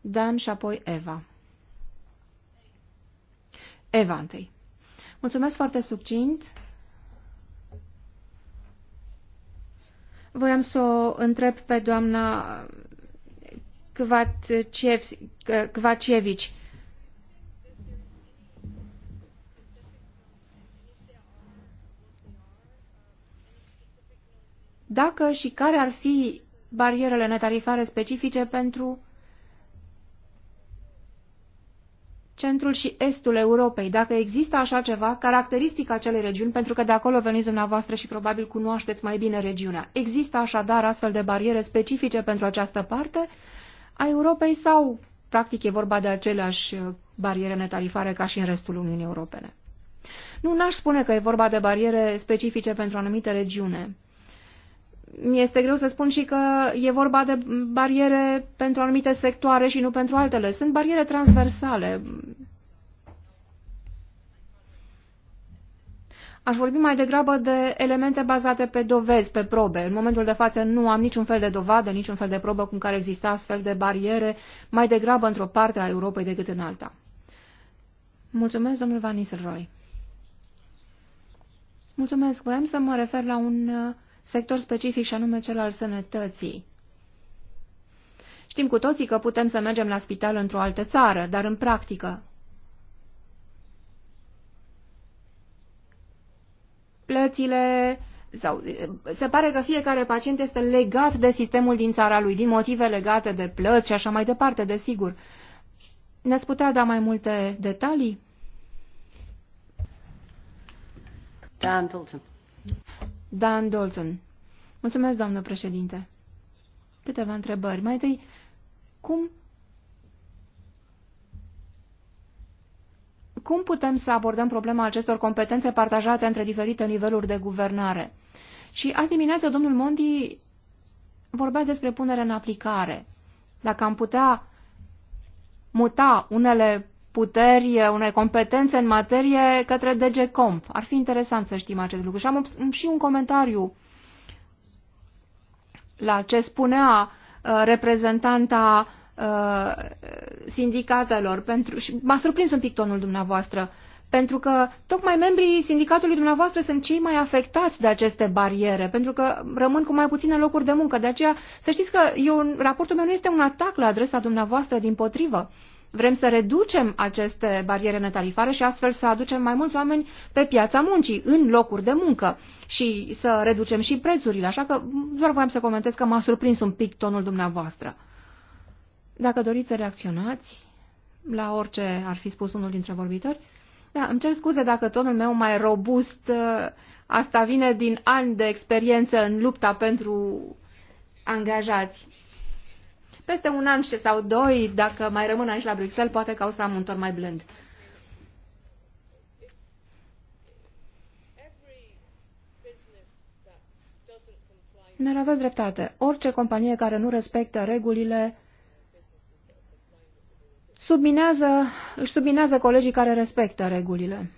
Dan și apoi Eva. Eva întâi. Mulțumesc foarte succint. Voiam să o întreb pe doamna Kvacevici. dacă și care ar fi barierele netarifare specifice pentru centrul și estul Europei, dacă există așa ceva, caracteristic acelei regiuni, pentru că de acolo veniți dumneavoastră și probabil cunoașteți mai bine regiunea. Există așadar astfel de bariere specifice pentru această parte a Europei sau, practic, e vorba de aceleași bariere netarifare ca și în restul Uniunii Europene? Nu, n-aș spune că e vorba de bariere specifice pentru o anumită regiune mi-este greu să spun și că e vorba de bariere pentru anumite sectoare și nu pentru altele. Sunt bariere transversale. Aș vorbi mai degrabă de elemente bazate pe dovezi, pe probe. În momentul de față nu am niciun fel de dovadă, niciun fel de probă cu care exista astfel de bariere, mai degrabă într-o parte a Europei decât în alta. Mulțumesc, domnul Van Nistelrooy. Mulțumesc. Voiam să mă refer la un sector specific și anume cel al sănătății. Știm cu toții că putem să mergem la spital într-o altă țară, dar în practică. Plățile sau se pare că fiecare pacient este legat de sistemul din țara lui, din motive legate de plăți și așa mai departe, desigur. Ne-ați putea da mai multe detalii? Dan Dalton. Dan Dalton. Mulțumesc, doamnă președinte. Câteva întrebări. Mai întâi, cum, cum putem să abordăm problema acestor competențe partajate între diferite niveluri de guvernare? Și azi dimineață domnul Mondi vorbea despre punere în aplicare. Dacă am putea muta unele puteri, uh, unei competențe în materie către DG Comp. Ar fi interesant să știm acest lucru. Și am și un comentariu la ce spunea uh, reprezentanta uh, sindicatelor. Pentru, și m-a surprins un pic tonul dumneavoastră, pentru că tocmai membrii sindicatului dumneavoastră sunt cei mai afectați de aceste bariere, pentru că rămân cu mai puține locuri de muncă. De aceea, să știți că eu, raportul meu nu este un atac la adresa dumneavoastră, din potrivă. Uh, Vrem să reducem aceste bariere netarifare și astfel să aducem mai mulți oameni pe piața muncii, în locuri de muncă și să reducem și prețurile. Așa că doar voiam să comentez că m-a surprins un pic tonul dumneavoastră. Dacă doriți să reacționați la orice ar fi spus unul dintre vorbitori, da, îmi cer scuze dacă tonul meu mai robust, ă, asta vine din ani de experiență în lupta pentru angajați. Peste un an și sau doi, dacă mai rămân aici la Bruxelles, poate că o să am un tor mai blând. Dar aveți dreptate. Orice companie care nu respectă regulile subminează, își subminează colegii care respectă regulile.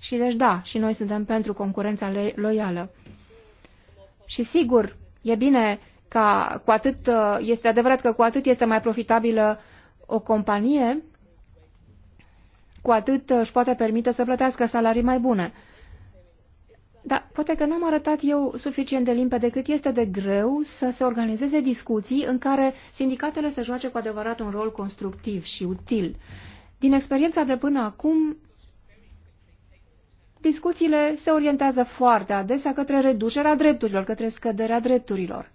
Și deci da, și noi suntem pentru concurența loială. Și sigur, e bine ca cu atât, uh, este adevărat că cu atât este mai profitabilă o companie, cu atât uh, își poate permite să plătească salarii mai bune. Dar poate că n-am arătat eu suficient de limpede cât este de greu să se organizeze discuții în care sindicatele să joace cu adevărat un rol constructiv și util. Din experiența de până acum, discuțiile se orientează foarte adesea către reducerea drepturilor, către scăderea drepturilor.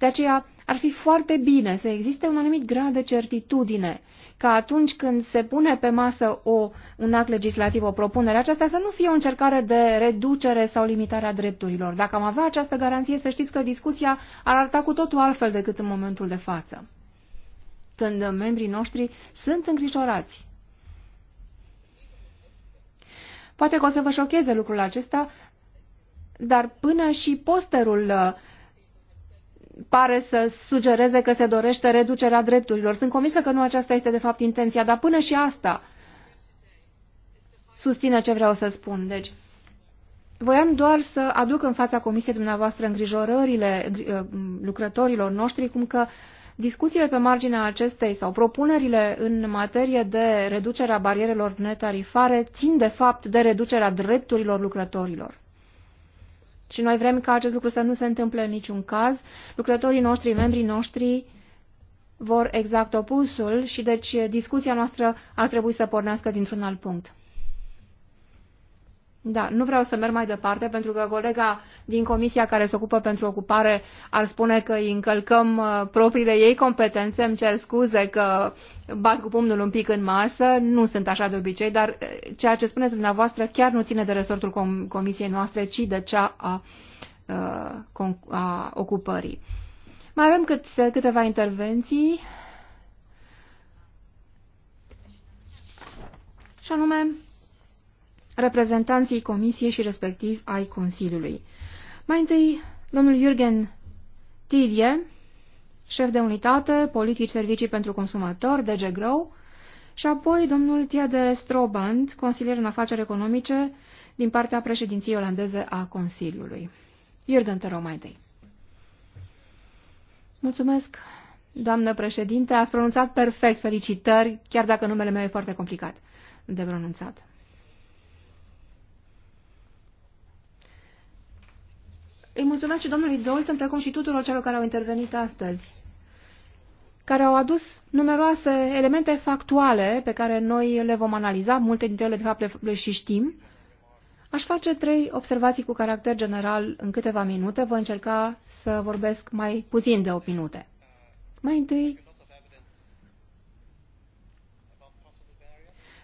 De aceea ar fi foarte bine să existe un anumit grad de certitudine ca atunci când se pune pe masă o, un act legislativ, o propunere, aceasta să nu fie o încercare de reducere sau limitare a drepturilor. Dacă am avea această garanție, să știți că discuția ar arăta cu totul altfel decât în momentul de față, când membrii noștri sunt îngrijorați. Poate că o să vă șocheze lucrul acesta, dar până și posterul uh, pare să sugereze că se dorește reducerea drepturilor. Sunt convinsă că nu aceasta este de fapt intenția, dar până și asta susține ce vreau să spun. Deci, voiam doar să aduc în fața comisiei dumneavoastră îngrijorările uh, lucrătorilor noștri, cum că discuțiile pe marginea acestei sau propunerile în materie de reducerea barierelor netarifare țin de fapt de reducerea drepturilor lucrătorilor. Și noi vrem ca acest lucru să nu se întâmple în niciun caz. Lucrătorii noștri, membrii noștri vor exact opusul și deci eh, discuția noastră ar trebui să pornească dintr-un alt punct. Da, nu vreau să merg mai departe pentru că colega din comisia care se ocupă pentru ocupare ar spune că îi încălcăm uh, propriile ei competențe. Îmi cer scuze că bat cu pumnul un pic în masă, nu sunt așa de obicei, dar uh, ceea ce spuneți dumneavoastră chiar nu ține de resortul com comisiei noastre, ci de cea a, a, uh, a ocupării. Mai avem cât, câteva intervenții. Și anume, reprezentanții Comisiei și respectiv ai Consiliului. Mai întâi, domnul Jürgen Tidie, șef de unitate, politici servicii pentru consumator, DG Grow, și apoi domnul Tiede Stroband, consilier în afaceri economice din partea președinției olandeze a Consiliului. Jürgen, te rog mai întâi. Mulțumesc, doamnă președinte. Ați pronunțat perfect. Felicitări, chiar dacă numele meu e foarte complicat de pronunțat. îi mulțumesc și domnului Dolton, precum și tuturor celor care au intervenit astăzi, care au adus numeroase elemente factuale pe care noi le vom analiza, multe dintre ele de fapt le, le și știm. Aș face trei observații cu caracter general în câteva minute, voi încerca să vorbesc mai puțin de o minute. Mai întâi,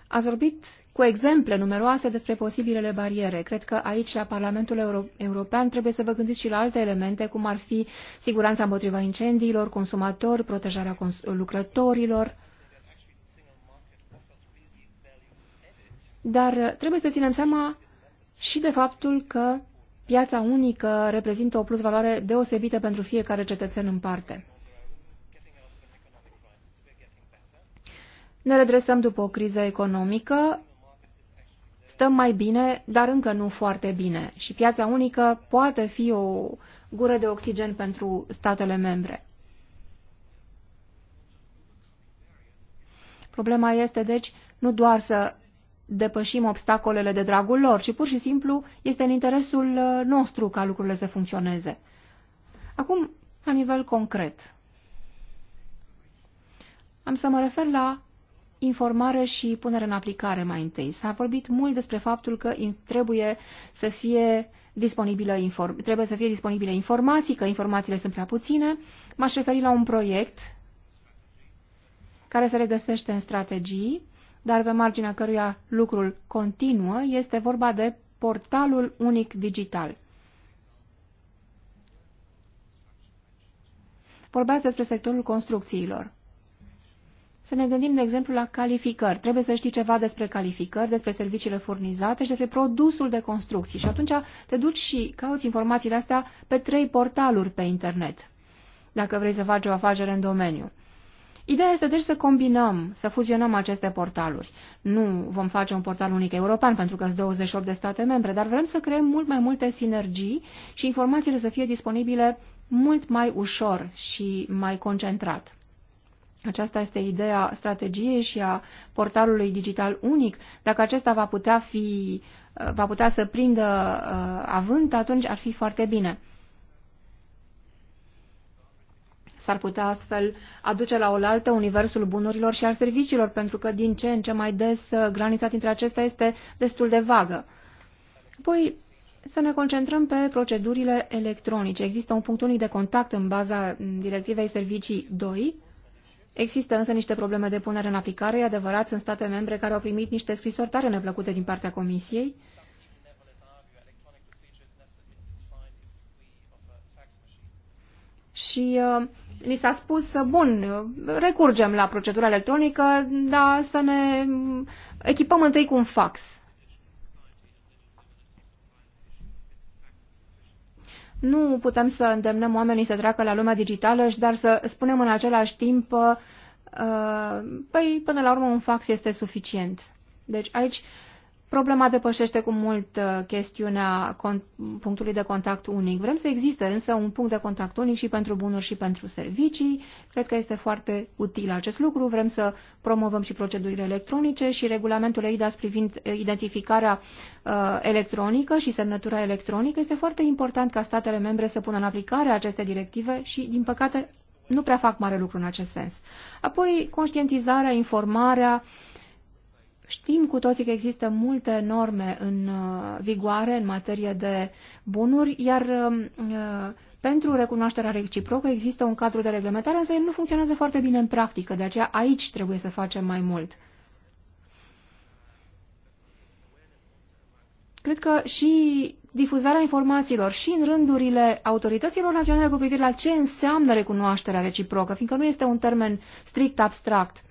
Ați vorbit cu exemple numeroase despre posibilele bariere. Cred că aici, la Parlamentul Euro European, trebuie să vă gândiți și la alte elemente, cum ar fi siguranța împotriva incendiilor, consumatori, protejarea cons lucrătorilor. Dar trebuie să ținem seama și de faptul că piața unică reprezintă o plusvaloare deosebită pentru fiecare cetățen în parte. Ne redresăm după o criză economică, stăm mai bine, dar încă nu foarte bine. Și piața unică poate fi o gură de oxigen pentru statele membre. Problema este, deci, nu doar să depășim obstacolele de dragul lor, ci pur și simplu este în interesul uh, nostru ca lucrurile să funcționeze. Acum, la nivel concret, am să mă refer la informare și punere în aplicare mai întâi. S-a vorbit mult despre faptul că trebuie să fie disponibilă inform- trebuie să fie disponibile informații, că informațiile sunt prea puține. M-aș referi la un proiect care se regăsește în strategii, dar pe marginea căruia lucrul continuă, este vorba de portalul unic digital. Vorbeați despre sectorul construcțiilor. Să ne gândim, de exemplu, la calificări. Trebuie să știi ceva despre calificări, despre serviciile furnizate și despre produsul de construcții. Și atunci te duci și cauți informațiile astea pe trei portaluri pe internet, dacă vrei să faci o afacere în domeniu. Ideea este deci să combinăm, să fuzionăm aceste portaluri. Nu vom face un portal unic european pentru că sunt 28 de state membre, dar vrem să creăm mult mai multe sinergii și informațiile să fie disponibile mult mai ușor și mai concentrat. Aceasta este ideea strategiei și a portalului digital unic. Dacă acesta va putea, fi, va putea să prindă uh, avânt, atunci ar fi foarte bine. S-ar putea astfel aduce la oaltă universul bunurilor și al serviciilor, pentru că din ce în ce mai des uh, granița dintre acestea este destul de vagă. Apoi, să ne concentrăm pe procedurile electronice. Există un punct unic de contact în baza directivei servicii 2, Există însă niște probleme de punere în aplicare, e adevărat, sunt state membre care au primit niște scrisori tare neplăcute din partea Comisiei, Și uh, ni s-a spus, uh, bun, uh, recurgem la procedura electronică, dar să ne uh, echipăm întâi cu un fax. Nu putem să îndemnăm oamenii să treacă la lumea digitală, dar să spunem în același timp, uh, păi, până la urmă, un fax este suficient. Deci aici Problema depășește cu mult uh, chestiunea punctului de contact unic. Vrem să existe însă un punct de contact unic și pentru bunuri și pentru servicii. Cred că este foarte util acest lucru. Vrem să promovăm și procedurile electronice și regulamentul EIDAS privind uh, identificarea uh, electronică și semnătura electronică. Este foarte important ca statele membre să pună în aplicare aceste directive și, din păcate, nu prea fac mare lucru în acest sens. Apoi, conștientizarea, informarea, uh, Știm cu toții că există multe norme în uh, vigoare în materie de bunuri, iar um, uh, pentru recunoașterea reciprocă există un cadru de reglementare, însă el nu funcționează foarte bine în practică, de aceea aici trebuie să facem mai mult. Cred că și difuzarea informațiilor și în rândurile autorităților naționale cu privire la ce înseamnă recunoașterea reciprocă, fiindcă nu este un termen strict abstract.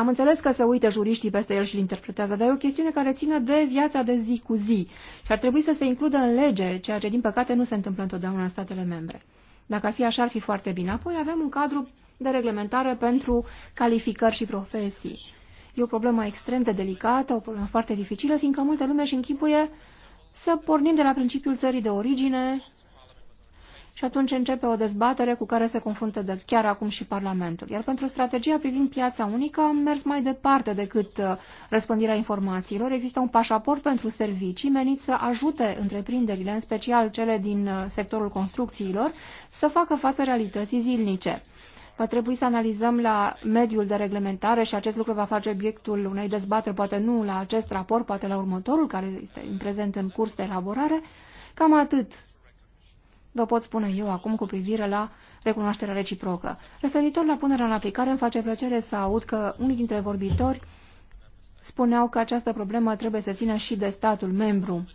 Am înțeles că se uită juriștii peste el și îl interpretează, dar e o chestiune care ține de viața de zi cu zi și ar trebui să se includă în lege, ceea ce din păcate nu se întâmplă întotdeauna în statele membre. Dacă ar fi așa, ar fi foarte bine. Apoi avem un cadru de reglementare pentru calificări și profesii. E o problemă extrem de delicată, o problemă foarte dificilă, fiindcă multă lume își închipuie să pornim de la principiul țării de origine și atunci începe o dezbatere cu care se confruntă de chiar acum și Parlamentul. Iar pentru strategia privind piața unică am mers mai departe decât uh, răspândirea informațiilor. Există un pașaport pentru servicii menit să ajute întreprinderile, în special cele din uh, sectorul construcțiilor, să facă față realității zilnice. Va trebui să analizăm la mediul de reglementare și acest lucru va face obiectul unei dezbateri, poate nu la acest raport, poate la următorul, care este în prezent în curs de elaborare. Cam atât vă pot spune eu acum cu privire la recunoașterea reciprocă. Referitor la punerea în aplicare, îmi face plăcere să aud că unii dintre vorbitori spuneau că această problemă trebuie să țină și de statul membru.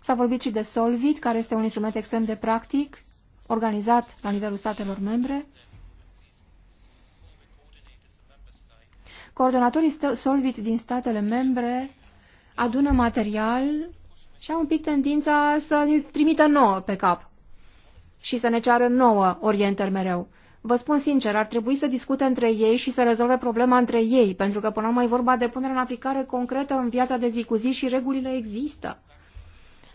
S-a vorbit și de Solvit, care este un instrument extrem de practic, organizat la nivelul statelor membre. Coordonatorii Solvit din statele membre adună material și au un pic tendința să ne trimită nouă pe cap și să ne ceară nouă orientări mereu. Vă spun sincer, ar trebui să discute între ei și să rezolve problema între ei, pentru că până la urmă e vorba de punere în aplicare concretă în viața de zi cu zi și regulile există.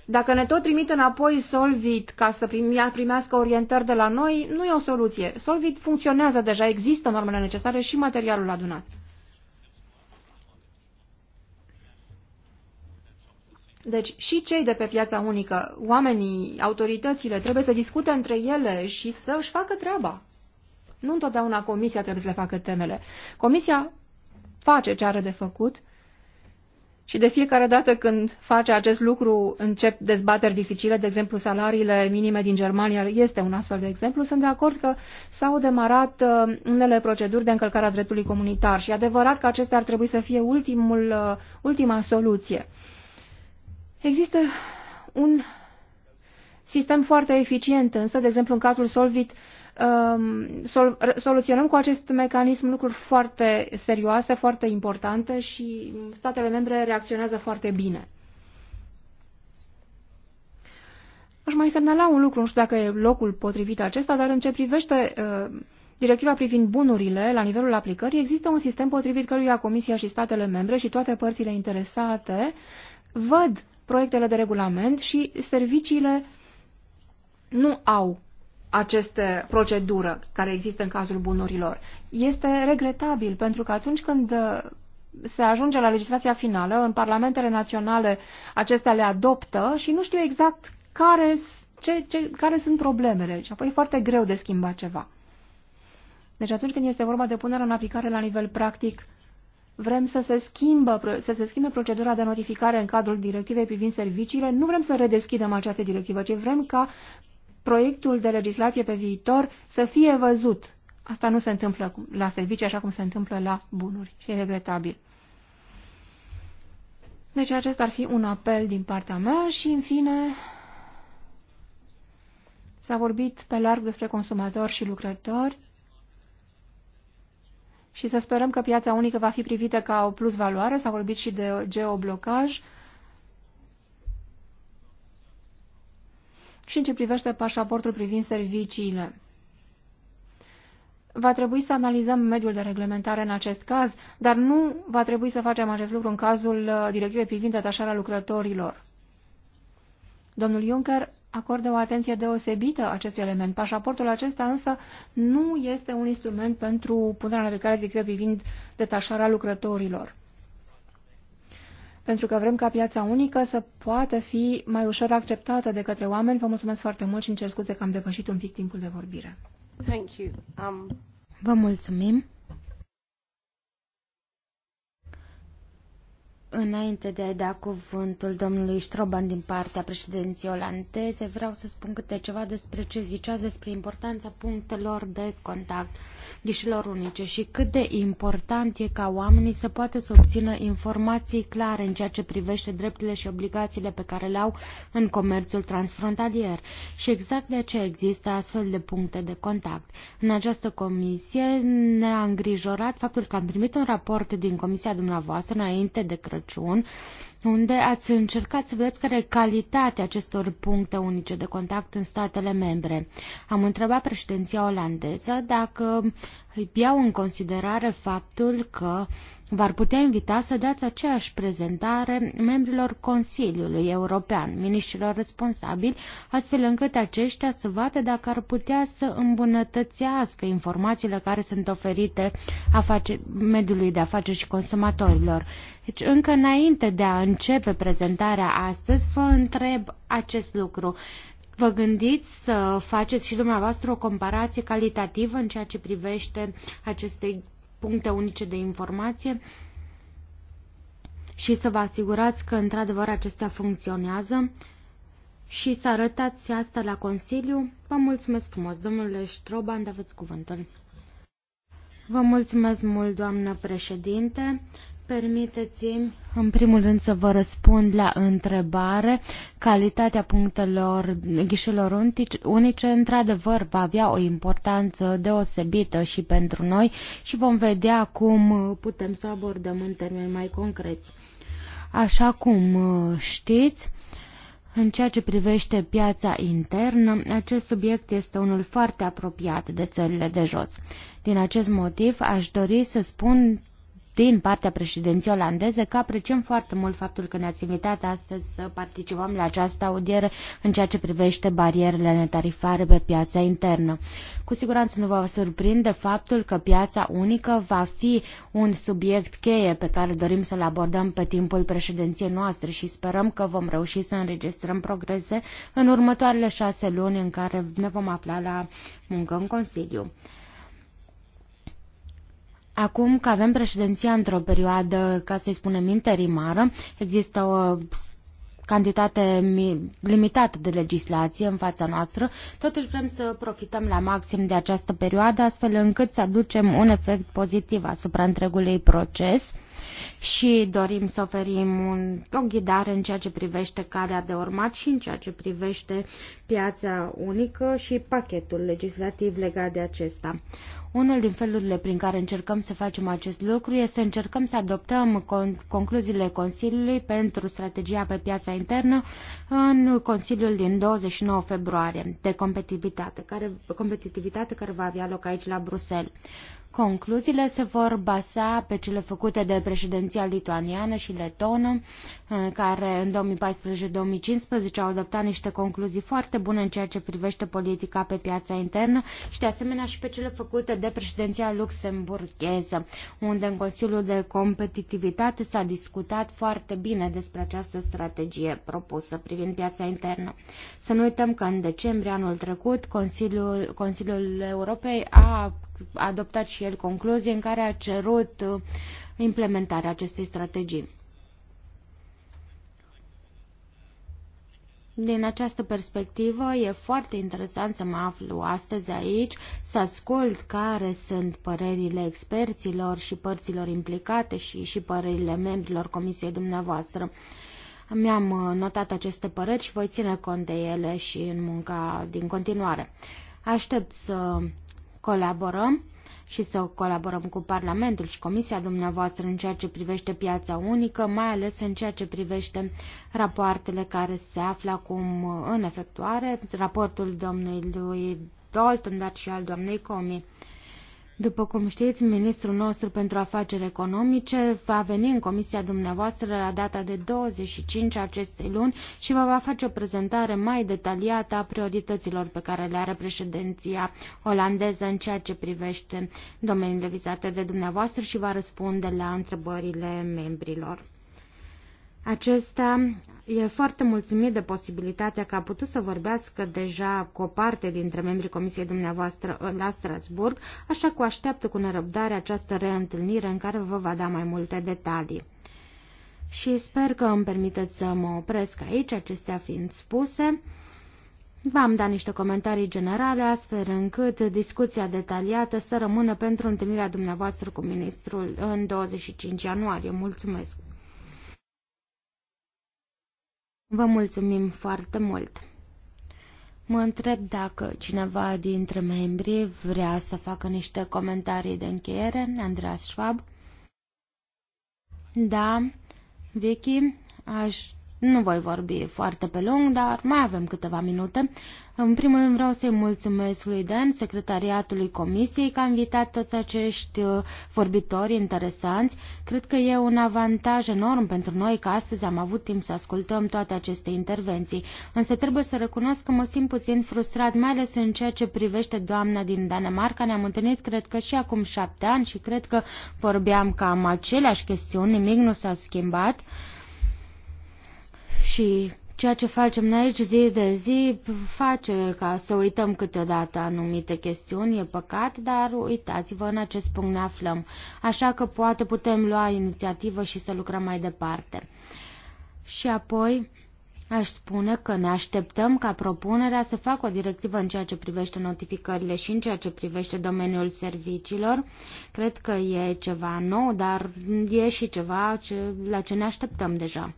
Dacă ne tot trimit înapoi Solvit ca să primească orientări de la noi, nu e o soluție. Solvit funcționează deja, există normele necesare și materialul adunat. Deci și cei de pe piața unică, oamenii, autoritățile, trebuie să discute între ele și să își facă treaba. Nu întotdeauna comisia trebuie să le facă temele. Comisia face ce are de făcut și de fiecare dată când face acest lucru încep dezbateri dificile, de exemplu salariile minime din Germania este un astfel de exemplu, sunt de acord că s-au demarat uh, unele proceduri de încălcare a dreptului comunitar și adevărat că acestea ar trebui să fie ultimul, uh, ultima soluție. Există un sistem foarte eficient, însă, de exemplu, în cazul Solvit, um, sol soluționăm cu acest mecanism lucruri foarte serioase, foarte importante și statele membre reacționează foarte bine. Aș mai semnala un lucru, nu știu dacă e locul potrivit acesta, dar în ce privește uh, directiva privind bunurile la nivelul aplicării, există un sistem potrivit căruia Comisia și statele membre și toate părțile interesate văd proiectele de regulament și serviciile nu au aceste procedură care există în cazul bunurilor. Este regretabil pentru că atunci când uh, se ajunge la legislația finală, în parlamentele naționale acestea le adoptă și nu știu exact care, ce, ce, care sunt problemele și apoi e foarte greu de schimba ceva. Deci atunci când este vorba de punerea în aplicare la nivel practic, vrem să se, schimbă, să se schimbe procedura de notificare în cadrul directivei privind serviciile, nu vrem să redeschidem această directivă, ci vrem ca proiectul de legislație pe viitor să fie văzut. Asta nu se întâmplă la servicii așa cum se întâmplă la bunuri și e regretabil. Deci acesta ar fi un apel din partea mea și, în fine, s-a vorbit pe larg despre consumatori și lucrători și să sperăm că piața unică va fi privită ca o plus valoare. S-a vorbit și de geoblocaj. Și în ce privește pașaportul privind serviciile. Va trebui să analizăm mediul de reglementare în acest caz, dar nu va trebui să facem acest lucru în cazul uh, directivei privind atașarea lucrătorilor. Domnul Juncker acordă o atenție deosebită acestui element. Pașaportul acesta însă nu este un instrument pentru punerea în aplicare decret privind detașarea lucrătorilor. Pentru că vrem ca piața unică să poată fi mai ușor acceptată de către oameni, vă mulțumesc foarte mult și îmi cer scuze că am depășit un pic timpul de vorbire. Thank you. Um... Vă mulțumim. Înainte de a da cuvântul domnului Stroban din partea președinției olandeze, vreau să spun câte ceva despre ce ziceați despre importanța punctelor de contact. Uh, ghișilor unice și cât de important e ca oamenii să poată să obțină informații clare în ceea ce privește drepturile și obligațiile pe care le au în comerțul transfrontalier. Și exact de aceea există astfel de puncte de contact. În această comisie ne-a îngrijorat faptul că am primit un raport din comisia dumneavoastră înainte de Crăciun unde ați încercat să vedeți care e calitatea acestor puncte unice de contact în statele membre. Am întrebat președinția olandeză dacă iau în considerare faptul că v-ar putea invita să dați aceeași prezentare membrilor Consiliului European, miniștrilor responsabili, astfel încât aceștia să vadă dacă ar putea să îmbunătățească informațiile care sunt oferite aface- mediului de afaceri și consumatorilor. Deci, încă înainte de a începe prezentarea astăzi, vă întreb acest lucru. Vă gândiți să faceți și dumneavoastră o comparație calitativă în ceea ce privește aceste puncte unice de informație și să vă asigurați că într-adevăr acestea funcționează și să arătați asta la Consiliu. Vă mulțumesc frumos, domnule Ștroban, aveți cuvântul. Vă mulțumesc mult, doamnă președinte. Permiteți-mi, în primul rând, să vă răspund la întrebare. Calitatea punctelor ghișelor unice, într-adevăr, va avea o importanță deosebită și pentru noi și vom vedea cum putem să abordăm în termeni mai concreți. Așa cum uh, știți, în ceea ce privește piața internă, acest subiect este unul foarte apropiat de țările de jos. Din acest motiv, aș dori să spun din partea președinției olandeze că apreciem foarte mult faptul că ne-ați invitat astăzi să participăm la această audiere în ceea ce privește barierele netarifare pe piața internă. Cu siguranță nu vă surprinde faptul că piața unică va fi un subiect cheie pe care dorim să-l abordăm pe timpul președinției noastre și sperăm că vom reuși să înregistrăm progrese în următoarele șase luni în care ne vom afla la muncă în Consiliu. Acum că avem președinția într-o perioadă, ca să-i spunem, interimară, există o cantitate limitată de legislație în fața noastră, totuși vrem să profităm la maxim de această perioadă, astfel încât să aducem un efect pozitiv asupra întregului proces și dorim să oferim un, o ghidare în ceea ce privește calea de urmat și în ceea ce privește piața unică și pachetul legislativ legat de acesta. Unul din felurile prin care încercăm să facem acest lucru este să încercăm să adoptăm con- concluziile Consiliului pentru strategia pe piața internă în Consiliul din 29 februarie de competitivitate care, competitivitate care va avea loc aici la Bruxelles. Concluziile se vor baza pe cele făcute de președinția lituaniană și letonă, eh, care în 2014-2015 au adoptat niște concluzii foarte bune în ceea ce privește politica pe piața internă și de asemenea și pe cele făcute de președinția luxemburgheză, unde în Consiliul de Competitivitate s-a discutat foarte bine despre această strategie propusă privind piața internă. Să nu uităm că în decembrie anul trecut Consiliul, Consiliul Europei a adoptat și el concluzie în care a cerut uh, implementarea acestei strategii. Din această perspectivă, e foarte interesant să mă aflu astăzi aici, să ascult care sunt părerile experților și părților implicate și, și părerile membrilor comisiei dumneavoastră. Mi-am uh, notat aceste păreri și voi ține cont de ele și în munca din continuare. Aștept să colaborăm și să colaborăm cu Parlamentul și Comisia dumneavoastră în ceea ce privește piața unică, mai ales în ceea ce privește rapoartele care se află acum în efectuare, raportul domnului Dalton, dar și al doamnei Comi. După cum știți, ministrul nostru pentru afaceri economice va veni în comisia dumneavoastră la data de 25 acestei luni și vă va face o prezentare mai detaliată a priorităților pe care le are președinția olandeză în ceea ce privește domeniile vizate de dumneavoastră și va răspunde la întrebările membrilor. Acesta e foarte mulțumit de posibilitatea că a putut să vorbească deja cu o parte dintre membrii Comisiei dumneavoastră la Strasburg, așa că așteaptă cu nerăbdare această reîntâlnire în care vă va da mai multe detalii. Și sper că îmi permiteți să mă opresc aici, acestea fiind spuse. V-am dat niște comentarii generale, astfel încât discuția detaliată să rămână pentru întâlnirea dumneavoastră cu ministrul în 25 ianuarie. Mulțumesc! Vă mulțumim foarte mult! Mă întreb dacă cineva dintre membrii vrea să facă niște comentarii de încheiere, Andreas Schwab. Da, Vicky, aș nu voi vorbi foarte pe lung, dar mai avem câteva minute. În primul rând vreau să-i mulțumesc lui Dan, secretariatului comisiei, că a invitat toți acești uh, vorbitori interesanți. Cred că e un avantaj enorm pentru noi că astăzi am avut timp să ascultăm toate aceste intervenții. Însă trebuie să recunosc că mă simt puțin frustrat, mai ales în ceea ce privește doamna din Danemarca. Ne-am întâlnit, cred că și acum șapte ani și cred că vorbeam cam aceleași chestiuni, nimic nu s-a schimbat. Și ceea ce facem noi aici zi de zi face ca să uităm câteodată anumite chestiuni, e păcat, dar uitați-vă în acest punct ne aflăm. Așa că poate putem lua inițiativă și să lucrăm mai departe. Și apoi aș spune că ne așteptăm ca propunerea să facă o directivă în ceea ce privește notificările și în ceea ce privește domeniul serviciilor. Cred că e ceva nou, dar e și ceva ce, la ce ne așteptăm deja.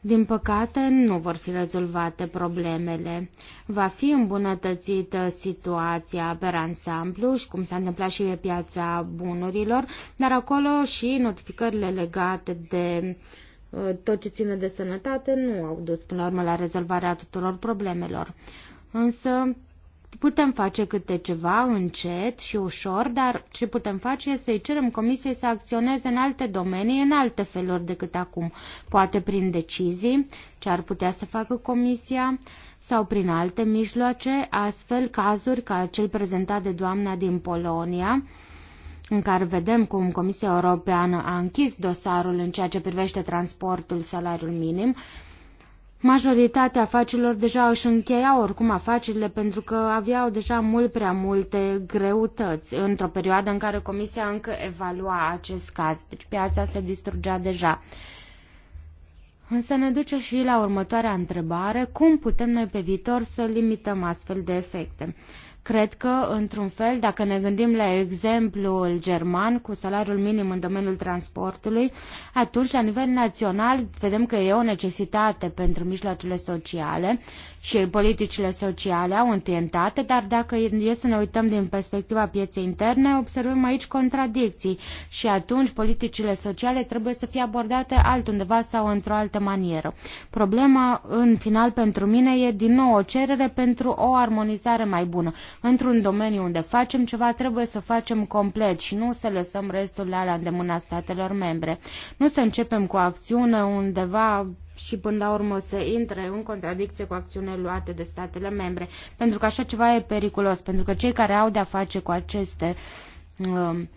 Din păcate, nu vor fi rezolvate problemele. Va fi îmbunătățită situația pe ansamblu și cum s-a întâmplat și pe piața bunurilor, dar acolo și notificările legate de uh, tot ce ține de sănătate nu au dus până la urmă la rezolvarea tuturor problemelor. Însă Putem face câte ceva încet și ușor, dar ce putem face este să-i cerem Comisiei să acționeze în alte domenii, în alte feluri decât acum. Poate prin decizii, ce ar putea să facă Comisia, sau prin alte mijloace, astfel cazuri ca cel prezentat de doamna din Polonia, în care vedem cum Comisia Europeană a închis dosarul în ceea ce privește transportul salariul minim, Majoritatea afacerilor deja își încheiau oricum afacerile pentru că aveau deja mult prea multe greutăți într-o perioadă în care comisia încă evalua acest caz, deci piața se distrugea deja. Însă ne duce și la următoarea întrebare, cum putem noi pe viitor să limităm astfel de efecte? Cred că, într-un fel, dacă ne gândim la exemplul german cu salariul minim în domeniul transportului, atunci, la nivel național, vedem că e o necesitate pentru mijloacele sociale și politicile sociale au întâietate, dar dacă e să ne uităm din perspectiva pieței interne, observăm aici contradicții și atunci politicile sociale trebuie să fie abordate altundeva sau într-o altă manieră. Problema, în final, pentru mine e din nou o cerere pentru o armonizare mai bună. Într-un domeniu unde facem ceva, trebuie să facem complet și nu să lăsăm restul la, la îndemâna statelor membre. Nu să începem cu o acțiune undeva și până la urmă să intre în contradicție cu acțiunile luate de statele membre. Pentru că așa ceva e periculos, pentru că cei care au de-a face cu aceste um,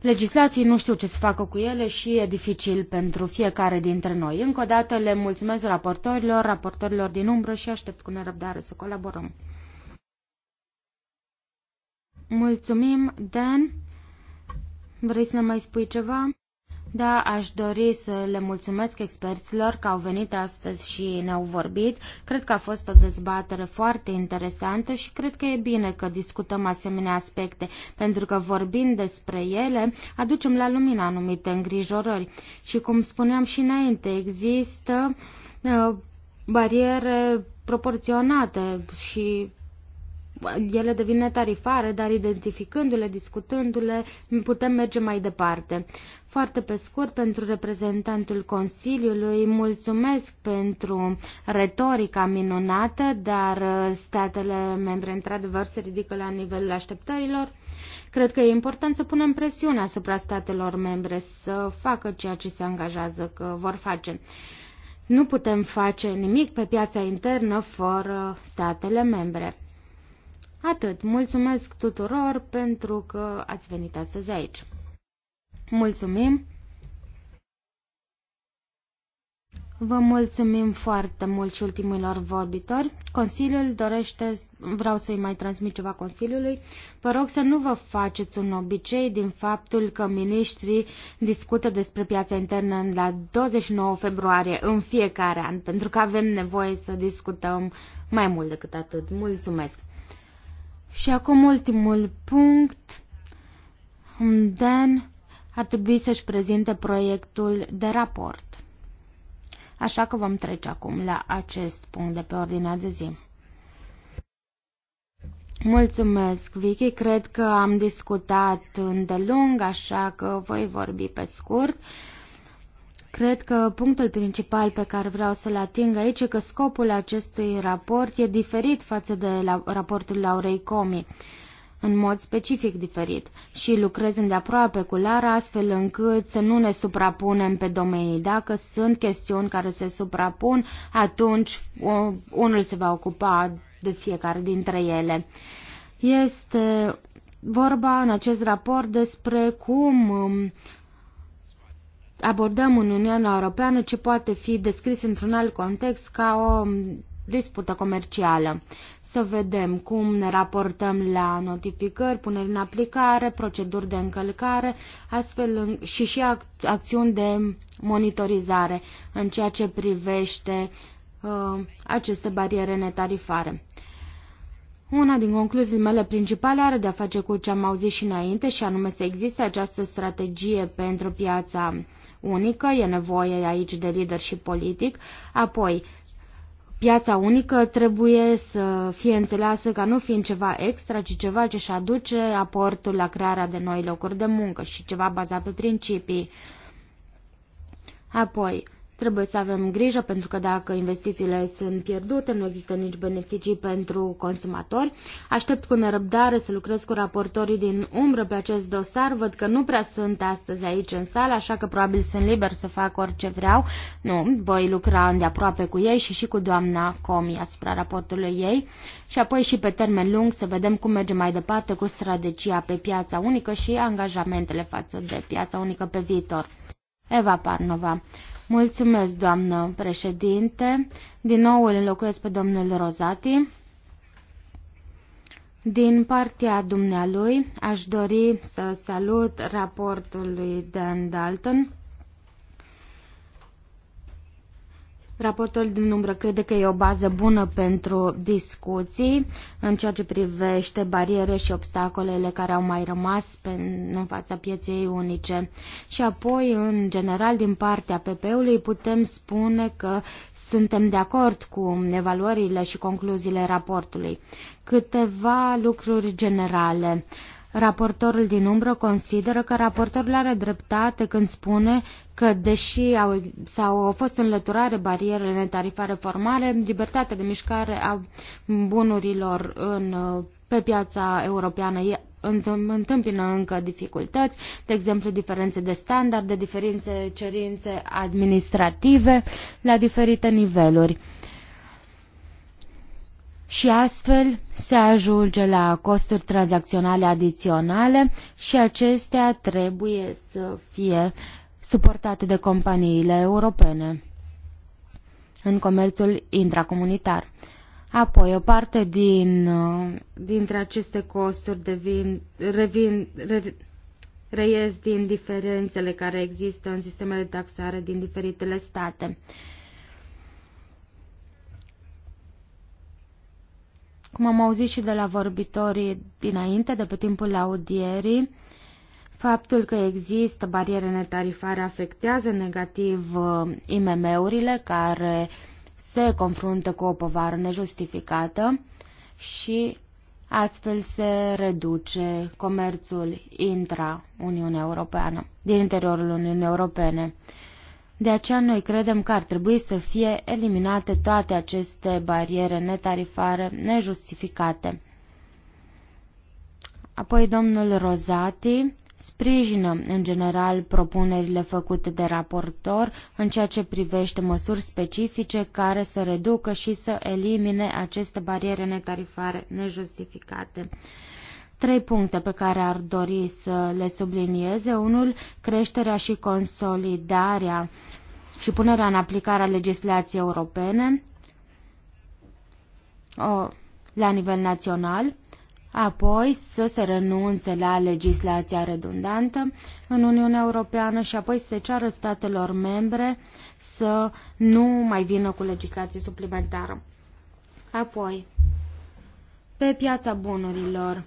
legislații nu știu ce să facă cu ele și e dificil pentru fiecare dintre noi. Încă o dată le mulțumesc raportorilor, raportorilor din umbră și aștept cu nerăbdare să colaborăm. Mulțumim, Dan. Vrei să ne mai spui ceva? Da, aș dori să le mulțumesc experților că au venit astăzi și ne-au vorbit. Cred că a fost o dezbatere foarte interesantă și cred că e bine că discutăm asemenea aspecte, pentru că vorbind despre ele, aducem la lumină anumite îngrijorări. Și cum spuneam și înainte, există uh, bariere proporționate și ele devin netarifare, dar identificându-le, discutându-le, putem merge mai departe. Foarte pe scurt, pentru reprezentantul Consiliului, mulțumesc pentru retorica minunată, dar statele membre într-adevăr se ridică la nivelul așteptărilor. Cred că e important să punem presiune asupra statelor membre să facă ceea ce se angajează că vor face. Nu putem face nimic pe piața internă fără statele membre. Atât. Mulțumesc tuturor pentru că ați venit astăzi aici. Mulțumim! Vă mulțumim foarte mult și ultimilor vorbitori. Consiliul dorește, vreau să-i mai transmit ceva Consiliului, vă rog să nu vă faceți un obicei din faptul că miniștrii discută despre piața internă la 29 februarie în fiecare an, pentru că avem nevoie să discutăm mai mult decât atât. Mulțumesc! Și acum ultimul punct. Dan ar trebui să-și prezinte proiectul de raport. Așa că vom trece acum la acest punct de pe ordinea de zi. Mulțumesc, Vicky. Cred că am discutat îndelung, așa că voi vorbi pe scurt. Uh, Cred că punctul principal pe care vreau să-l ating aici e că scopul acestui raport e diferit față de la raportul Laurei Comi în mod specific diferit și lucrez îndeaproape cu Lara astfel încât să nu ne suprapunem pe domenii. Dacă sunt chestiuni care se suprapun, atunci unul se va ocupa de fiecare dintre ele. Este vorba în acest raport despre cum um, abordăm în Uniunea Europeană ce poate fi descris într-un alt context ca o dispută comercială. Să vedem cum ne raportăm la notificări, puneri în aplicare, proceduri de încălcare astfel și și ac- acțiuni de monitorizare în ceea ce privește uh, aceste bariere netarifare. Una din concluziile mele principale are de-a face cu ce am auzit și înainte, și anume să existe această strategie pentru piața unică, e nevoie aici de lider și politic, apoi piața unică trebuie să fie înțeleasă ca nu fiind ceva extra, ci ceva ce își aduce aportul la crearea de noi locuri de muncă și ceva bazat pe principii. Apoi, Trebuie să avem grijă pentru că dacă investițiile sunt pierdute, nu există nici beneficii pentru consumatori. Aștept cu nerăbdare să lucrez cu raportorii din umbră pe acest dosar. Văd că nu prea sunt astăzi aici în sală, așa că probabil sunt liber să fac orice vreau. Nu, voi lucra îndeaproape cu ei și și cu doamna Comi asupra raportului ei și apoi și pe termen lung să vedem cum mergem mai departe cu strategia pe piața unică și angajamentele față de piața unică pe viitor. Eva Parnova Mulțumesc, doamnă președinte. Din nou îl înlocuiesc pe domnul Rozati. Din partea dumnealui aș dori să salut raportul lui Dan Dalton. Raportul din umbră crede că e o bază bună pentru discuții în ceea ce privește bariere și obstacolele care au mai rămas pe, în fața pieței unice. Și apoi, în general, din partea PP-ului putem spune că suntem de acord cu evaluările și concluziile raportului. Câteva lucruri generale. Uh, Raportorul din umbră consideră că raportorul are dreptate când spune că, deși au, sau au fost înlăturare barierele tarifare formale, libertatea de mișcare a bunurilor în, pe piața europeană e întâmpină încă dificultăți, de exemplu diferențe de standarde, diferențe cerințe administrative la diferite niveluri și astfel se ajunge la costuri tranzacționale adiționale și acestea trebuie să fie suportate de companiile europene în comerțul intracomunitar. Apoi, o parte din, dintre aceste costuri devin, revin, re, reies din diferențele care există în sistemele de taxare din diferitele state. Uh, Cum am auzit și de la vorbitorii dinainte, de pe timpul audierii, faptul că există bariere netarifare afectează negativ uh, IMM-urile care se confruntă cu o povară nejustificată și astfel se reduce comerțul intra Uniunea Europeană, din interiorul Uniunii Europene. De aceea noi credem că ar trebui să fie eliminate toate aceste bariere netarifare nejustificate. Apoi domnul Rozati sprijină în general propunerile făcute de raportor în ceea ce privește măsuri specifice care să reducă și să elimine aceste bariere netarifare nejustificate. Trei puncte pe care ar dori să le sublinieze. Unul, creșterea și consolidarea și punerea în aplicare a legislației europene o, la nivel național, apoi să se renunțe la legislația redundantă în Uniunea Europeană și apoi să se ceară statelor membre să nu mai vină cu legislație suplimentară. Apoi, pe piața bunurilor,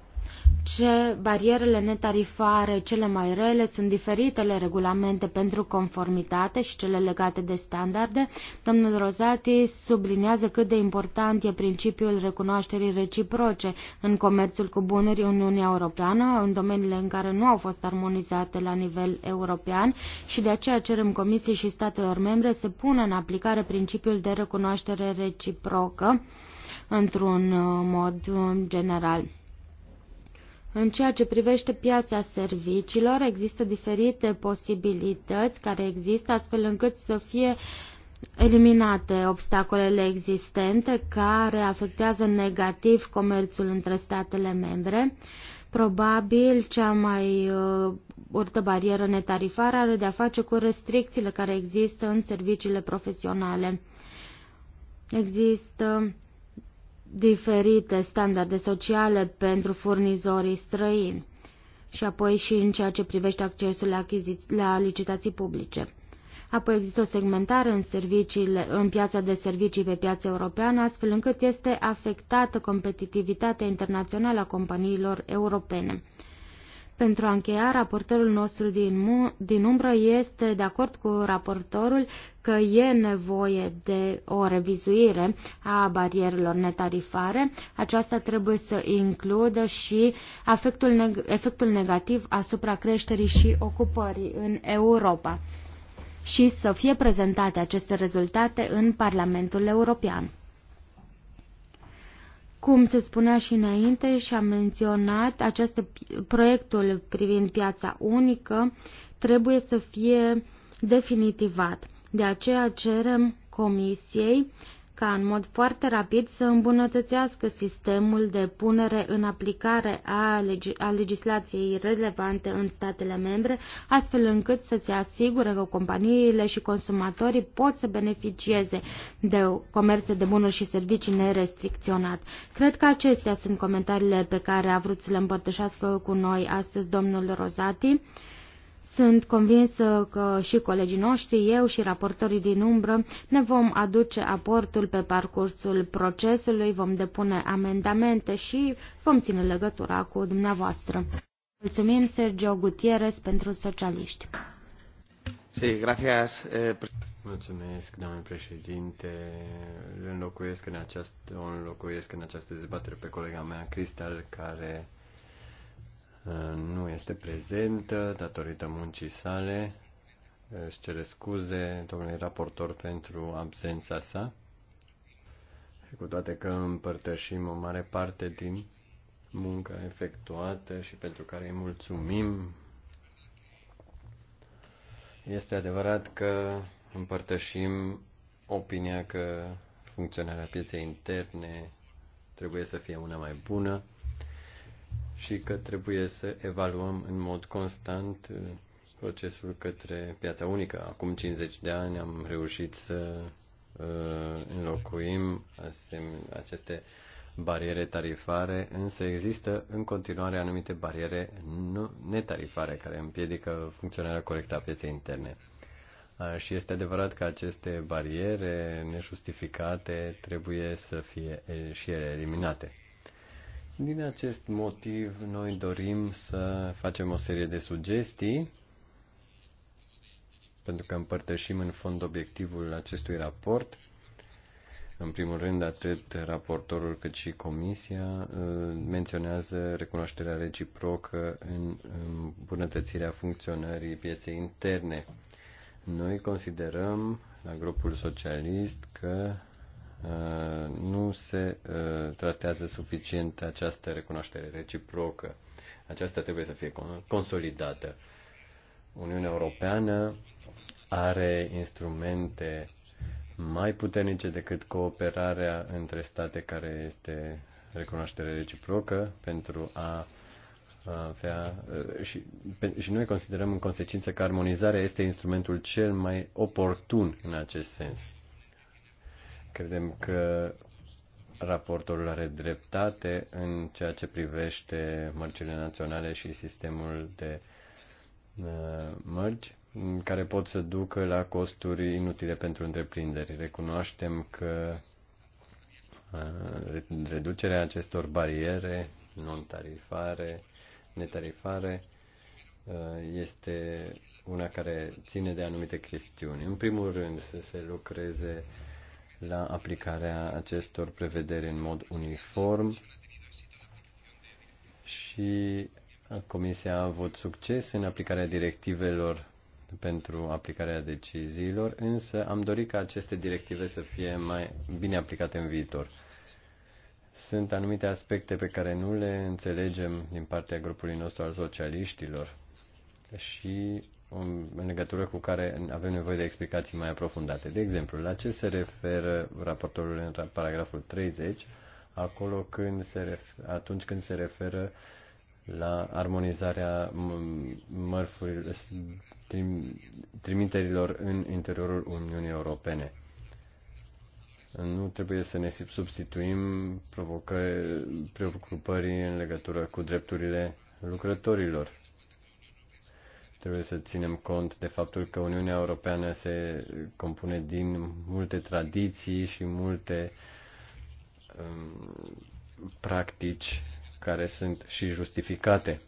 ce barierele netarifare cele mai rele sunt diferitele regulamente pentru conformitate și cele legate de standarde. Domnul Rosati subliniază cât de important e principiul recunoașterii reciproce în comerțul cu bunuri în Uniunea Europeană, în domeniile în care nu au fost armonizate la nivel european și de aceea cerem Comisiei și statelor membre să pună în aplicare principiul de recunoaștere reciprocă într-un uh, mod uh, general. În ceea ce privește piața serviciilor, există diferite posibilități care există astfel încât să fie eliminate obstacolele existente care afectează negativ comerțul între statele membre. Probabil cea mai uh, urtă barieră netarifară are de-a face cu restricțiile care există în serviciile profesionale. Există diferite standarde sociale pentru furnizorii străini și apoi și în ceea ce privește accesul la, la licitații publice. Apoi există o segmentare în, serviciile, în piața de servicii pe piața europeană, astfel încât este afectată competitivitatea internațională a companiilor europene. Pentru a încheia, raportorul nostru din, din umbră este de acord cu raportorul că e nevoie de o revizuire a barierelor netarifare. Aceasta trebuie să includă și efectul, neg efectul negativ asupra creșterii și ocupării în Europa și să fie prezentate aceste rezultate în Parlamentul European. Cum se spunea și înainte și am menționat, acest proiectul privind piața unică trebuie să fie definitivat. De aceea cerem Comisiei ca în mod foarte rapid să îmbunătățească sistemul de punere în aplicare a, leg a legislației relevante în statele membre, astfel încât să se asigure că companiile și consumatorii pot să beneficieze de comerț de bunuri și servicii nerestricționat. Cred că acestea sunt comentariile pe care a vrut să le împărtășească cu noi astăzi domnul Rozati. Sunt convinsă că și colegii noștri, eu și raportorii din umbră, ne vom aduce aportul pe parcursul procesului, vom depune amendamente și vom ține legătura cu dumneavoastră. Mulțumim, Sergio Gutierrez, pentru socialiști. Sí, gracias. Eh, Mulțumesc, doamne președinte. Înlocuiesc în această, înlocuiesc în această dezbatere pe colega mea, Cristal, care Uh, nu este prezentă datorită muncii sale. Uh, își cere scuze domnului raportor pentru absența sa. Cu toate că împărtășim o mare parte din munca efectuată și pentru care îi mulțumim, este adevărat că împărtășim opinia că funcționarea pieței interne trebuie să fie una mai bună și că trebuie să evaluăm în mod constant uh, procesul către piața unică. Acum 50 de ani am reușit să uh, înlocuim aceste bariere tarifare, însă există în continuare anumite bariere netarifare care împiedică funcționarea corectă a pieței interne. Uh, și este adevărat că aceste bariere nejustificate trebuie să fie și ele eliminate. Din acest motiv, noi dorim să facem o serie de sugestii, pentru că împărtășim în fond obiectivul acestui raport. În primul rând, atât raportorul cât și comisia uh, menționează recunoașterea reciprocă în îmbunătățirea funcționării pieței interne. Noi considerăm la grupul socialist că Uh, nu se uh, tratează suficient această recunoaștere reciprocă. Aceasta trebuie să fie consolidată. Uniunea Europeană are instrumente mai puternice decât cooperarea între state care este recunoaștere reciprocă pentru a avea uh, și, și noi considerăm în consecință că armonizarea este instrumentul cel mai oportun în acest sens. Credem că raportorul are dreptate în ceea ce privește mărcile naționale și sistemul de uh, mărci care pot să ducă la costuri inutile pentru întreprinderi. Recunoaștem că uh, reducerea acestor bariere non-tarifare, netarifare, uh, este una care ține de anumite chestiuni. În primul rând, să se lucreze uh, la aplicarea acestor prevederi în mod uniform și Comisia a avut succes în aplicarea directivelor pentru aplicarea deciziilor, însă am dorit ca aceste directive să fie mai bine aplicate în viitor. Sunt anumite aspecte pe care nu le înțelegem din partea grupului nostru al socialiștilor și în legătură cu care avem nevoie de explicații mai aprofundate. De exemplu, la ce se referă raportorul în paragraful 30, acolo când se referă, atunci când se referă la armonizarea mărfurilor, trim, trimiterilor în interiorul Uniunii Europene. Nu trebuie să ne substituim preocupării în legătură cu drepturile lucrătorilor Trebuie să ținem cont de faptul că Uniunea Europeană se compune din multe tradiții și multe um, practici care sunt și justificate.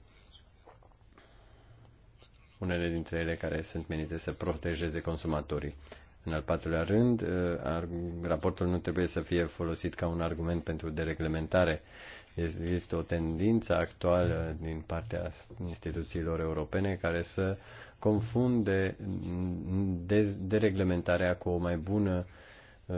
Unele dintre ele care sunt menite să protejeze consumatorii. În al patrulea rând, uh, raportul nu trebuie să fie folosit ca un argument pentru dereglementare. Există o tendință actuală din partea instituțiilor europene care să confunde dereglementarea cu o mai bună uh,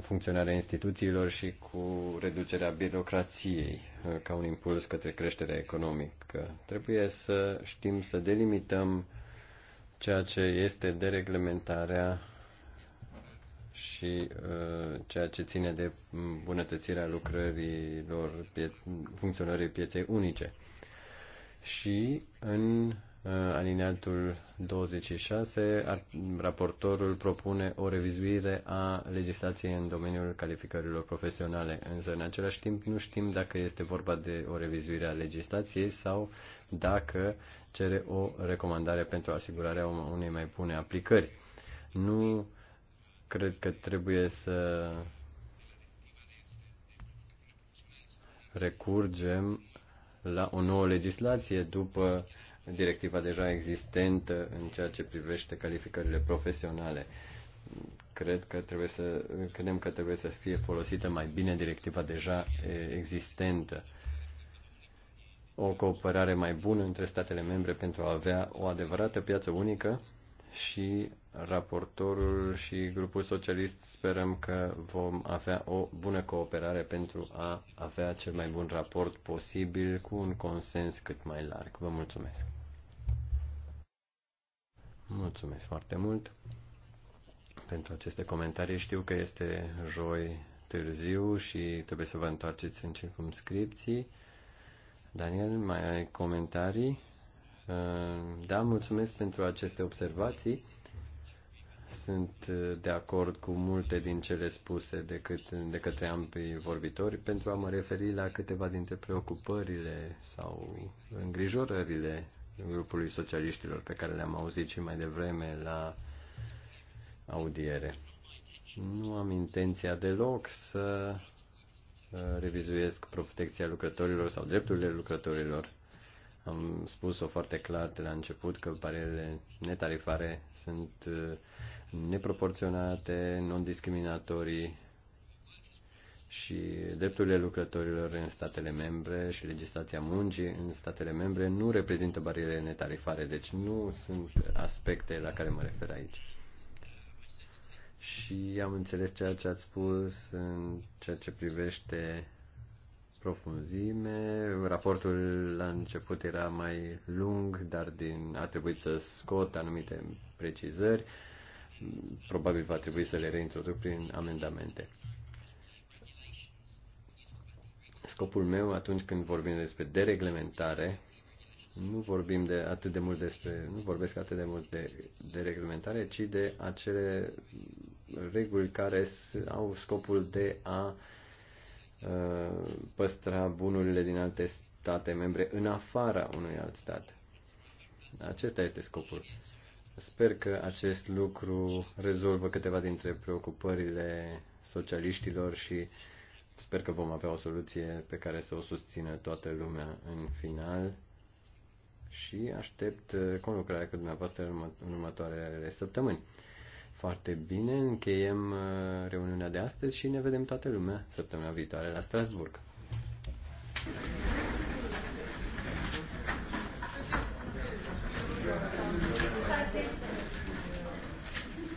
funcționarea instituțiilor și cu reducerea birocrației uh, ca un impuls către creșterea economică. Trebuie să știm să delimităm ceea ce este dereglementarea și uh, ceea ce ține de bunătățirea lucrărilor funcționării pieței unice. Și în uh, alineatul 26, raportorul propune o revizuire a legislației în domeniul calificărilor profesionale, însă în același timp nu știm dacă este vorba de o revizuire a legislației sau dacă cere o recomandare pentru asigurarea unei mai bune aplicări. Nu Cred că trebuie să recurgem la o nouă legislație după directiva deja existentă în ceea ce privește calificările profesionale. Cred că trebuie să, credem că trebuie să fie folosită mai bine directiva deja existentă. O cooperare mai bună între statele membre pentru a avea o adevărată piață unică și raportorul și grupul socialist sperăm că vom avea o bună cooperare pentru a avea cel mai bun raport posibil cu un consens cât mai larg. Vă mulțumesc! Mulțumesc foarte mult pentru aceste comentarii. Știu că este joi târziu și trebuie să vă întoarceți în circumscripții. Daniel, mai ai comentarii? Eh, da, mulțumesc pentru aceste observații. Sunt eh, de acord cu multe din cele spuse cât, de către ambii vorbitori pentru a mă referi la câteva dintre preocupările sau îngrijorările grupului socialiștilor pe care le-am auzit și mai devreme la audiere. Nu am intenția deloc să eh, revizuiesc protecția lucrătorilor sau drepturile lucrătorilor am spus-o foarte clar de la început că barierele netarifare sunt uh, neproporționate, non-discriminatorii și drepturile lucrătorilor în statele membre și legislația muncii în statele membre nu reprezintă bariere netarifare, deci nu sunt aspecte la care mă refer aici. Și am înțeles ceea ce ați spus în ceea ce privește profunzime. Raportul la început era mai lung, dar din, a trebuit să scot anumite precizări. Probabil va trebui să le reintroduc prin amendamente. Scopul meu atunci când vorbim despre dereglementare, nu vorbim de atât de mult despre, nu vorbesc atât de mult de, de reglementare, ci de acele reguli care au scopul de a uh, Uh, păstra bunurile din alte state membre în afara unui alt stat. Acesta este scopul. Sper că acest lucru rezolvă câteva dintre preocupările socialiștilor și sper că vom avea o soluție pe care să o susțină toată lumea în final și aștept uh, conlucrarea cu dumneavoastră în următoarele săptămâni. Foarte bine, încheiem uh, reuniunea de astăzi și ne vedem toată lumea săptămâna viitoare la Strasburg.